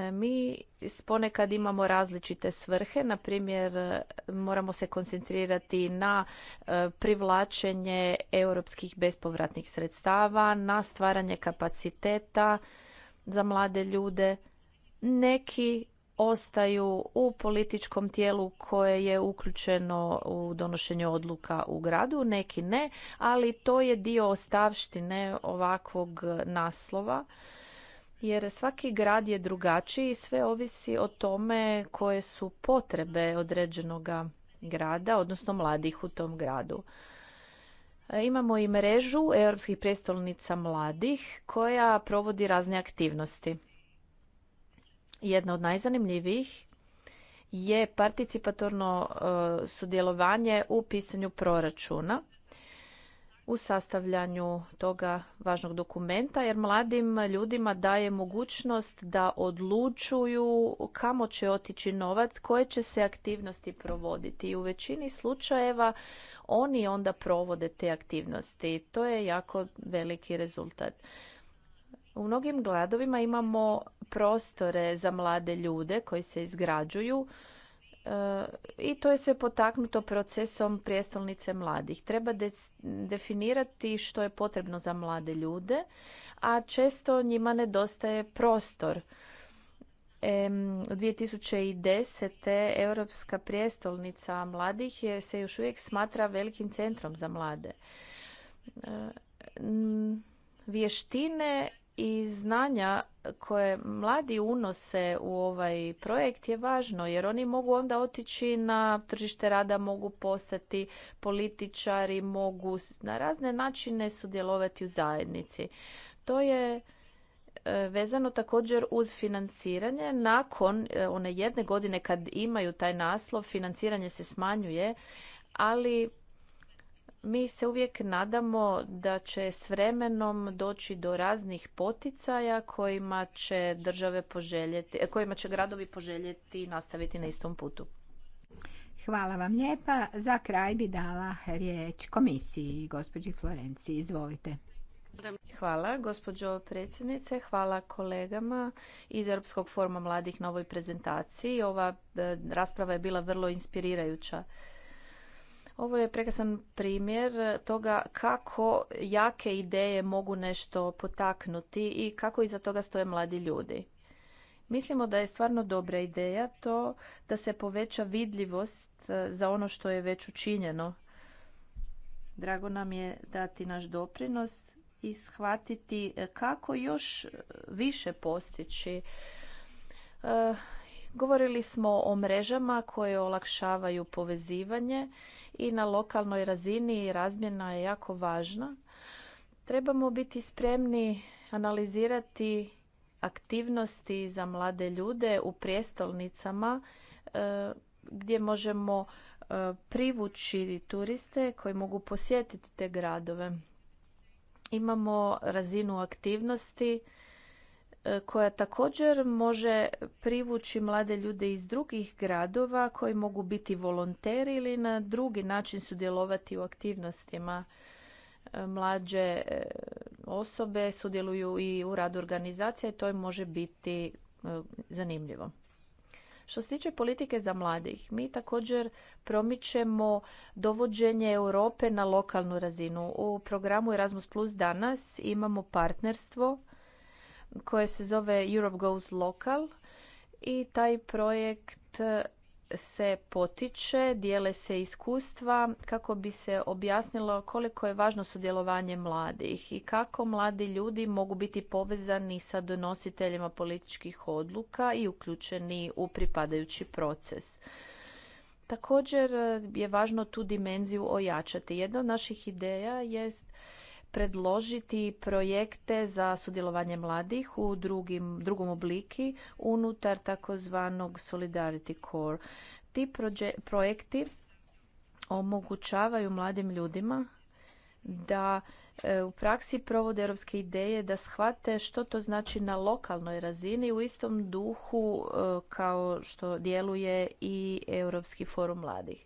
Speaker 4: E, mi ponekad imamo različite svrhe, na primjer e, moramo se koncentrirati na e, privlačenje europskih bespovratnih sredstava, na stvaranje kapaciteta za mlade ljude. Neki ostaju u političkom tijelu koje je uključeno u donošenje odluka u gradu, neki ne, ali to je dio ostavštine ovakvog naslova. Jer svaki grad je drugačiji i sve ovisi o tome koje su potrebe određenog grada, odnosno mladih u tom gradu. E, imamo i mrežu europskih prestolnica mladih koja provodi razne aktivnosti jedna od najzanimljivijih je participatorno e, sudjelovanje u pisanju proračuna u sastavljanju toga važnog dokumenta jer mladim ljudima daje mogućnost da odlučuju kamo će otići novac, koje će se aktivnosti provoditi i u većini slučajeva oni onda provode te aktivnosti. To je jako veliki rezultat. U mnogim gradovima imamo prostore za mlade ljude koji se izgrađuju e, i to je sve potaknuto procesom prijestolnice mladih. Treba definirati što je potrebno za mlade ljude, a često njima nedostaje prostor. E, 2010. Europska prijestolnica mladih je, se još uvijek smatra velikim centrom za mlade. E, vještine i znanja koje mladi unose u ovaj projekt je važno jer oni mogu onda otići na tržište rada, mogu postati političari, mogu na razne načine sudjelovati u zajednici. To je e, vezano također uz financiranje. Nakon e, one jedne godine kad imaju taj naslov, financiranje se smanjuje, ali mi se uvijek nadamo da će s vremenom doći do raznih poticaja kojima će države poželjeti, kojima će gradovi poželjeti nastaviti na istom putu.
Speaker 2: Hvala vam lijepa. Za kraj bi dala riječ komisiji, gospođi Florenci. Izvolite.
Speaker 4: Hvala gospođo predsjednice, hvala kolegama iz Europskog forma mladih na ovoj prezentaciji. Ova e, rasprava je bila vrlo inspirirajuća. Ovo je prekrasan primjer toga kako jake ideje mogu nešto potaknuti i kako iza toga stoje mladi ljudi. Mislimo da je stvarno dobra ideja to da se poveća vidljivost e, za ono što je već učinjeno. Drago nam je dati naš doprinos i shvatiti e, kako još više postići e, Govorili smo o mrežama koje olakšavaju povezivanje i na lokalnoj razini razmjena je jako važna. Trebamo biti spremni analizirati aktivnosti za mlade ljude u prijestolnicama e, gdje možemo e, privući turiste koji mogu posjetiti te gradove. Imamo razinu aktivnosti E, koja također može privući mlade ljude iz drugih gradova koji mogu biti volonteri ili na drugi način sudjelovati u aktivnostima. E, mlađe e, osobe sudjeluju i u radu organizacija i to im može biti zanimljivo. Što se tiče politike za mladih, mi također promičemo dovođenje Europe na lokalnu razinu. U programu Erasmus Plus danas imamo partnerstvo koje se zove Europe Goes Local i taj projekt e, se potiče, dijele se iskustva kako bi se objasnilo koliko je važno sudjelovanje mladih i kako mladi ljudi mogu biti povezani sa donositeljima političkih odluka i uključeni u pripadajući proces. Također e, je važno tu dimenziju ojačati. Jedna od naših ideja jest predložiti projekte za sudjelovanje mladih u drugim, drugom obliki unutar takozvanog Solidarity Core. Ti projekti omogućavaju mladim ljudima da e, u praksi provode europske ideje, da shvate što to znači na lokalnoj razini u istom duhu e, kao što djeluje i Europski forum mladih.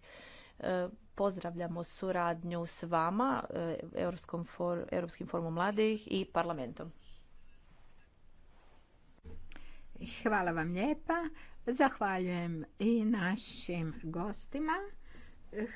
Speaker 4: E, pozdravljamo suradnju s vama, e, Europskom Europskim forumom mladih
Speaker 2: i parlamentom. Hvala vam lijepa. Zahvaljujem i našim gostima.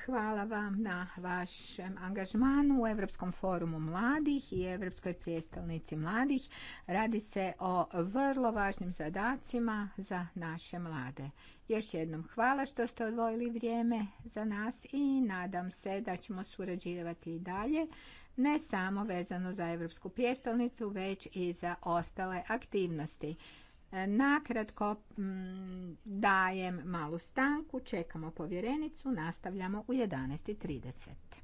Speaker 2: Hvala vam na vašem angažmanu u Europskom forumu mladih i Europskoj prijestolnici mladih. Radi se o vrlo važnim zadacima za naše mlade. Još jednom hvala što ste odvojili vrijeme za nas i nadam se da ćemo surađivati i dalje, ne samo vezano za Europsku prijestolnicu, već i za ostale aktivnosti. E, nakratko mm, dajem malu stanku, čekamo povjerenicu, nastavljamo u 11.30.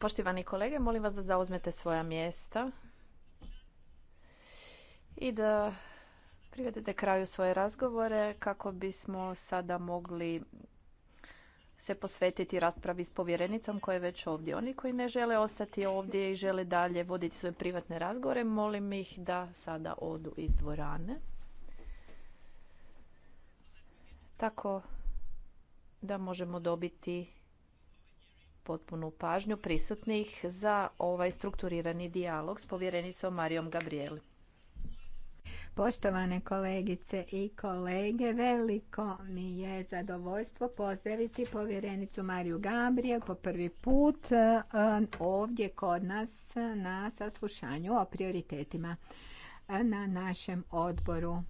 Speaker 4: Poštovani kolege, molim vas da zauzmete svoja mjesta i da privedete kraju svoje razgovore kako bismo sada mogli se posvetiti raspravi s povjerenicom koja je već ovdje. Oni koji ne žele ostati ovdje i žele dalje voditi svoje privatne razgovore, molim ih da sada odu iz dvorane. Tako da možemo dobiti potpunu pažnju prisutnih za ovaj strukturirani dijalog s povjerenicom Marijom Gabrieli.
Speaker 2: Poštovane kolegice i kolege, veliko mi je zadovoljstvo pozdraviti povjerenicu Mariju Gabriel po prvi put e, ovdje kod nas na saslušanju o prioritetima e, na našem odboru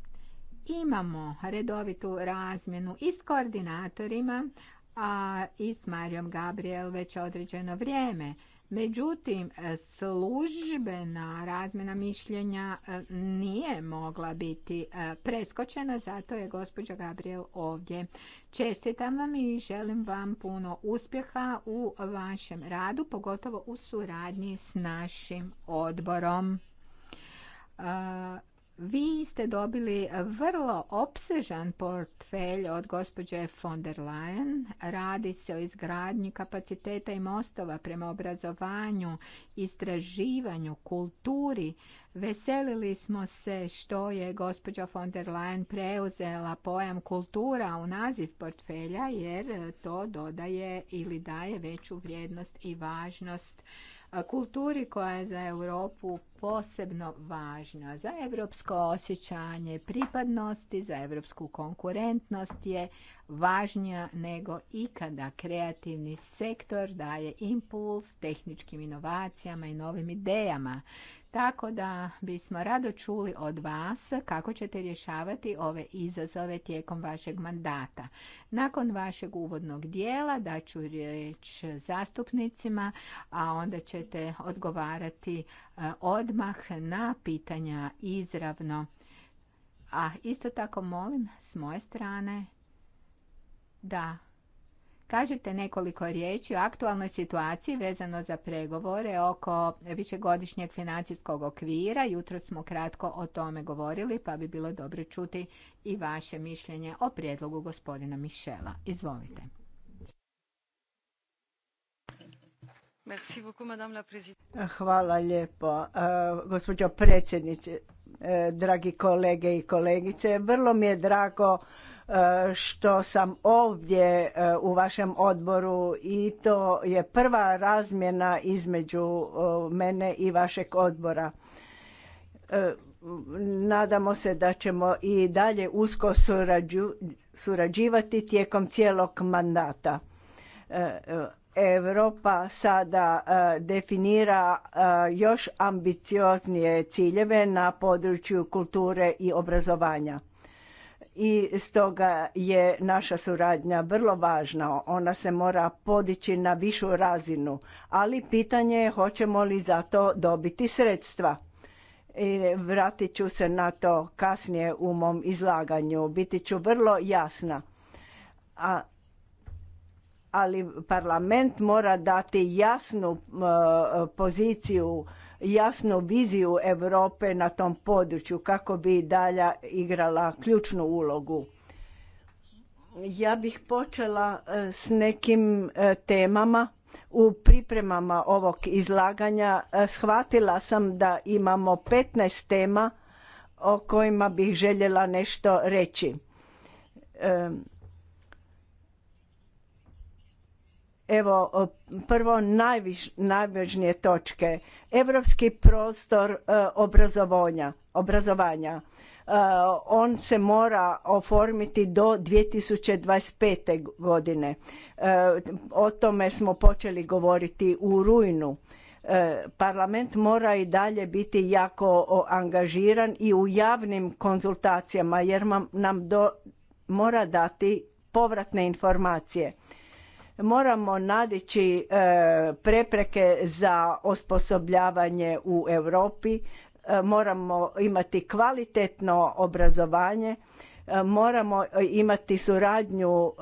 Speaker 2: imamo redovitu razmjenu i s koordinatorima, a i s Marijom Gabriel već određeno vrijeme. Međutim, službena razmjena mišljenja e, nije mogla biti e, preskočena, zato je gospođa Gabriel ovdje. Čestitam vam i želim vam puno uspjeha u vašem radu, pogotovo u suradnji s našim odborom. E, vi ste dobili vrlo opsežan portfelj od gospođe von der Leyen. Radi se o izgradnji kapaciteta i mostova prema obrazovanju, istraživanju, kulturi. Veselili smo se što je gospođa von der Leyen preuzela pojam kultura u naziv portfelja jer to dodaje ili daje veću vrijednost i važnost kulturi koja je za Europu posebno važna. Za europsko osjećanje pripadnosti, za europsku konkurentnost je važnija nego ikada. Kreativni sektor daje impuls tehničkim inovacijama i novim idejama. Tako da bismo rado čuli od vas kako ćete rješavati ove izazove tijekom vašeg mandata. Nakon vašeg uvodnog dijela daću riječ zastupnicima, a onda ćete odgovarati e, odmah na pitanja izravno. A isto tako molim s moje strane da kažete nekoliko riječi o aktualnoj situaciji vezano za pregovore oko višegodišnjeg financijskog okvira. Jutro smo kratko o tome govorili, pa bi bilo dobro čuti i vaše mišljenje o prijedlogu gospodina Mišela. Izvolite. Hvala
Speaker 3: lijepo, e, gospođo predsjednice, e, dragi kolege i kolegice. Vrlo mi je drago što sam ovdje e, u vašem odboru i to je prva razmjena između e, mene i vašeg odbora. E, nadamo se da ćemo i dalje usko surađivati tijekom cijelog mandata. Europa sada definira još ambicioznije ciljeve na području kulture i obrazovanja i stoga je naša suradnja vrlo važna. Ona se mora podići na višu razinu, ali pitanje je hoćemo li za to dobiti sredstva. I e, vratit ću se na to kasnije u mom izlaganju. Biti ću vrlo jasna. A, ali parlament mora dati jasnu e, poziciju jasnu viziju Europe na tom području kako bi dalja igrala ključnu ulogu. Ja bih počela e, s nekim e, temama u pripremama ovog izlaganja. E, shvatila sam da imamo 15 tema o kojima bih željela nešto reći. Evo, prvo najviš, najvažnije točke. Europski prostor e, obrazovanja. obrazovanja. E, on se mora oformiti do 2025. godine. E, o tome smo počeli govoriti u rujnu. Parlament mora i dalje biti jako angažiran i u javnim konzultacijama jer nam do, mora dati povratne informacije moramo nadići e, prepreke za osposobljavanje u Europi, e, moramo imati kvalitetno obrazovanje, e, moramo imati suradnju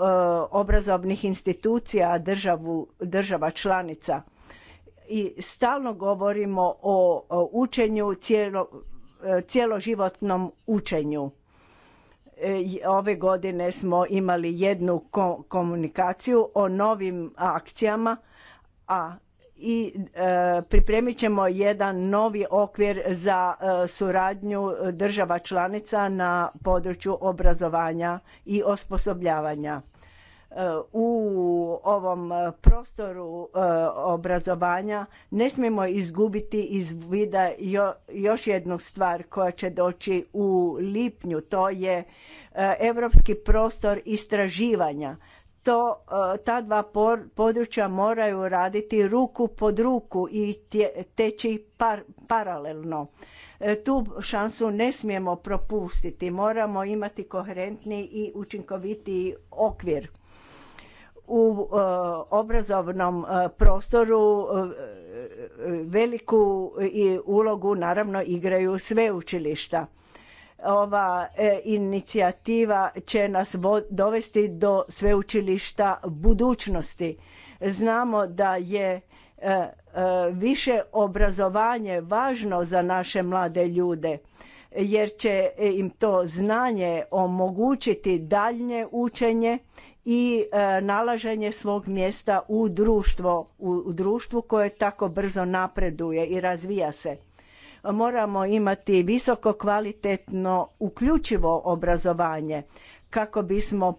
Speaker 3: obrazovnih institucija državu, država članica. I stalno govorimo o, učenju, cijelo, cjeloživotnom učenju E, ove godine smo imali jednu komunikaciju o novim akcijama, a i e, pripremit ćemo jedan novi okvir za e, suradnju država članica na području obrazovanja i osposobljavanja u ovom e, prostoru e, obrazovanja ne smijemo izgubiti iz vida još jednu stvar koja će doći u lipnju to je europski prostor istraživanja to e, ta dva područja moraju raditi ruku pod ruku i teći paralelno tu šansu ne smijemo propustiti moramo imati koherentni i učinkovitiji okvir u e, obrazovnom e, prostoru e, veliku i ulogu naravno igraju učilišta. Ova inicijativa će nas dovesti do sveučilišta budućnosti. Znamo da je više obrazovanje važno za naše mlade ljude jer će im to znanje omogućiti daljnje učenje i e, nalaženje svog mjesta u u društvu koje tako brzo napreduje i razvija se. Moramo imati visoko kvalitetno uključivo obrazovanje kako bismo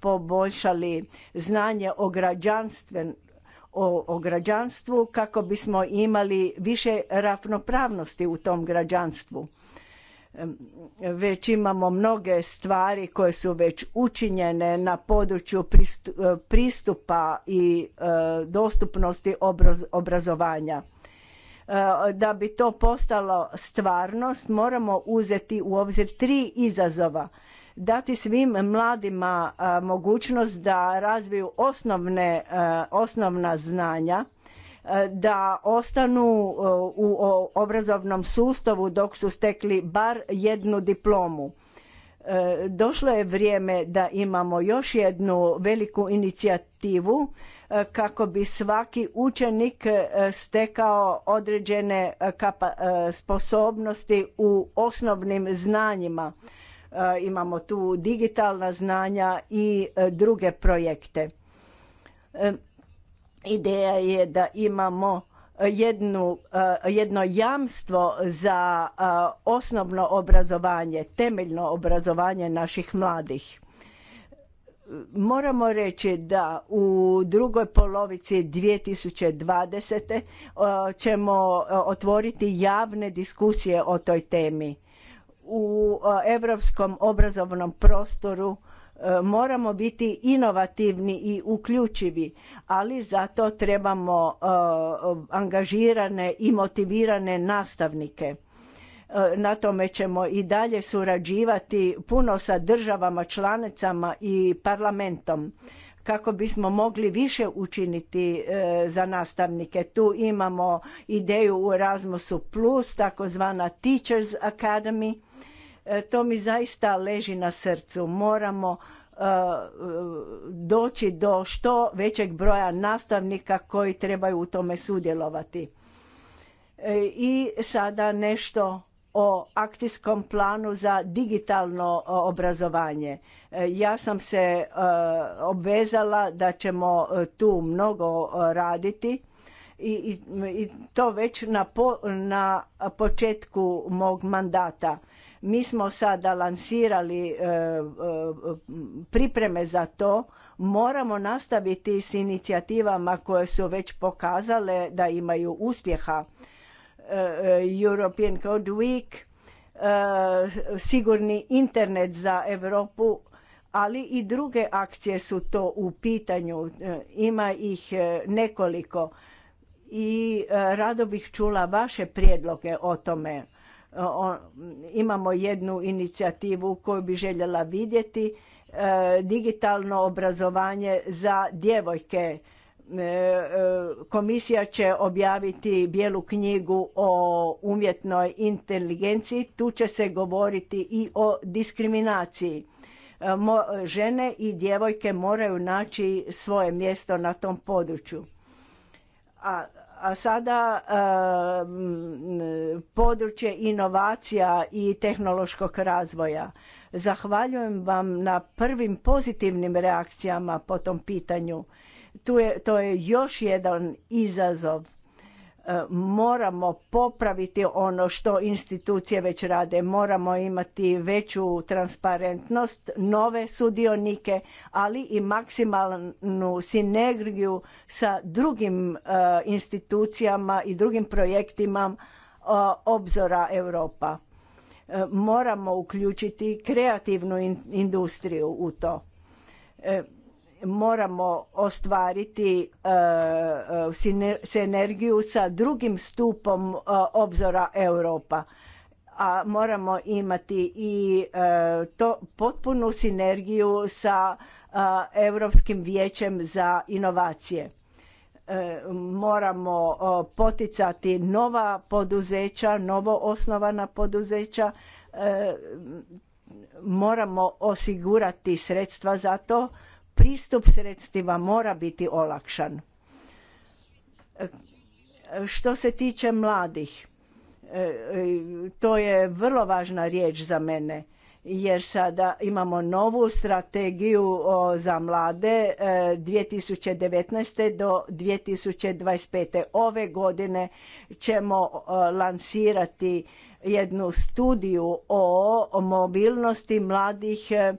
Speaker 3: poboljšali znanje o građanstven, o građanstvu kako bismo imali više ravnopravnosti u tom građanstvu već imamo mnoge stvari koje su već učinjene na području e, pristupa i e, dostupnosti obrazovanja. E, da bi to postalo stvarnost moramo uzeti u obzir tri izazova. Dati svim mladima mogućnost da razviju osnovne, osnovna znanja, E, da ostanu e, u obrazovnom sustavu dok su stekli bar jednu diplomu. E, došlo je vrijeme da imamo još jednu veliku inicijativu kako bi svaki učenik stekao određene sposobnosti u osnovnim znanjima. Imamo tu digitalna znanja i druge projekte Ideja je da imamo e, jednu, e, jedno jamstvo za e, osnovno obrazovanje, temeljno obrazovanje naših mladih. Moramo reći da u drugoj polovici 2020. ćemo otvoriti javne diskusije o toj temi. U europskom obrazovnom prostoru E, moramo biti inovativni i uključivi, ali zato trebamo e, angažirane i motivirane nastavnike. E, na tome ćemo i dalje surađivati puno sa državama, članicama i parlamentom kako bismo mogli više učiniti za nastavnike. Tu imamo ideju u Erasmusu Plus, takozvana Teachers Academy, E, to mi zaista leži na srcu. Moramo e, doći do što većeg broja nastavnika koji trebaju u tome sudjelovati. E, I sada nešto o akcijskom planu za digitalno obrazovanje. Ja sam se obvezala da ćemo tu mnogo raditi i to već na početku mog mandata mi smo sada lansirali e, e, pripreme za to. Moramo nastaviti s inicijativama koje su već pokazale da imaju uspjeha. E, European Code Week, sigurni internet za Europu, ali i druge akcije su to u pitanju. Ima ih nekoliko i rado bih čula vaše prijedloge o tome. Imamo jednu inicijativu koju bi željela vidjeti, e, digitalno obrazovanje za djevojke. E, e, komisija će objaviti bijelu knjigu o umjetnoj inteligenciji, tu će se govoriti i o diskriminaciji. Žene i djevojke moraju naći svoje mjesto na tom području. A a sada e, područje inovacija i tehnološkog razvoja. Zahvaljujem vam na prvim pozitivnim reakcijama po tom pitanju. je, to je još jedan izazov E, moramo popraviti ono što institucije već rade, moramo imati veću transparentnost, nove sudionike, ali i maksimalnu sinergiju sa drugim e, institucijama i drugim projektima e, obzora Europa. Moramo uključiti kreativnu industriju u to moramo ostvariti e, e, sinergiju sa drugim stupom e, obzora Europa a moramo imati i to potpunu sinergiju sa Europskim vijećem za inovacije. Moramo poticati nova poduzeća, novo osnovana poduzeća. Moramo osigurati sredstva za to pristup sredstvima mora biti olakšan. Što se tiče mladih, to je vrlo važna riječ za mene jer sada imamo novu strategiju za mlade 2019. E, do 2025. Ove godine ćemo e, lansirati jednu studiju o mobilnosti mladih e,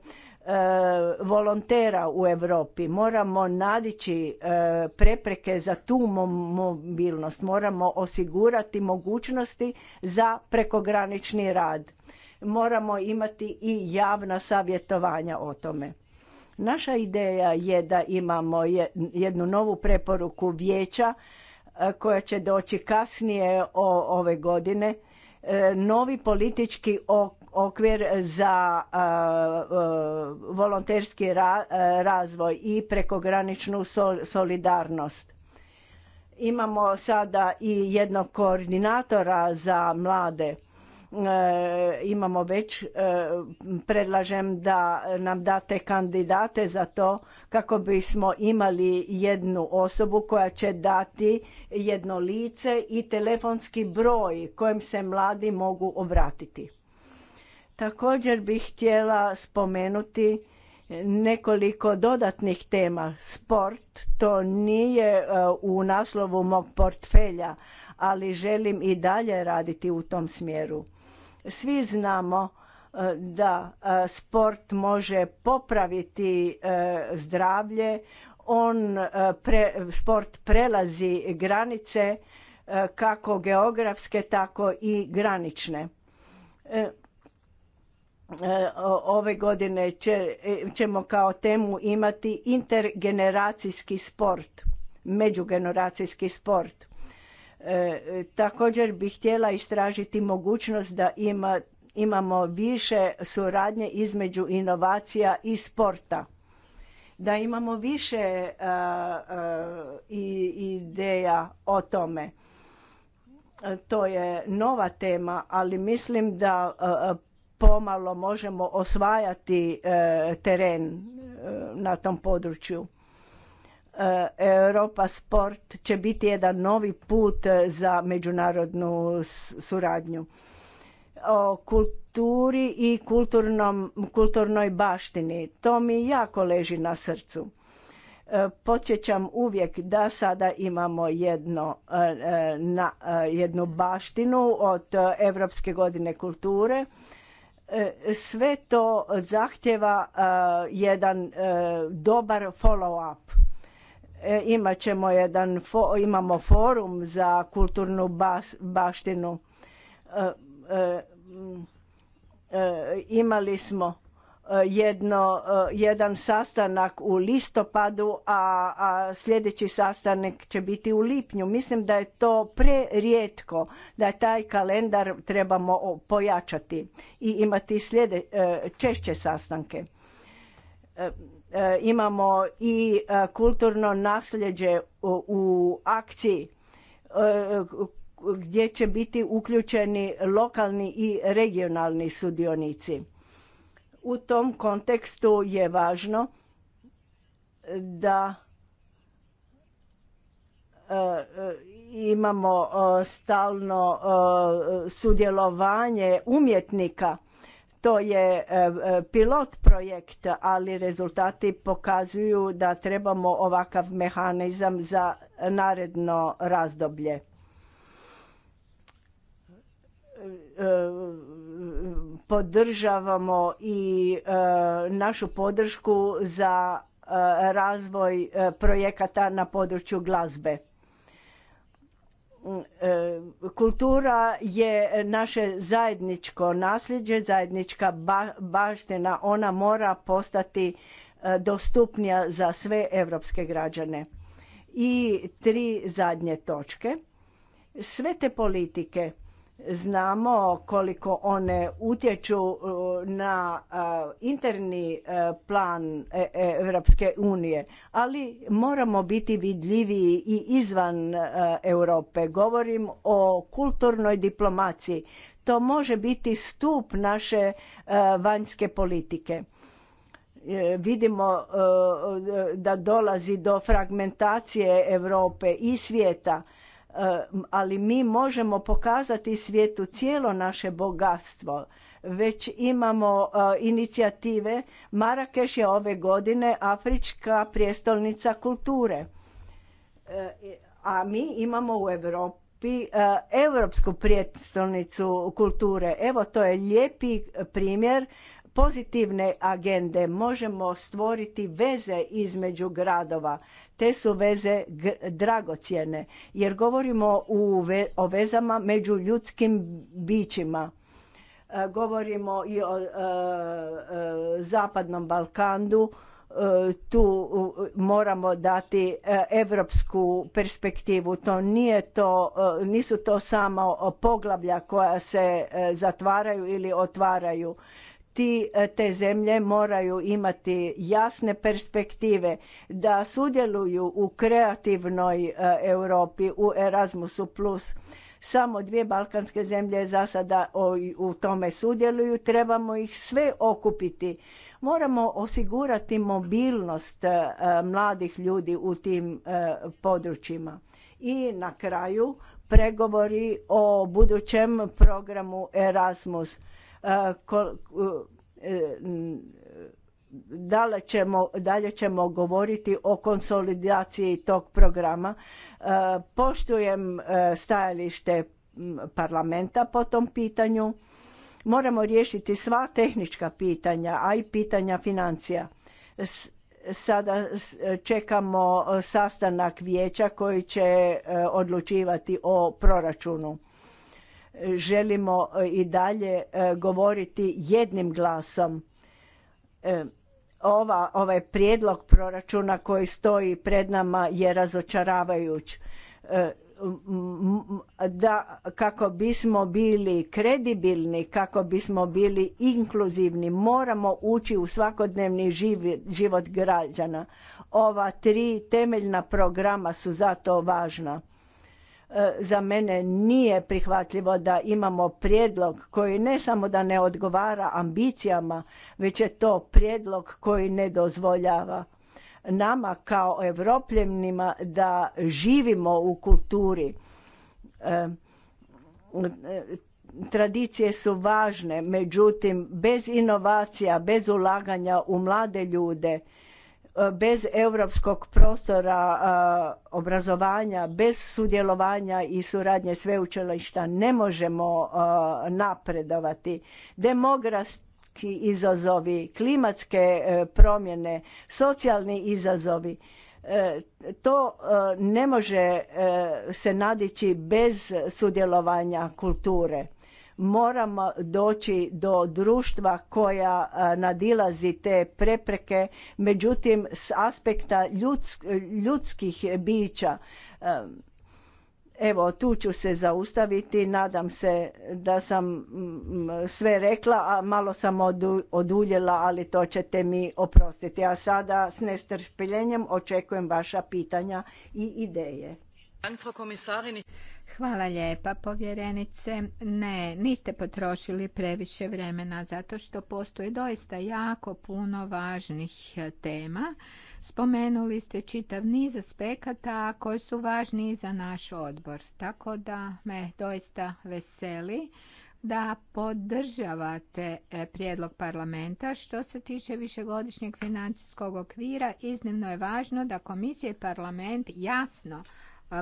Speaker 3: E, volontera u Europi. Moramo nadići e, prepreke za tu mobilnost, moramo osigurati mogućnosti za prekogranični rad. Moramo imati i javna savjetovanja o tome. Naša ideja je da imamo jednu novu preporuku vijeća e, koja će doći kasnije ove godine, novi politički okvir za e, e, volonterski e, razvoj i prekograničnu solidarnost. Imamo sada i jednog koordinatora za mlade. Imamo već, predlažem da nam date kandidate za to kako bismo imali jednu osobu koja će dati jedno lice i telefonski broj kojem se mladi mogu obratiti. Također bih htjela spomenuti nekoliko dodatnih tema. Sport, to nije e, u naslovu mog portfelja, ali želim i dalje raditi u tom smjeru. Svi znamo e, da e, sport može popraviti zdravlje, on sport prelazi granice kako geografske, tako i granične. E, ove godine će, e, ćemo kao temu imati intergeneracijski sport, međugeneracijski sport. E, također bih htjela istražiti mogućnost da ima, imamo više suradnje između inovacija i sporta. Da imamo više e, ideja o tome. To je nova tema, ali mislim da pomalo možemo osvajati e, teren e, na tom području. E, Europa Sport će biti jedan novi put za međunarodnu suradnju. O kulturi i kulturnom, kulturnoj baštini. To mi jako leži na srcu. Podsjećam uvijek da sada imamo jedno, na, jednu baštinu od Europske godine kulture sve to zahtjeva e, jedan e, dobar follow up. E, imat ćemo jedan, imamo forum za kulturnu baštinu. Imali smo E, jedno, e, jedan sastanak u listopadu, a, sljedeći sastanak će biti u lipnju. Mislim da je to prerijetko, da taj kalendar trebamo pojačati i imati sljede, e, češće sastanke. Imamo i kulturno nasljeđe u akciji gdje će biti uključeni lokalni i regionalni sudionici u tom kontekstu je važno e, da e, e, imamo stalno sudjelovanje umjetnika. To je pilot projekt, ali rezultati pokazuju da trebamo ovakav mehanizam za naredno razdoblje podržavamo i e, našu podršku za e, razvoj e, projekata na području glazbe. Mm, kultura je naše zajedničko nasljeđe, zajednička baština. Ona mora postati dostupnija za sve evropske građane. I tri zadnje točke. Sve te politike Znamo koliko one utječu uh, na uh, interni uh, plan Europske e, unije, ali moramo biti vidljiviji i izvan Europe. Govorim o kulturnoj diplomaciji. To može biti stup naše vanjske politike e, vidimo da dolazi do fragmentacije Europe i svijeta ali mi možemo pokazati svijetu cijelo naše bogatstvo. Već imamo eh, inicijative. Marakeš je ove godine Afrička prijestolnica kulture. Eh, a mi imamo u Europi eh, Europsku prijestolnicu kulture. Evo to je lijepi primjer pozitivne agende možemo stvoriti veze između gradova te su veze dragocjene jer govorimo o vezama među ljudskim bićima. E, govorimo i o e, e, Zapadnom Balkanu, tu moramo dati europsku perspektivu. To nije to, nisu to samo poglavlja koja se zatvaraju ili otvaraju ti, e, te zemlje moraju imati jasne perspektive da sudjeluju u kreativnoj e, Europi u Erasmusu+. plus Samo dvije balkanske zemlje za sada u tome sudjeluju. Trebamo ih sve okupiti. Moramo osigurati mobilnost e, mladih ljudi u tim područjima. I na kraju pregovori o budućem programu Erasmus E, dalje ćemo, dalje ćemo govoriti o konsolidaciji tog programa. E, poštujem e, stajalište parlamenta po tom pitanju. Moramo riješiti sva tehnička pitanja, a i pitanja financija. Sada čekamo sastanak vijeća koji će odlučivati o proračunu želimo e, i dalje e, govoriti jednim glasom. E, ova, ovaj prijedlog proračuna koji stoji pred nama je razočaravajuć. Da, kako bismo bili kredibilni, kako bismo bili inkluzivni, moramo ući u svakodnevni život građana. Ova tri temeljna programa su zato važna E, za mene nije prihvatljivo da imamo prijedlog koji ne samo da ne odgovara ambicijama, već je to prijedlog koji ne dozvoljava nama kao evropljenima da živimo u kulturi. E, tradicije su važne, međutim, bez inovacija, bez ulaganja u mlade ljude, E, bez europskog prostora e, obrazovanja, bez sudjelovanja i suradnje sveučilišta ne možemo e, napredovati. Demografski izazovi, klimatske promjene, socijalni izazovi, to ne može se nadići bez sudjelovanja kulture moramo doći do društva koja nadilazi te prepreke međutim s aspekta ljudskih bića evo tu ću se zaustaviti nadam se da sam sve rekla a malo sam oduljela ali to ćete mi oprostiti a sada s nestrpljenjem očekujem vaša pitanja
Speaker 2: i ideje Hvala lijepa povjerenice. Ne, niste potrošili previše vremena zato što postoji doista jako puno važnih tema. Spomenuli ste čitav niz aspekata koji su važni za naš odbor. Tako da me doista veseli da podržavate e, prijedlog parlamenta. Što se tiče višegodišnjeg financijskog okvira, iznimno je važno da komisija i parlament jasno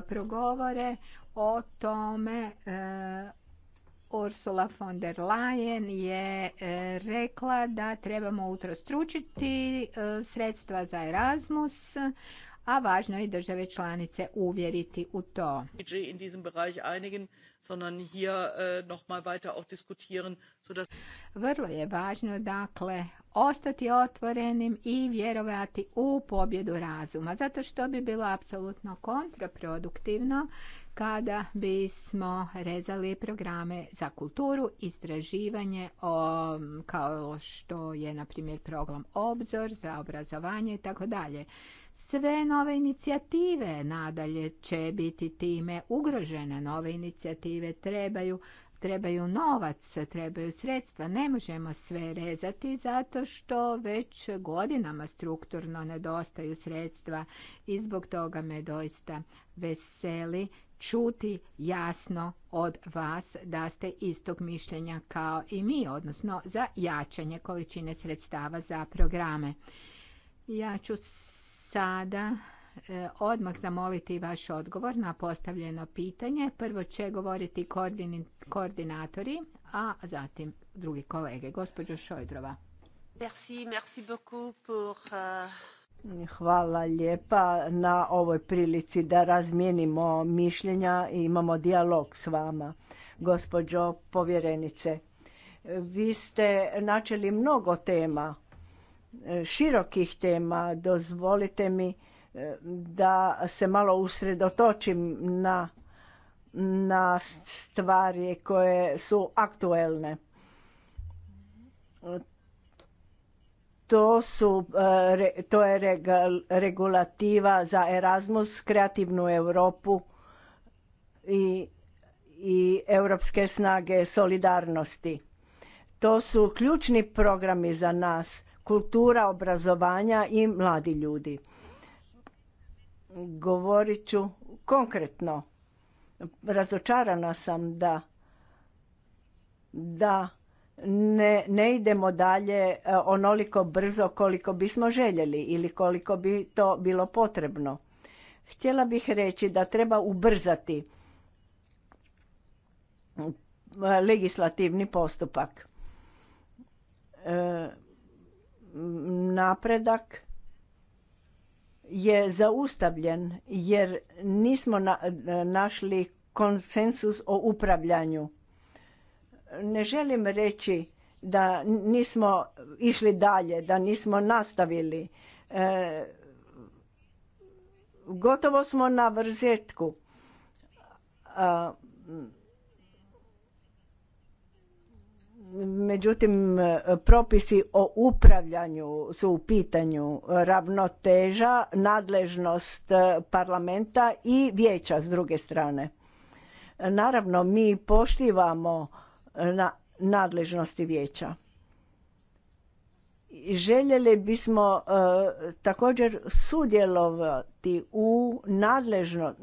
Speaker 2: progovore o tome e, Ursula von der Leyen je e, rekla da trebamo utrostručiti e, sredstva za Erasmus, a važno je države članice uvjeriti u to. Vrlo je važno dakle ostati otvorenim i vjerovati u pobjedu razuma, zato što bi bilo apsolutno kontraproduktivno kada bismo rezali programe za kulturu, istraživanje o, kao što je na primjer program Obzor za obrazovanje i tako dalje. Sve nove inicijative nadalje će biti time ugrožene. Nove inicijative trebaju trebaju novac, trebaju sredstva. Ne možemo sve rezati zato što već godinama strukturno nedostaju sredstva i zbog toga me doista veseli čuti jasno od vas da ste istog mišljenja kao i mi, odnosno za jačanje količine sredstava za programe. Ja ću sada e, odmah zamoliti vaš odgovor na postavljeno pitanje. Prvo će govoriti koordinatori, a zatim drugi kolege. Gospođo Šojdrova.
Speaker 4: Merci,
Speaker 5: merci beaucoup pour euh,
Speaker 2: Hvala lijepa na ovoj prilici
Speaker 3: da razmijenimo mišljenja i imamo dijalog s vama, gospođo povjerenice. Vi ste načeli mnogo tema, širokih tema. Dozvolite mi eh, da se malo usredotočim na, na stvari koje su aktuelne to, su, e, to je regulativa za Erasmus, kreativnu Europu i, i europske snage solidarnosti. To su ključni programi za nas, kultura, obrazovanja i mladi ljudi. Govorit ću konkretno. Razočarana sam da da ne, ne idemo dalje e, onoliko brzo koliko bismo željeli ili koliko bi to bilo potrebno. Htjela bih reći da treba ubrzati e, legislativni postupak. E, napredak je zaustavljen jer nismo našli konsensus o upravljanju ne želim reći da nismo išli dalje, da nismo nastavili. E, gotovo smo na vrzetku. međutim, propisi o upravljanju su u pitanju ravnoteža, nadležnost e, parlamenta i vijeća s druge strane. Naravno, mi poštivamo na nadležnosti vijeća. Željeli bismo e, također sudjelovati u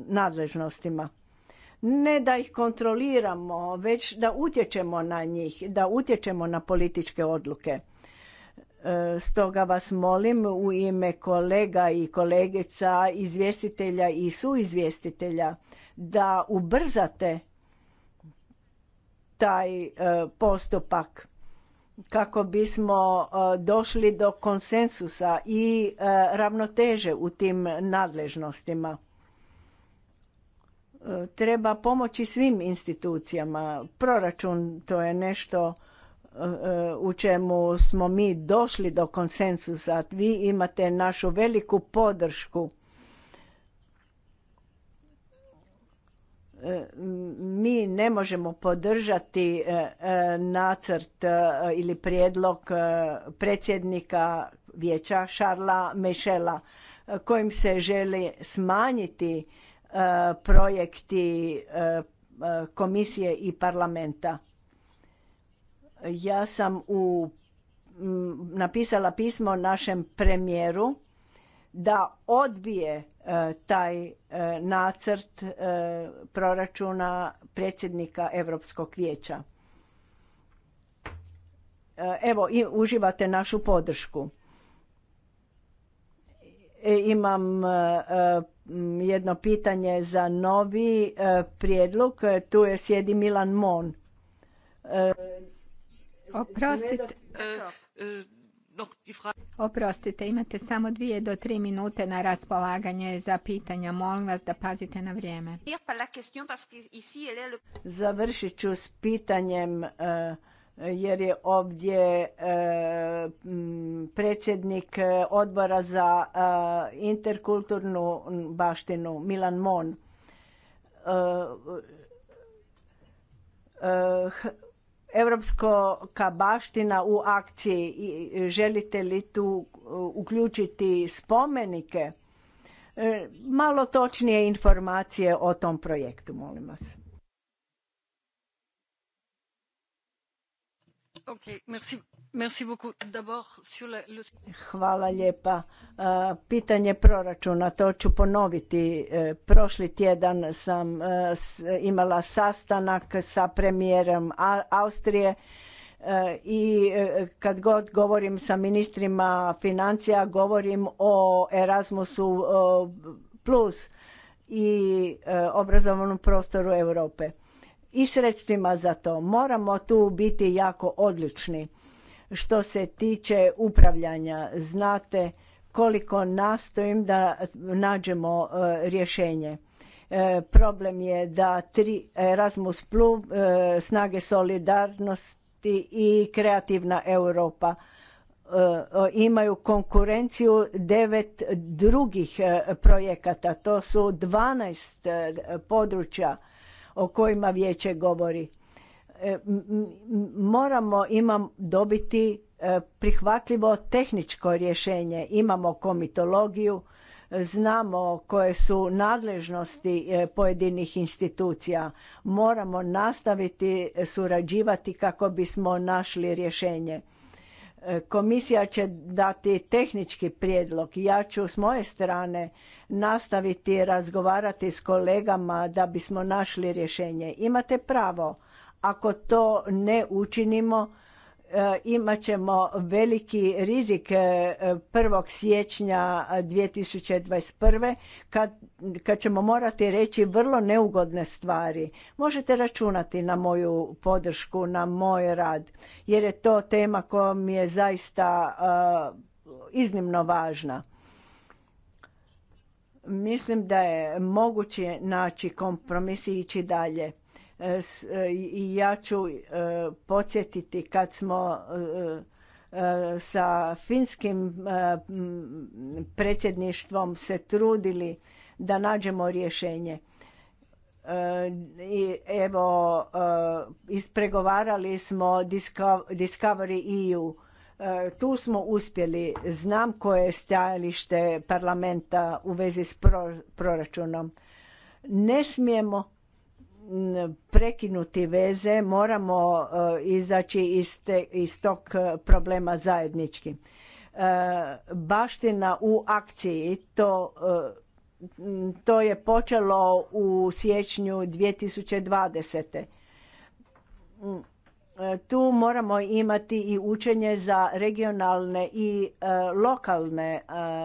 Speaker 3: nadležnostima. Ne da ih kontroliramo, već da utječemo na njih, da utječemo na političke odluke. E, stoga vas molim u ime kolega i kolegica, izvjestitelja i suizvjestitelja da ubrzate taj e, postupak kako bismo e, došli do konsensusa i e, ravnoteže u tim nadležnostima. Treba pomoći svim institucijama. Proračun to je nešto u čemu smo mi došli do konsensusa. Vi imate našu veliku podršku E, mi ne možemo podržati e, e, nacrt ili prijedlog predsjednika vijeća Šarla Mešela kojim se želi smanjiti projekti komisije i parlamenta. Ja sam u, napisala pismo našem premijeru da odbije e, taj e, nacrt e, proračuna predsjednika Europskog vijeća. Evo, i uživate našu podršku. Imam jedno pitanje za novi prijedlog. Tu je sjedi Milan Mon. Oprostite.
Speaker 2: Oprostite, imate samo dvije do tri minute na raspolaganje za pitanja. Molim vas da pazite na vrijeme. Završit ću s
Speaker 3: pitanjem eh, jer je ovdje eh, predsjednik eh, odbora za interkulturnu baštinu Milan Mon Europska baština u akciji i želite li tu uključiti spomenike? E, malo točnije informacije o tom projektu, molim vas.
Speaker 5: Ok, merci.
Speaker 3: Hvala lijepa. E, pitanje proračuna, to ću ponoviti. E, prošli tjedan sam e, imala sastanak sa premijerom Austrije i kad god govorim sa ministrima financija, govorim o Erasmusu plus i obrazovnom prostoru Europe i sredstvima za to. Moramo tu biti jako odlični što se tiče upravljanja, znate koliko nastojim da nađemo e, rješenje. E, problem je da tri e, Erasmus Plus, snage solidarnosti i kreativna Europa imaju konkurenciju devet drugih projekata. To su 12 područja o kojima vijeće govori. E, moramo imam dobiti e, prihvatljivo tehničko rješenje. Imamo komitologiju, znamo koje su nadležnosti e, pojedinih institucija. Moramo nastaviti surađivati kako bismo našli rješenje. Komisija će dati tehnički prijedlog. Ja ću s moje strane nastaviti razgovarati s kolegama da bismo našli rješenje. Imate pravo ako to ne učinimo, e, imat ćemo veliki rizik 1. E, siječnja 2021. E, kad, kad ćemo morati reći vrlo neugodne stvari. Možete računati na moju podršku, na moj rad, jer je to tema koja mi je zaista iznimno važna. Mislim da je moguće naći kompromis i ići dalje E, I ja ću e, podsjetiti kad smo e, sa finskim predsjedništvom se trudili da nađemo rješenje. I evo, ispregovarali smo Discovery EU. Tu smo uspjeli. Znam koje je stajalište parlamenta u vezi s proračunom. Ne smijemo prekinuti veze, moramo eh, izaći iz, te, tog eh, problema zajednički. Eh, baština u akciji, to, to je počelo u siječnju 2020. Mm, tu moramo imati i učenje za regionalne i lokalne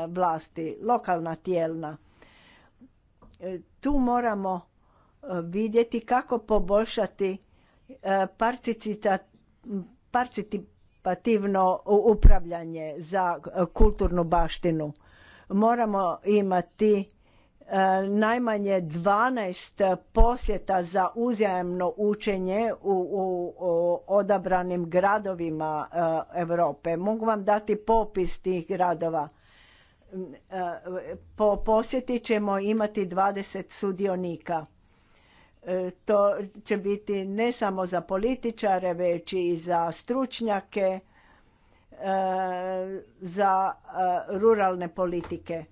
Speaker 3: vlasti, lokalna tijela. Tu moramo vidjeti kako poboljšati e, participativno upravljanje za kulturnu baštinu. Moramo imati e, najmanje 12 posjeta za uzajemno učenje u, odabranim gradovima e, Europe. Mogu vam dati popis tih gradova. Po posjeti ćemo imati 20 sudionika. E, to će biti ne samo za političare, već i za stručnjake, e, za e, ruralne politike.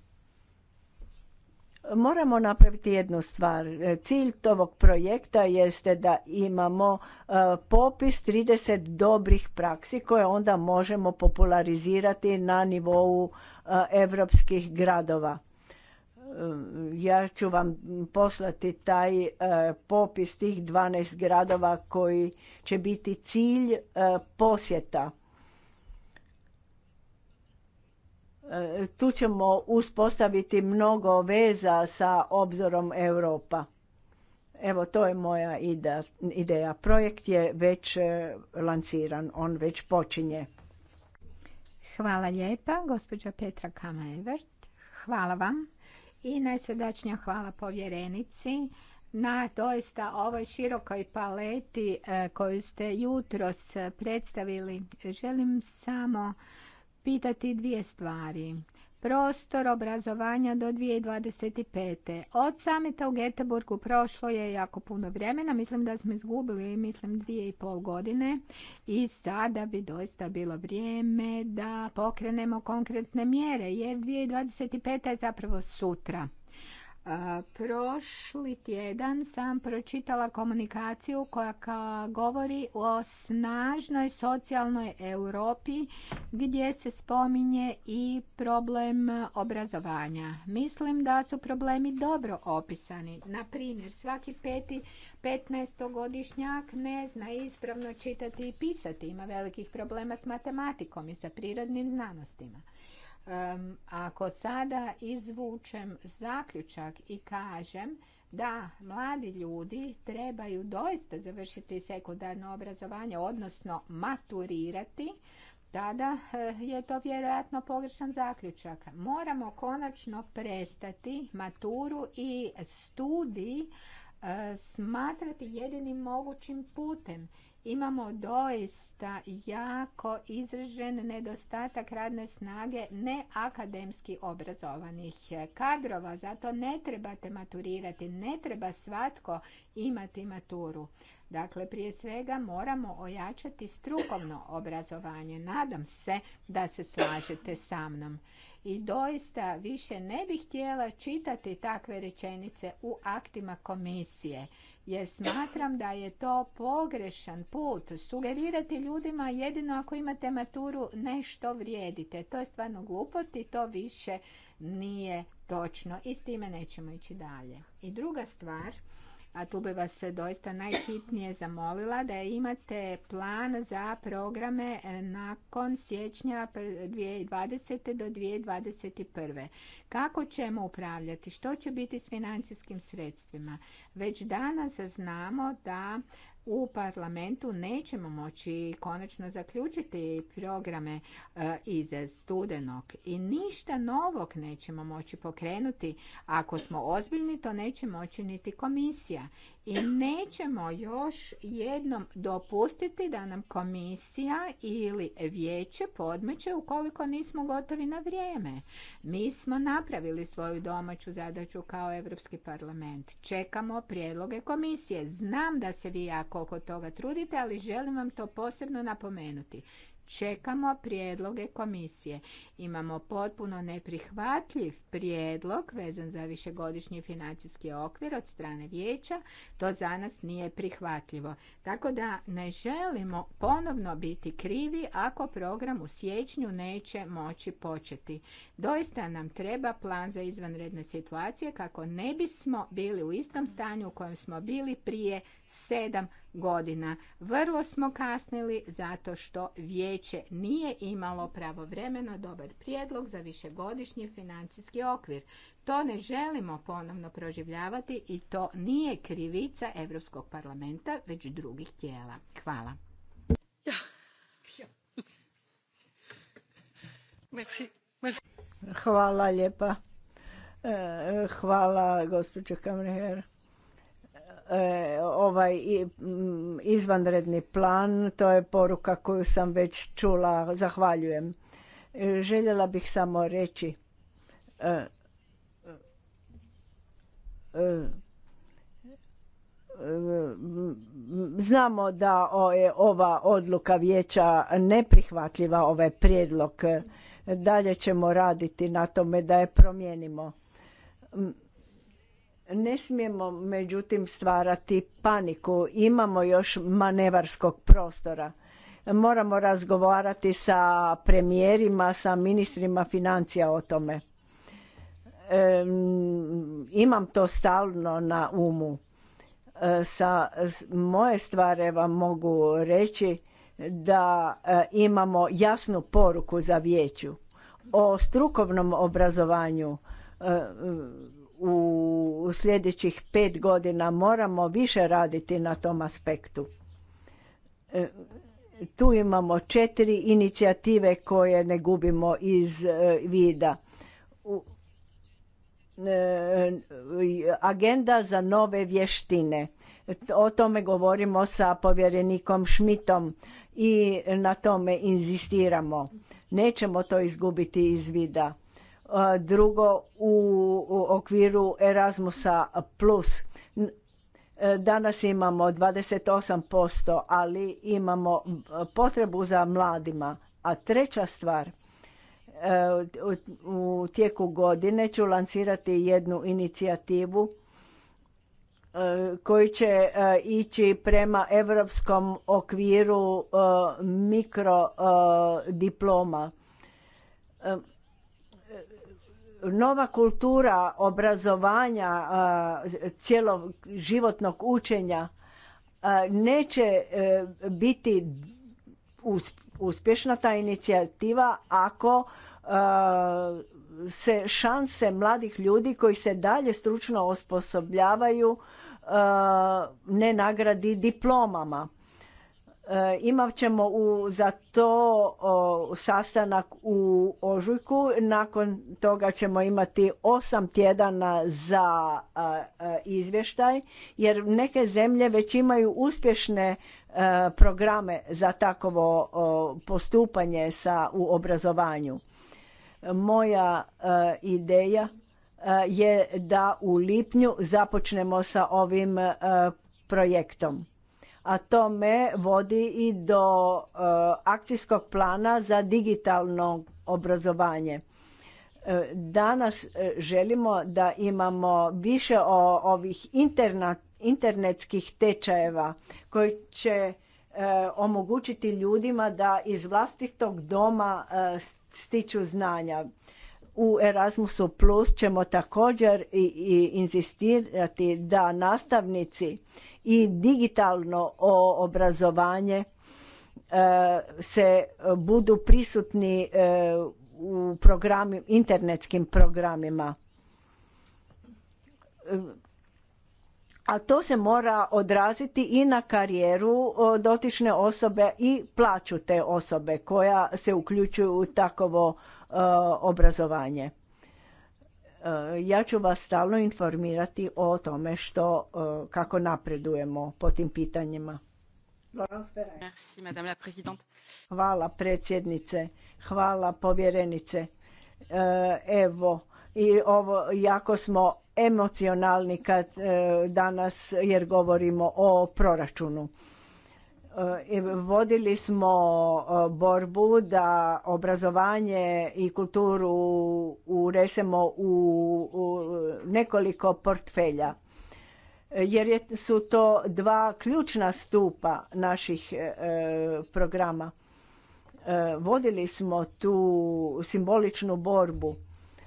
Speaker 3: Moramo napraviti jednu stvar. Cilj tog projekta jeste da imamo popis 30 dobrih praksi koje onda možemo popularizirati na nivou evropskih gradova ja ću vam poslati taj e, popis tih 12 gradova koji će biti cilj e, posjeta. E, tu ćemo uspostaviti mnogo veza sa obzorom Europa. Evo, to je moja ideja. Projekt je već lanciran, on već počinje.
Speaker 2: Hvala lijepa, gospođa Petra Kamaevert. Hvala vam i najsrdačnija hvala povjerenici na doista ovoj širokoj paleti e, koju ste jutros predstavili. Želim samo pitati dvije stvari prostor obrazovanja do 2025. Od samita u Geteburgu prošlo je jako puno vremena. Mislim da smo izgubili, mislim, dvije i pol godine. I sada bi doista bilo vrijeme da pokrenemo konkretne mjere, jer 2025. je zapravo sutra. Prošli tjedan sam pročitala komunikaciju koja govori o snažnoj socijalnoj Europi gdje se spominje i problem obrazovanja. Mislim da su problemi dobro opisani. Na primjer, svaki peti 15-godišnjak ne zna ispravno čitati i pisati. Ima velikih problema s matematikom i sa prirodnim znanostima. Ako sada izvučem zaključak i kažem da mladi ljudi trebaju doista završiti sekundarno obrazovanje, odnosno maturirati, tada eh, je to vjerojatno pogrešan zaključak. Moramo konačno prestati maturu i studij eh, smatrati jedinim mogućim putem imamo doista jako izražen nedostatak radne snage neakademski obrazovanih kadrova. Zato ne trebate maturirati, ne treba svatko imati maturu. Dakle, prije svega moramo ojačati strukovno obrazovanje. Nadam se da se slažete sa mnom. I doista više ne bih htjela čitati takve rečenice u aktima komisije jer smatram da je to pogrešan put. Sugerirati ljudima jedino ako imate maturu nešto vrijedite. To je stvarno glupost i to više nije točno i s time nećemo ići dalje. I druga stvar a tu bi vas doista najhitnije zamolila da imate plan za programe nakon siječnja 2020. do 2021. Kako ćemo upravljati? Što će biti s financijskim sredstvima? Već danas znamo da u parlamentu nećemo moći konačno zaključiti programe e, iz studenog i ništa novog nećemo moći pokrenuti. Ako smo ozbiljni, to neće moći niti komisija i nećemo još jednom dopustiti da nam komisija ili vijeće podmeće ukoliko nismo gotovi na vrijeme. Mi smo napravili svoju domaću zadaću kao Europski parlament. Čekamo prijedloge komisije. Znam da se vi jako oko toga trudite, ali želim vam to posebno napomenuti čekamo prijedloge komisije. Imamo potpuno neprihvatljiv prijedlog vezan za višegodišnji financijski okvir od strane vijeća. To za nas nije prihvatljivo. Tako da ne želimo ponovno biti krivi ako program u siječnju neće moći početi. Doista nam treba plan za izvanredne situacije kako ne bismo bili u istom stanju u kojem smo bili prije sedam godina. Vrlo smo kasnili zato što vijeće nije imalo pravovremeno dobar prijedlog za višegodišnji financijski okvir. To ne želimo ponovno proživljavati i to nije krivica Europskog parlamenta, već drugih tijela. Hvala.
Speaker 3: Hvala lijepa. E, hvala gospođo Kamreher. E, ovaj izvanredni plan, to je poruka koju sam već čula, zahvaljujem. E, željela bih samo reći e, znamo da je ova odluka vijeća neprihvatljiva, ovaj prijedlog. Dalje ćemo raditi na tome da je promijenimo ne smijemo međutim stvarati paniku, imamo još manevarskog prostora. Moramo razgovarati sa premijerima, sa ministrima financija o tome. imam to stalno na umu. E, sa moje stvari vam mogu reći da e, imamo jasnu poruku za vijeću o strukovnom obrazovanju e, u sljedećih pet godina moramo više raditi na tom aspektu. E, tu imamo četiri inicijative koje ne gubimo iz e, vida. E, agenda za nove vještine. O tome govorimo sa povjerenikom Šmitom i na tome inzistiramo. Nećemo to izgubiti iz vida drugo u okviru Erasmusa plus e, danas imamo 28%, ali imamo potrebu za mladima. A treća stvar, e, u tijeku godine ću lancirati jednu inicijativu e, koji će ići prema europskom okviru mikrodiploma nova kultura obrazovanja, cijelog životnog učenja neće e, biti uspješna ta inicijativa ako se šanse mladih ljudi koji se dalje stručno osposobljavaju ne nagradi diplomama. E, imat ćemo u, za to sastanak u Ožujku, nakon toga ćemo imati osam tjedana za e, e, izvještaj, jer neke zemlje već imaju uspješne programe za takovo postupanje sa, u obrazovanju. Moja ideja je da u lipnju započnemo sa ovim projektom a to me vodi i do e, akcijskog plana za digitalno obrazovanje. E, danas e, želimo da imamo više ovih internetskih tečajeva koji će omogućiti ljudima da iz vlastitog doma stiču znanja. U Erasmusu Plus ćemo također i inzistirati da nastavnici i digitalno obrazovanje e, se budu prisutni e, u internetskim programima. A to se mora odraziti i na karijeru dotične osobe i plaću te osobe koja se uključuju u takovo e, obrazovanje. Eh, ja ću vas stalno informirati o tome što, eh, kako napredujemo po tim pitanjima. Hvala predsjednice, hvala povjerenice. Eh, evo, i ovo jako smo emocionalni kad danas jer govorimo o proračunu. E, e, vodili smo e, borbu da obrazovanje i kulturu uresemo u nekoliko portfelja jer su to dva ključna stupa naših programa. Vodili smo tu simboličnu borbu,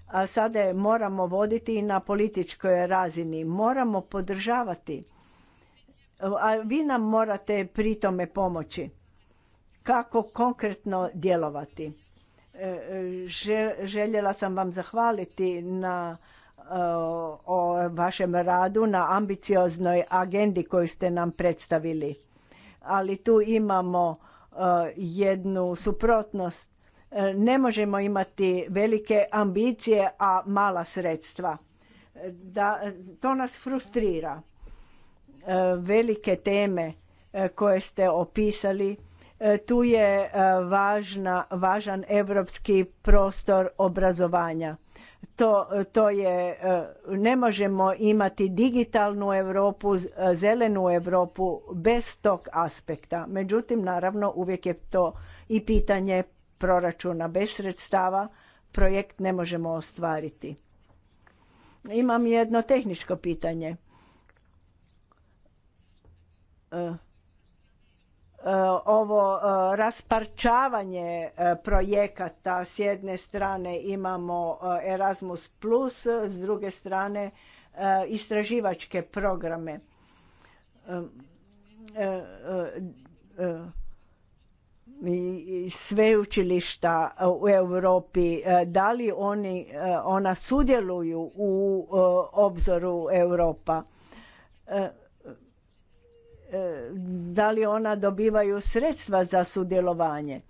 Speaker 3: a sada je moramo voditi i na političkoj razini. Moramo podržavati a vi nam morate pri tome pomoći. Kako konkretno djelovati? E, e, željela sam vam zahvaliti na e, o vašem radu na ambicioznoj agendi koju ste nam predstavili. Ali tu imamo jednu suprotnost. Ne možemo imati velike ambicije, a mala sredstva. Da, to nas frustrira. E, velike teme e, koje ste opisali e, tu je važna, važan europski prostor obrazovanja. To, to je, ne možemo imati digitalnu Europu, zelenu Europu bez tog aspekta. Međutim, naravno, uvijek je to i pitanje proračuna. Bez sredstava projekt ne možemo ostvariti. Imam jedno tehničko pitanje. E, e, ovo e, rasparčavanje projekata s jedne strane imamo Erasmus plus s druge strane istraživačke programe sveučilišta u Europi, da li oni, ona sudjeluju u obzoru Europa. E, da li ona dobivaju sredstva za sudjelovanje.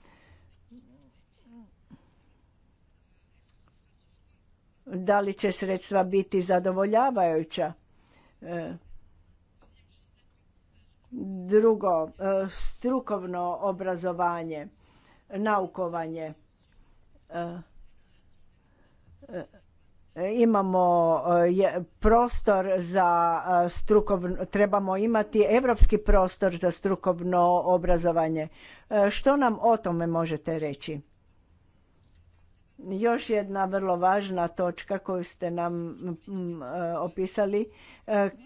Speaker 3: Da li će sredstva biti zadovoljavajuća? E, drugo, e, strukovno obrazovanje, naukovanje imamo eh, prostor za eh, strukovno, trebamo imati europski prostor za strukovno obrazovanje. Eh, što nam o tome možete reći? Još jedna vrlo važna točka koju ste nam mm, opisali,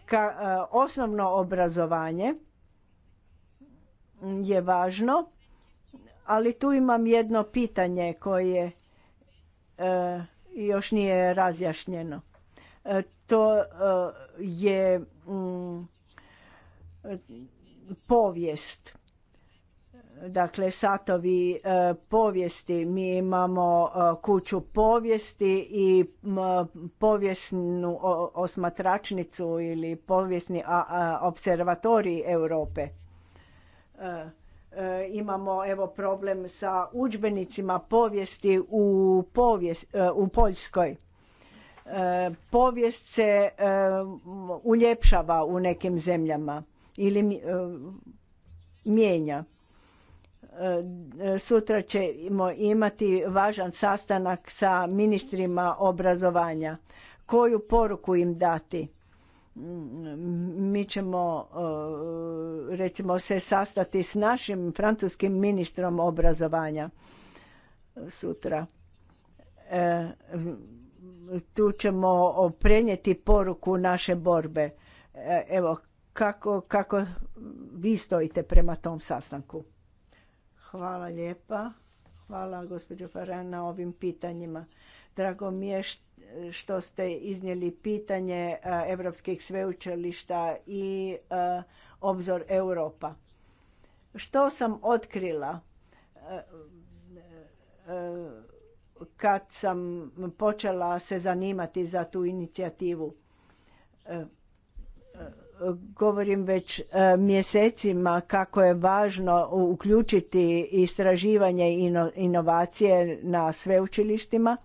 Speaker 3: ka, osnovno obrazovanje je važno, ali tu imam jedno pitanje koje još nije razjašnjeno. E, to e, je mm, povijest. Dakle, satovi e, povijesti. Mi imamo kuću povijesti i povijesnu osmatračnicu ili povijesni observatori Europe E, imamo evo problem sa udžbenicima povijesti u, povijest, e, u Poljskoj. E, povijest se uljepšava u nekim zemljama ili mijenja. Sutra ćemo imati važan sastanak sa ministrima obrazovanja. Koju poruku im dati? Mm, mi ćemo e, recimo se sastati s našim francuskim ministrom obrazovanja sutra. E, tu ćemo prenijeti poruku naše borbe. E, evo, kako, kako vi stojite prema tom sastanku? Hvala lijepa. Hvala gospođo Farana na ovim pitanjima. Drago mi je što što ste iznijeli pitanje europskih sveučilišta i e, obzor Europa. Što sam otkrila e, e, kad sam počela se zanimati za tu inicijativu? Govorim već mjesecima kako je važno uključiti istraživanje i inovacije na sveučilištima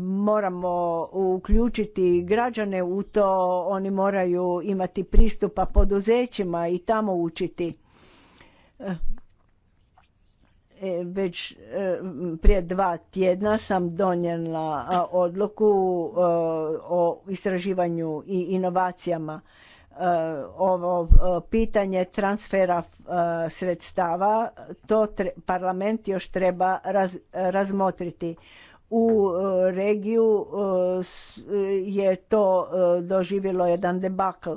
Speaker 3: moramo uključiti građane u to, oni moraju imati pristupa poduzećima i tamo učiti. E, već e, prije dva tjedna sam donijela odluku e, o istraživanju i inovacijama Eh, ovo eh, pitanje transfera eh, sredstava, to parlament još treba razmotriti. U regiju je to doživjelo jedan debakl.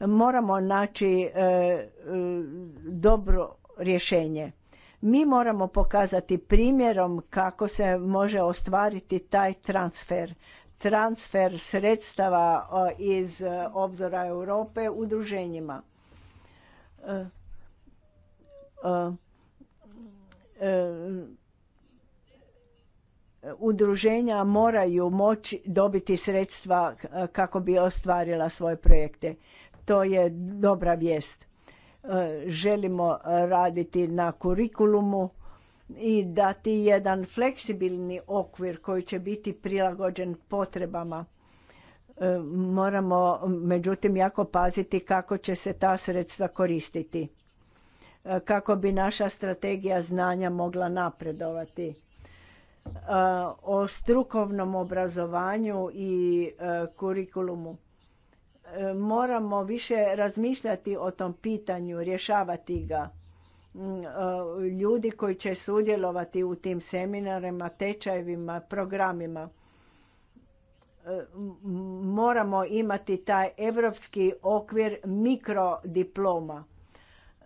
Speaker 3: Moramo naći dobro rješenje. Mi moramo pokazati primjerom kako se može ostvariti taj transfer transfer sredstava iz e, obzora Europe udruženjima. E, e, udruženja moraju moći dobiti sredstva kako bi ostvarila svoje projekte. To je dobra vijest. Želimo raditi na kurikulumu i dati jedan fleksibilni okvir koji će biti prilagođen potrebama. E, moramo međutim jako paziti kako će se ta sredstva koristiti e, kako bi naša strategija znanja mogla napredovati. E, o strukovnom obrazovanju i kurikulumu moramo više razmišljati o tom pitanju, rješavati ga E, ljudi koji će sudjelovati u tim seminarima, tečajevima, programima. E, moramo imati taj evropski okvir mikrodiploma.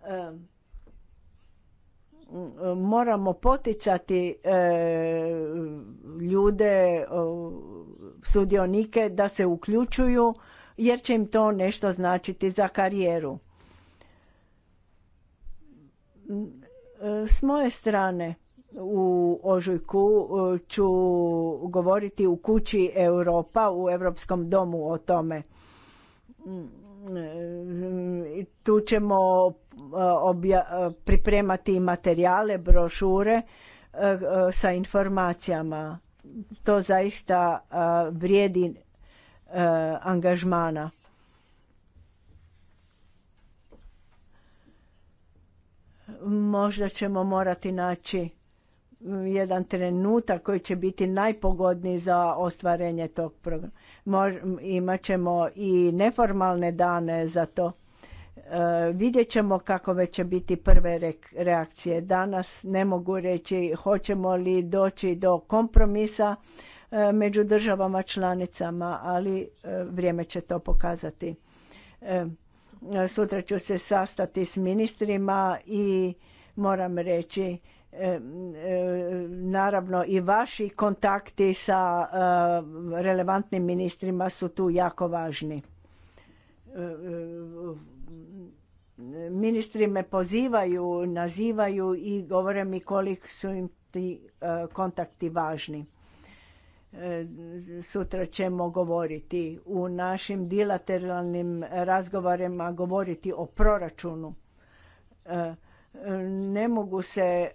Speaker 3: E, moramo poticati ljude, sudionike da se uključuju jer će im to nešto značiti za karijeru s moje strane u ožujku e, ću govoriti u kući Europa u Europskom domu o tome. E, tu ćemo e, pripremati materijale, brošure sa informacijama. To zaista vrijedi angažmana. Možda ćemo morati naći jedan trenutak koji će biti najpogodniji za ostvarenje tog programa. Imat ćemo i neformalne dane za to. E, vidjet ćemo kako će biti prve reakcije. Danas ne mogu reći hoćemo li doći do kompromisa e, među državama članicama, ali e, vrijeme će to pokazati. E, Sutra ću se sastati s ministrima i moram reći naravno i vaši kontakti sa eh, relevantnim ministrima su tu jako važni. Eh, ministri me pozivaju, nazivaju i govore mi koliko su im ti eh, kontakti važni sutra ćemo govoriti u našim bilateralnim razgovorima govoriti o proračunu. E, ne mogu se e,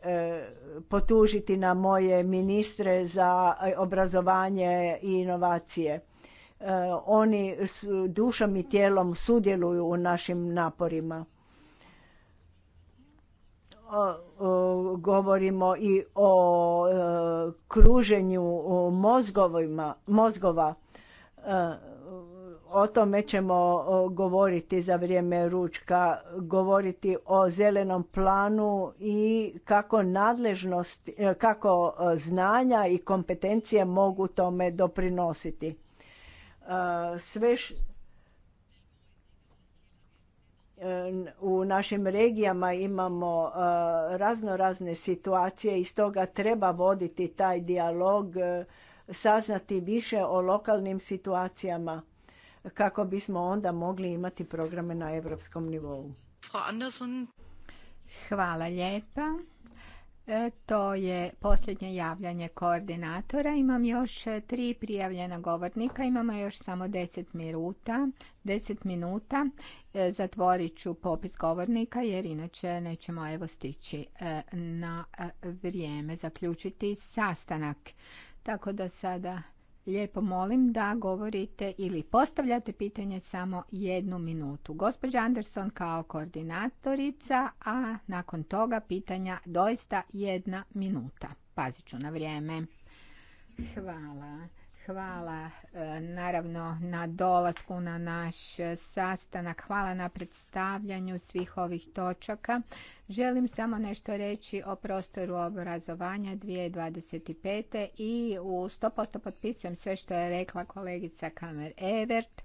Speaker 3: potužiti na moje ministre za obrazovanje i inovacije. E, oni dušom i tijelom sudjeluju u našim naporima govorimo i o e, kruženju mozgova. E, o tome ćemo govoriti za vrijeme ručka, govoriti o zelenom planu i kako nadležnost, e, kako znanja i kompetencije mogu tome doprinositi. Sve š u našim regijama imamo e, razno razne situacije i stoga treba voditi taj dijalog, e, saznati više o lokalnim situacijama kako bismo onda mogli imati programe na europskom nivou.
Speaker 2: Hvala lijepa. E, to je posljednje javljanje koordinatora. Imam još e, tri prijavljena govornika. Imamo još samo 10 minuta. 10 minuta. E, zatvorit ću popis govornika jer inače nećemo evo stići na vrijeme zaključiti sastanak. Tako da sada lijepo molim da govorite ili postavljate pitanje samo jednu minutu. Gospođa Anderson kao koordinatorica, a nakon toga pitanja doista jedna minuta. Pazit ću na vrijeme. Hvala. Hvala e, naravno na dolasku na naš sastanak. Hvala na predstavljanju svih ovih točaka. Želim samo nešto reći o prostoru obrazovanja 2025. i u 100% potpisujem sve što je rekla kolegica Kamer Evert.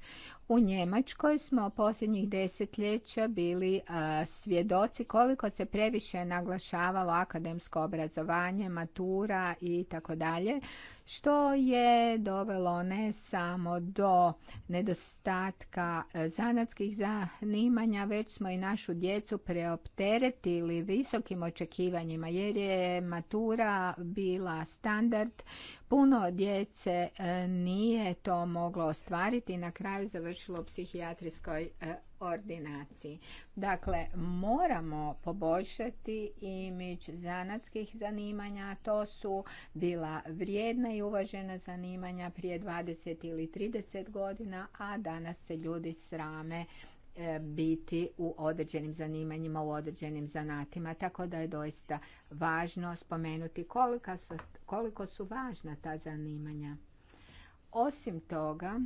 Speaker 2: U Njemačkoj smo posljednjih desetljeća bili e, svjedoci koliko se previše naglašavalo akademsko obrazovanje, matura i tako dalje, što je dovelo ne samo do nedostatka e, zanatskih zanimanja, već smo i našu djecu preopteretili visokim očekivanjima jer je matura bila standard Puno djece e, nije to moglo ostvariti i na kraju završilo u psihijatrijskoj e, ordinaciji. Dakle, moramo poboljšati imidž zanatskih zanimanja. To su bila vrijedna i uvažena zanimanja prije 20 ili 30 godina, a danas se ljudi srame E, biti u određenim zanimanjima, u određenim zanatima. Tako da je doista važno spomenuti koliko su, koliko su važna ta zanimanja. Osim toga,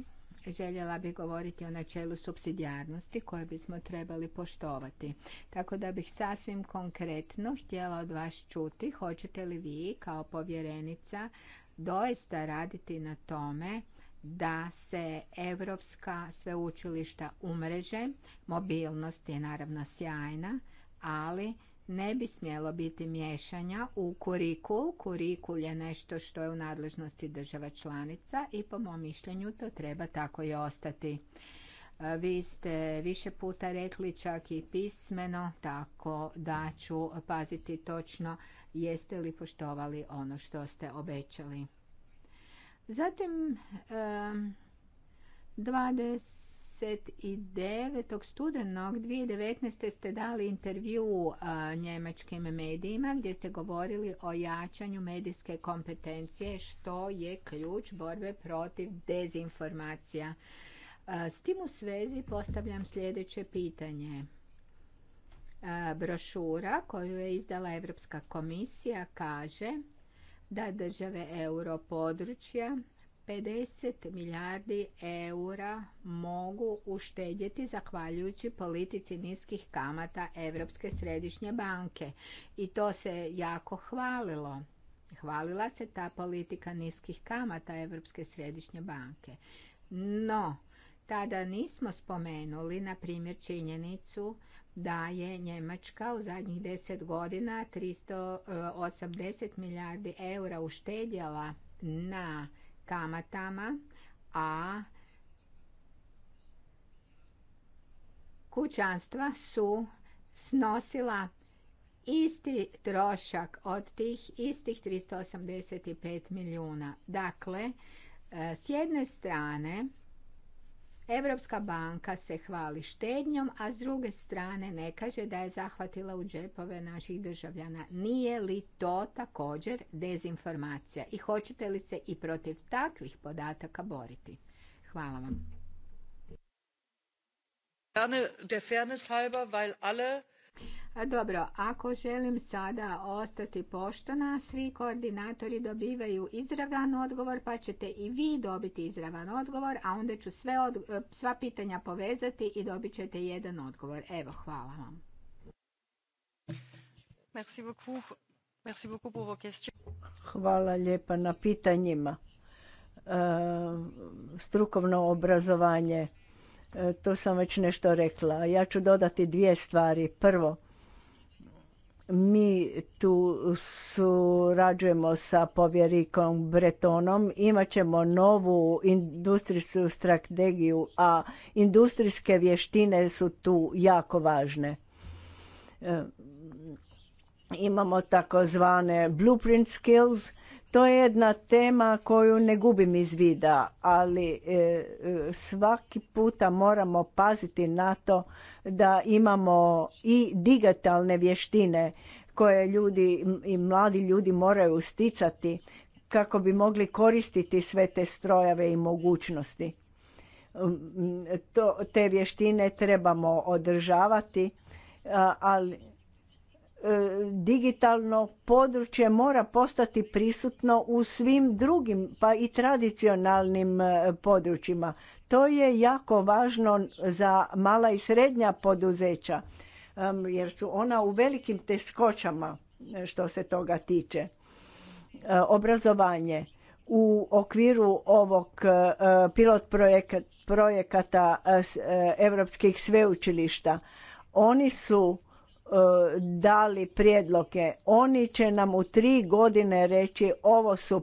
Speaker 2: željela bih govoriti o načelu subsidijarnosti koje bismo trebali poštovati. Tako da bih sasvim konkretno htjela od vas čuti hoćete li vi kao povjerenica doista raditi na tome da se europska sveučilišta umreže, mobilnost je naravno sjajna, ali ne bi smjelo biti miješanja u kurikul. Kurikul je nešto što je u nadležnosti država članica i po mom mišljenju to treba tako i ostati. E, vi ste više puta rekli čak i pismeno, tako da ću paziti točno jeste li poštovali ono što ste obećali. Zatim 29. studenog 2019. ste dali intervju njemačkim medijima gdje ste govorili o jačanju medijske kompetencije što je ključ borbe protiv dezinformacija. S tim u svezi postavljam sljedeće pitanje. Brošura koju je izdala Europska komisija kaže da države europodručja 50 milijardi eura mogu uštedjeti zahvaljujući politici niskih kamata Europske središnje banke. I to se jako hvalilo. Hvalila se ta politika niskih kamata Europske središnje banke. No, tada nismo spomenuli, na primjer, činjenicu da je Njemačka u zadnjih deset godina 380 milijardi eura uštedjela na kamatama, a kućanstva su snosila isti trošak od tih istih 385 milijuna. Dakle, s jedne strane Europska banka se hvali štednjom, a s druge strane ne kaže da je zahvatila u džepove naših državljana. Nije li to također dezinformacija? I hoćete li se i protiv takvih podataka boriti? Hvala vam. Dobro, ako želim sada ostati poštona, svi koordinatori dobivaju izravan odgovor, pa ćete i vi dobiti izravan odgovor, a onda ću sve od, sva pitanja povezati i dobit ćete jedan odgovor. Evo, hvala vam.
Speaker 5: Merci beaucoup. Merci beaucoup pour vos
Speaker 2: hvala
Speaker 3: lijepa na pitanjima. E, strukovno obrazovanje, e, to sam već nešto rekla. Ja ću dodati dvije stvari. Prvo, mi tu surađujemo sa povjerikom Bretonom, Imaćemo novu industrijsku strategiju, a industrijske vještine su tu jako važne. E, imamo takozvane blueprint skills, to je jedna tema koju ne gubim iz vida, ali e, e, svaki puta moramo paziti na to da imamo i digitalne vještine koje ljudi i mladi ljudi moraju sticati kako bi mogli koristiti sve te strojeve i mogućnosti. Um, to, te vještine trebamo održavati, ali e, digitalno područje mora postati prisutno u svim drugim, pa i tradicionalnim e, područjima. To je jako važno za mala i srednja poduzeća jer su ona u velikim teškoćama eh, što se toga tiče. Eh, obrazovanje u okviru ovog eh, pilot projekata europskih sveučilišta oni su dali prijedloge. Oni će nam u tri godine reći ovo su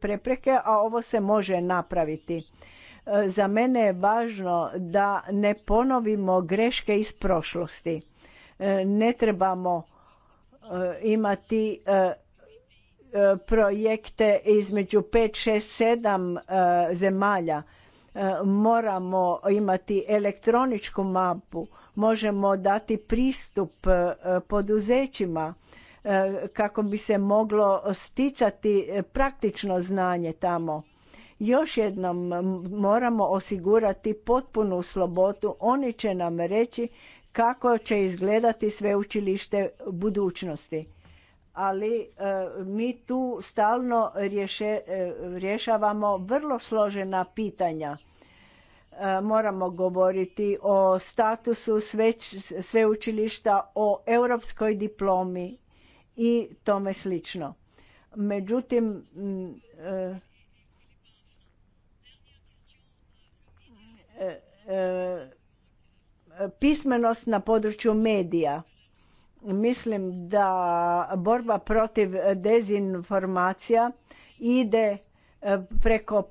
Speaker 3: prepreke, a ovo se može napraviti. Za mene je važno da ne ponovimo greške iz prošlosti. E, ne trebamo e, imati e, projekte između 5, 6, 7 zemalja. Moramo imati elektroničku mapu, možemo dati pristup poduzećima kako bi se moglo sticati praktično znanje tamo. Još jednom moramo osigurati potpunu slobodu. Oni će nam reći kako će izgledati sveučilište budućnosti. Ali e, mi tu stalno e, rješavamo vrlo složena pitanja e, moramo govoriti o statusu sveučilišta, o europskoj diplomi i tome slično. Međutim, pismenost na području medija. Mislim da borba protiv dezinformacija ide e, preko,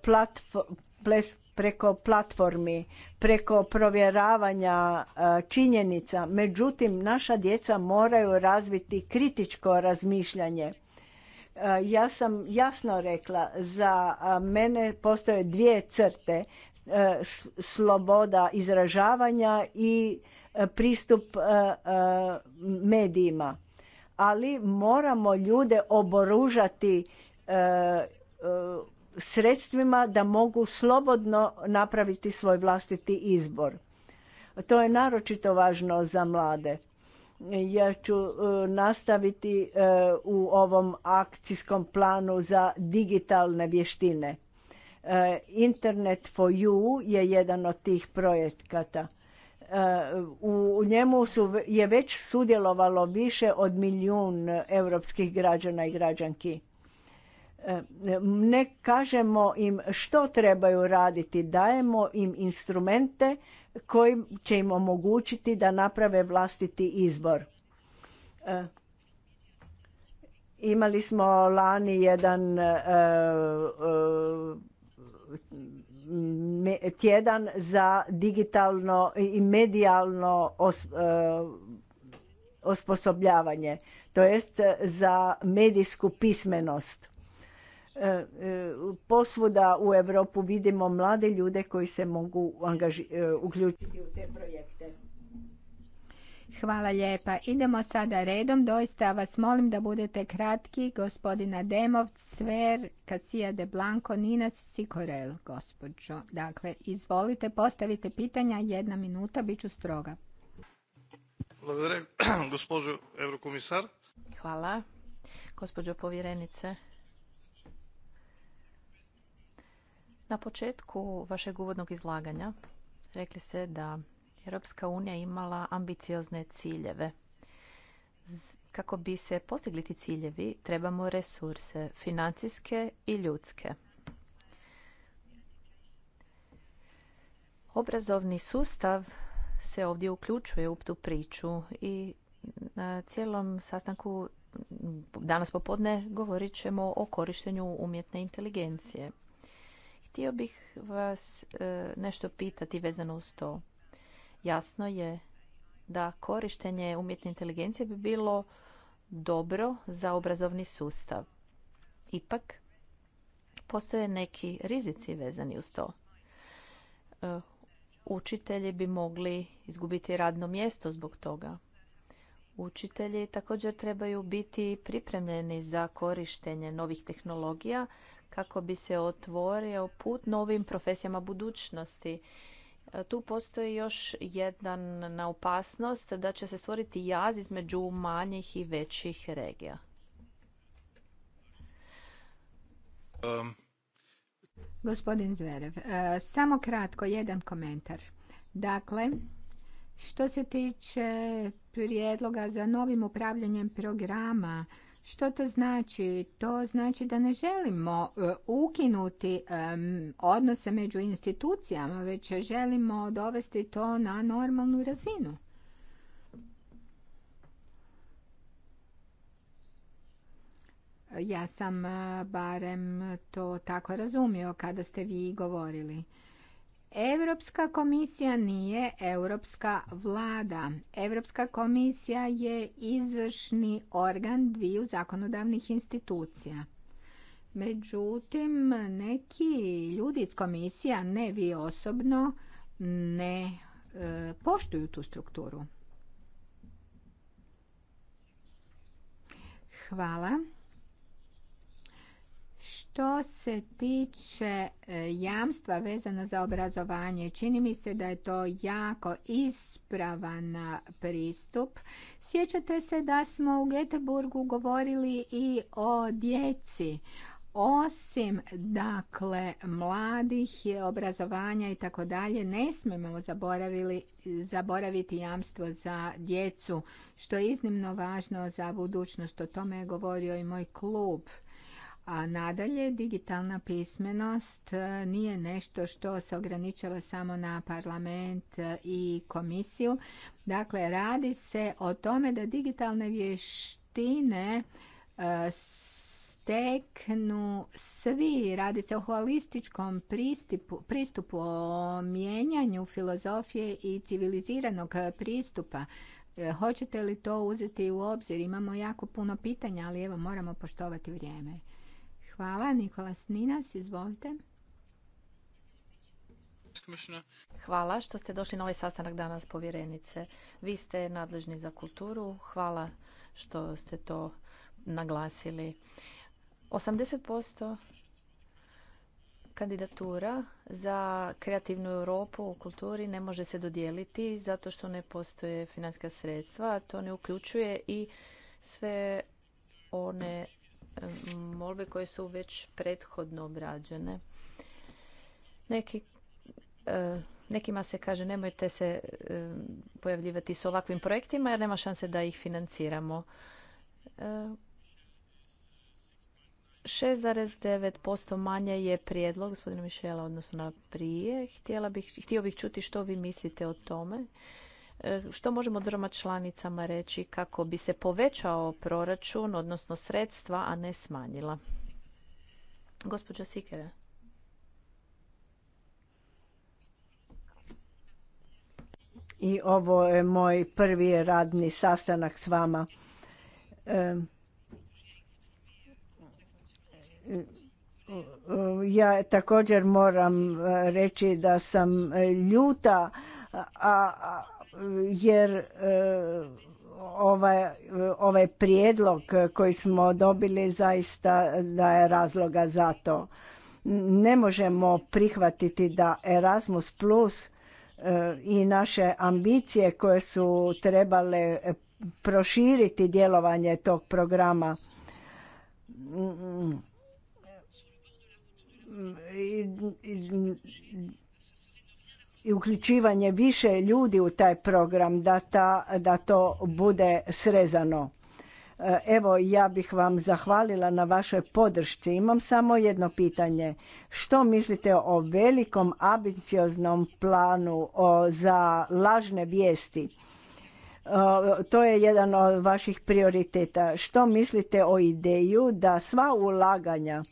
Speaker 3: preko platformi, preko provjeravanja e, činjenica. Međutim, naša djeca moraju razviti kritičko razmišljanje. E, ja sam jasno rekla, za mene postoje dvije crte. E, sloboda izražavanja i e, pristup e, medijima. Ali moramo ljude oboružati sredstvima da mogu slobodno napraviti svoj vlastiti izbor. To je naročito važno za mlade. Ja ću nastaviti u ovom akcijskom planu za digitalne vještine. E, Internet for you je jedan od tih projekata. E, u njemu su, je već sudjelovalo više od milijun europskih građana i građanki. E, ne kažemo im što trebaju raditi, dajemo im instrumente koji će im omogućiti da naprave vlastiti izbor. Imali smo lani jedan tjedan za digitalno i medijalno e, osposobljavanje, to jest za medijsku pismenost. E, e, posvuda u Europu vidimo mlade ljude koji se mogu uključiti
Speaker 2: u te projekte. Hvala lijepa. Idemo sada redom. Doista vas molim da budete kratki. Gospodina Demov, Sver, Kasija de Blanco, Nina Sikorel, gospođo. Dakle, izvolite, postavite pitanja. Jedna minuta, bit ću stroga.
Speaker 1: Hvala. gospođo Eurokomisar.
Speaker 2: Hvala, gospođo povjerenice.
Speaker 4: Na početku vašeg uvodnog izlaganja rekli ste da Europska unija imala ambiciozne ciljeve. Kako bi se postigli ti ciljevi, trebamo resurse, financijske i ljudske. Obrazovni sustav se ovdje uključuje u tu priču i na cijelom sastanku danas popodne govorit ćemo o korištenju umjetne inteligencije. Htio bih vas e, nešto pitati vezano uz to. Jasno je da korištenje umjetne inteligencije bi bilo dobro za obrazovni sustav. Ipak, postoje neki rizici vezani uz to. E, učitelji bi mogli izgubiti radno mjesto zbog toga. Učitelji također trebaju biti pripremljeni za korištenje novih tehnologija kako bi se otvorio put novim profesijama budućnosti tu postoji još jedan na opasnost da će se stvoriti jaz između
Speaker 2: manjih i većih regija. Um, Gospodin Zverev, e, samo kratko, jedan komentar. Dakle, što se tiče prijedloga za novim upravljanjem programa što to znači? To znači da ne želimo e, ukinuti e, odnose među institucijama, već želimo dovesti to na normalnu razinu. Ja sam e, barem to tako razumio kada ste vi govorili. Europska komisija nije europska vlada. Europska komisija je izvršni organ dviju zakonodavnih institucija. Međutim, neki ljudi iz komisija, ne vi osobno, ne e, poštuju tu strukturu. Hvala. Što se tiče e, jamstva vezano za obrazovanje, čini mi se da je to jako ispravan pristup. Sjećate se da smo u Göteborgu govorili i o djeci, osim dakle mladih obrazovanja i tako dalje ne smijemo zaboraviti jamstvo za djecu što je iznimno važno za budućnost o tome je govorio i moj klub a nadalje, digitalna pismenost e, nije nešto što se ograničava samo na parlament e, i komisiju. Dakle, radi se o tome da digitalne vještine e, steknu svi. Radi se o holističkom pristupu, pristupu o mijenjanju filozofije i civiliziranog pristupa. Hoćete li to uzeti u obzir? Imamo jako puno pitanja, ali evo moramo poštovati vrijeme. Hvala. Nikola Sninas, izvolite.
Speaker 4: Hvala što ste došli na ovaj sastanak danas povjerenice. Vi ste nadležni za kulturu. Hvala što ste to naglasili. 80% kandidatura za kreativnu Europu u kulturi ne može se dodijeliti zato što ne postoje financijska sredstva. To ne uključuje i sve one molbe koje su već prethodno obrađene. Neki e, nekima se kaže nemojte se e, pojavljivati s ovakvim projektima jer nema šanse da ih financiramo. 6,9% e, manje je prijedlog gospodina Mišela odnosno na prije. htio bih čuti što vi mislite o tome što možemo državama članicama reći kako bi se povećao proračun, odnosno sredstva, a ne smanjila? Gospođa Sikere.
Speaker 3: I ovo je moj prvi radni sastanak s vama. ja također moram reći da sam ljuta, a jer e, ovaj, ovaj prijedlog koji smo dobili zaista je razloga za to. Ne možemo prihvatiti da Erasmus Plus e, i naše ambicije koje su trebale proširiti djelovanje tog programa i uključivanje više ljudi u taj program da, da to bude srezano. E, evo, ja bih vam zahvalila na vašoj podršci. Imam samo jedno pitanje. Što mislite o velikom ambicioznom planu za lažne vijesti? E, to je jedan od vaših prioriteta. Što mislite o ideju da sva ulaganja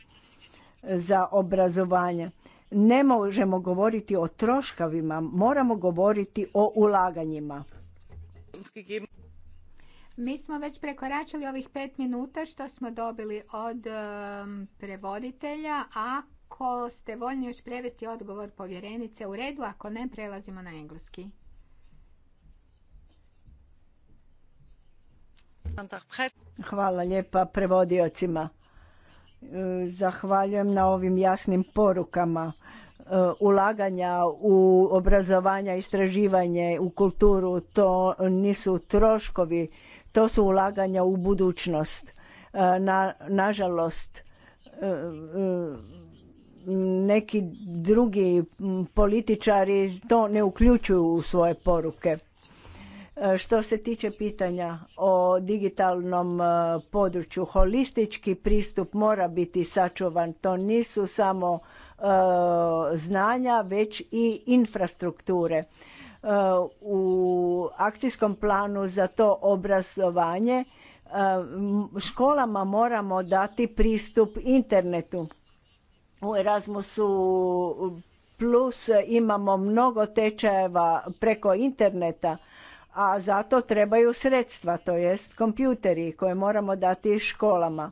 Speaker 3: za obrazovanje ne možemo govoriti o troškavima, moramo govoriti o ulaganjima.
Speaker 2: Mi smo već prekoračili ovih pet minuta što smo dobili od um, prevoditelja. Ako ste voljni još prevesti odgovor povjerenice u redu, ako ne, prelazimo na engleski.
Speaker 3: Hvala lijepa prevodiocima. Zahvaljujem na ovim jasnim porukama e, ulaganja u obrazovanje, istraživanje, u kulturu, to nisu troškovi, to su ulaganja u budućnost. E, nažalost, e, neki drugi političari to ne uključuju u svoje poruke. Što se tiče pitanja o digitalnom e, području. Holistički pristup mora biti sačuvan. To nisu samo e, znanja, već i infrastrukture. E, u akcijskom planu za to obrazovanje školama moramo dati pristup internetu. U Erasmusu plus imamo mnogo tečajeva preko interneta a zato trebaju sredstva, to jest kompjuteri koje moramo dati školama.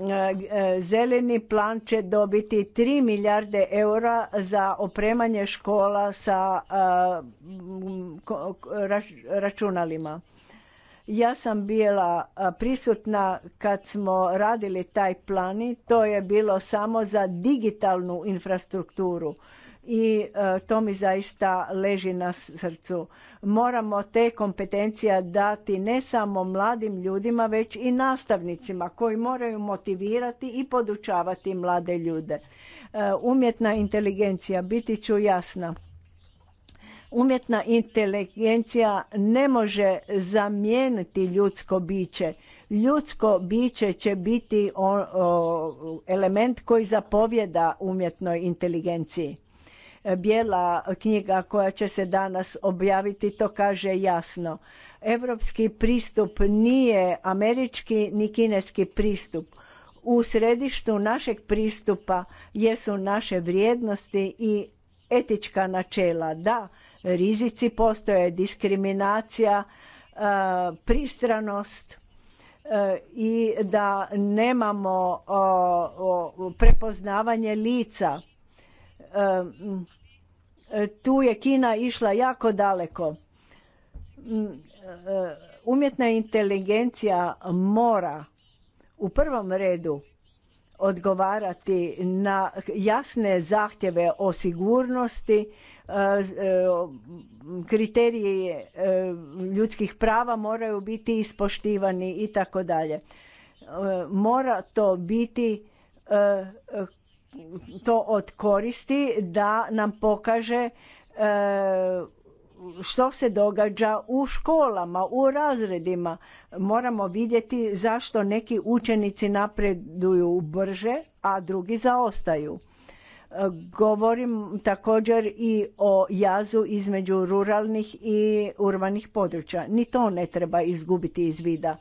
Speaker 3: E, e, zeleni plan će dobiti 3 milijarde eura za opremanje škola sa e, računalima. Ja sam bila prisutna kad smo radili taj plan, i to je bilo samo za digitalnu infrastrukturu i e, to mi zaista leži na srcu. Moramo te kompetencije dati ne samo mladim ljudima, već i nastavnicima koji moraju motivirati i podučavati mlade ljude. E, umjetna inteligencija, biti ću jasna. Umjetna inteligencija ne može zamijeniti ljudsko biće. Ljudsko biće će biti element koji zapovjeda umjetnoj inteligenciji E, bijela knjiga koja će se danas objaviti to kaže jasno. Europski pristup nije američki ni kineski pristup. U središtu našeg pristupa jesu naše vrijednosti i etička načela. Da, rizici postoje, diskriminacija, e, pristranost e, i da nemamo prepoznavanje lica tu je Kina išla jako daleko. Mm, e, umjetna inteligencija mora u prvom redu odgovarati na jasne zahtjeve o sigurnosti, e, e, kriterije ljudskih prava moraju biti ispoštivani i tako dalje. Mora to biti to od da nam pokaže e, što se događa u školama, u razredima. Moramo vidjeti zašto neki učenici napreduju brže, a drugi zaostaju. Govorim također i o jazu između ruralnih i urbanih područja. Ni to ne treba izgubiti iz vida.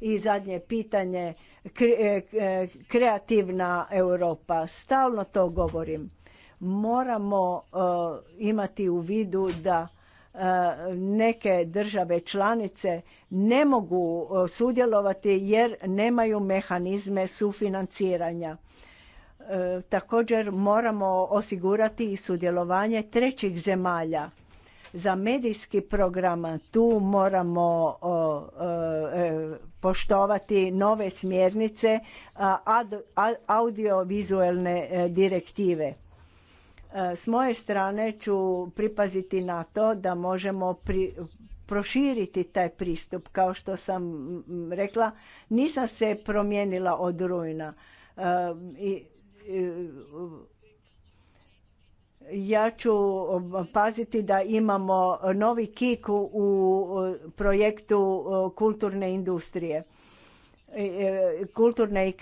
Speaker 3: I zadnje pitanje E, e, kreativna Europa. Stalno to govorim. Moramo e, imati u vidu da neke države članice ne mogu sudjelovati jer nemaju mehanizme sufinanciranja. Također moramo osigurati i sudjelovanje trećih zemalja za medijski program tu moramo e, poštovati nove smjernice audiovizualne e, direktive. E, s moje strane ću pripaziti na to da možemo proširiti taj pristup. Kao što sam rekla, nisam se promijenila od rujna ja ću um, paziti da imamo novi kik u projektu uh, kulturne industrije e, e, kulturne i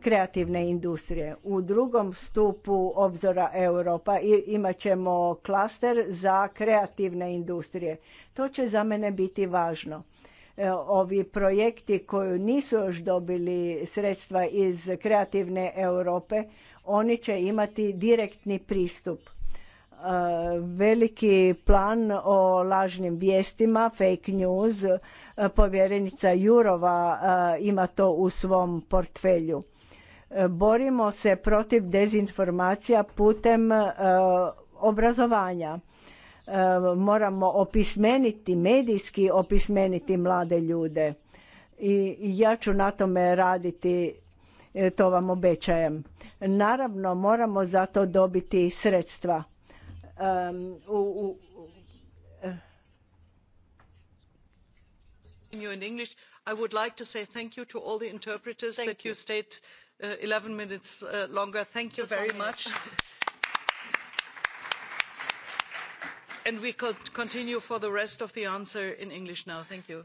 Speaker 3: kreativne industrije. U drugom stupu obzora Europa imat ćemo klaster za kreativne industrije. To će za mene biti važno. E, ovi projekti koji nisu još dobili sredstva iz kreativne Europe, oni će imati direktni pristup. E, veliki plan o lažnim vijestima, fake news, e, povjerenica Jurova e, ima to u svom portfelju. Borimo se protiv dezinformacija putem obrazovanja. Moramo opismeniti, medijski opismeniti mlade ljude i ja ću na tome raditi E, to vam obećajem. Naravno, moramo za to dobiti sredstva. Um,
Speaker 1: u, u, uh. I would like to say thank you to all the interpreters thank that you, you stayed uh, 11 minutes uh, longer. Thank you very much. and we could continue for the rest of the answer in English now. Thank you.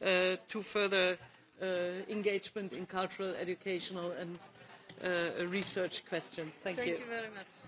Speaker 1: Uh, to further uh, engagement in cultural, educational and uh, research questions. Thank, you. you
Speaker 5: very much.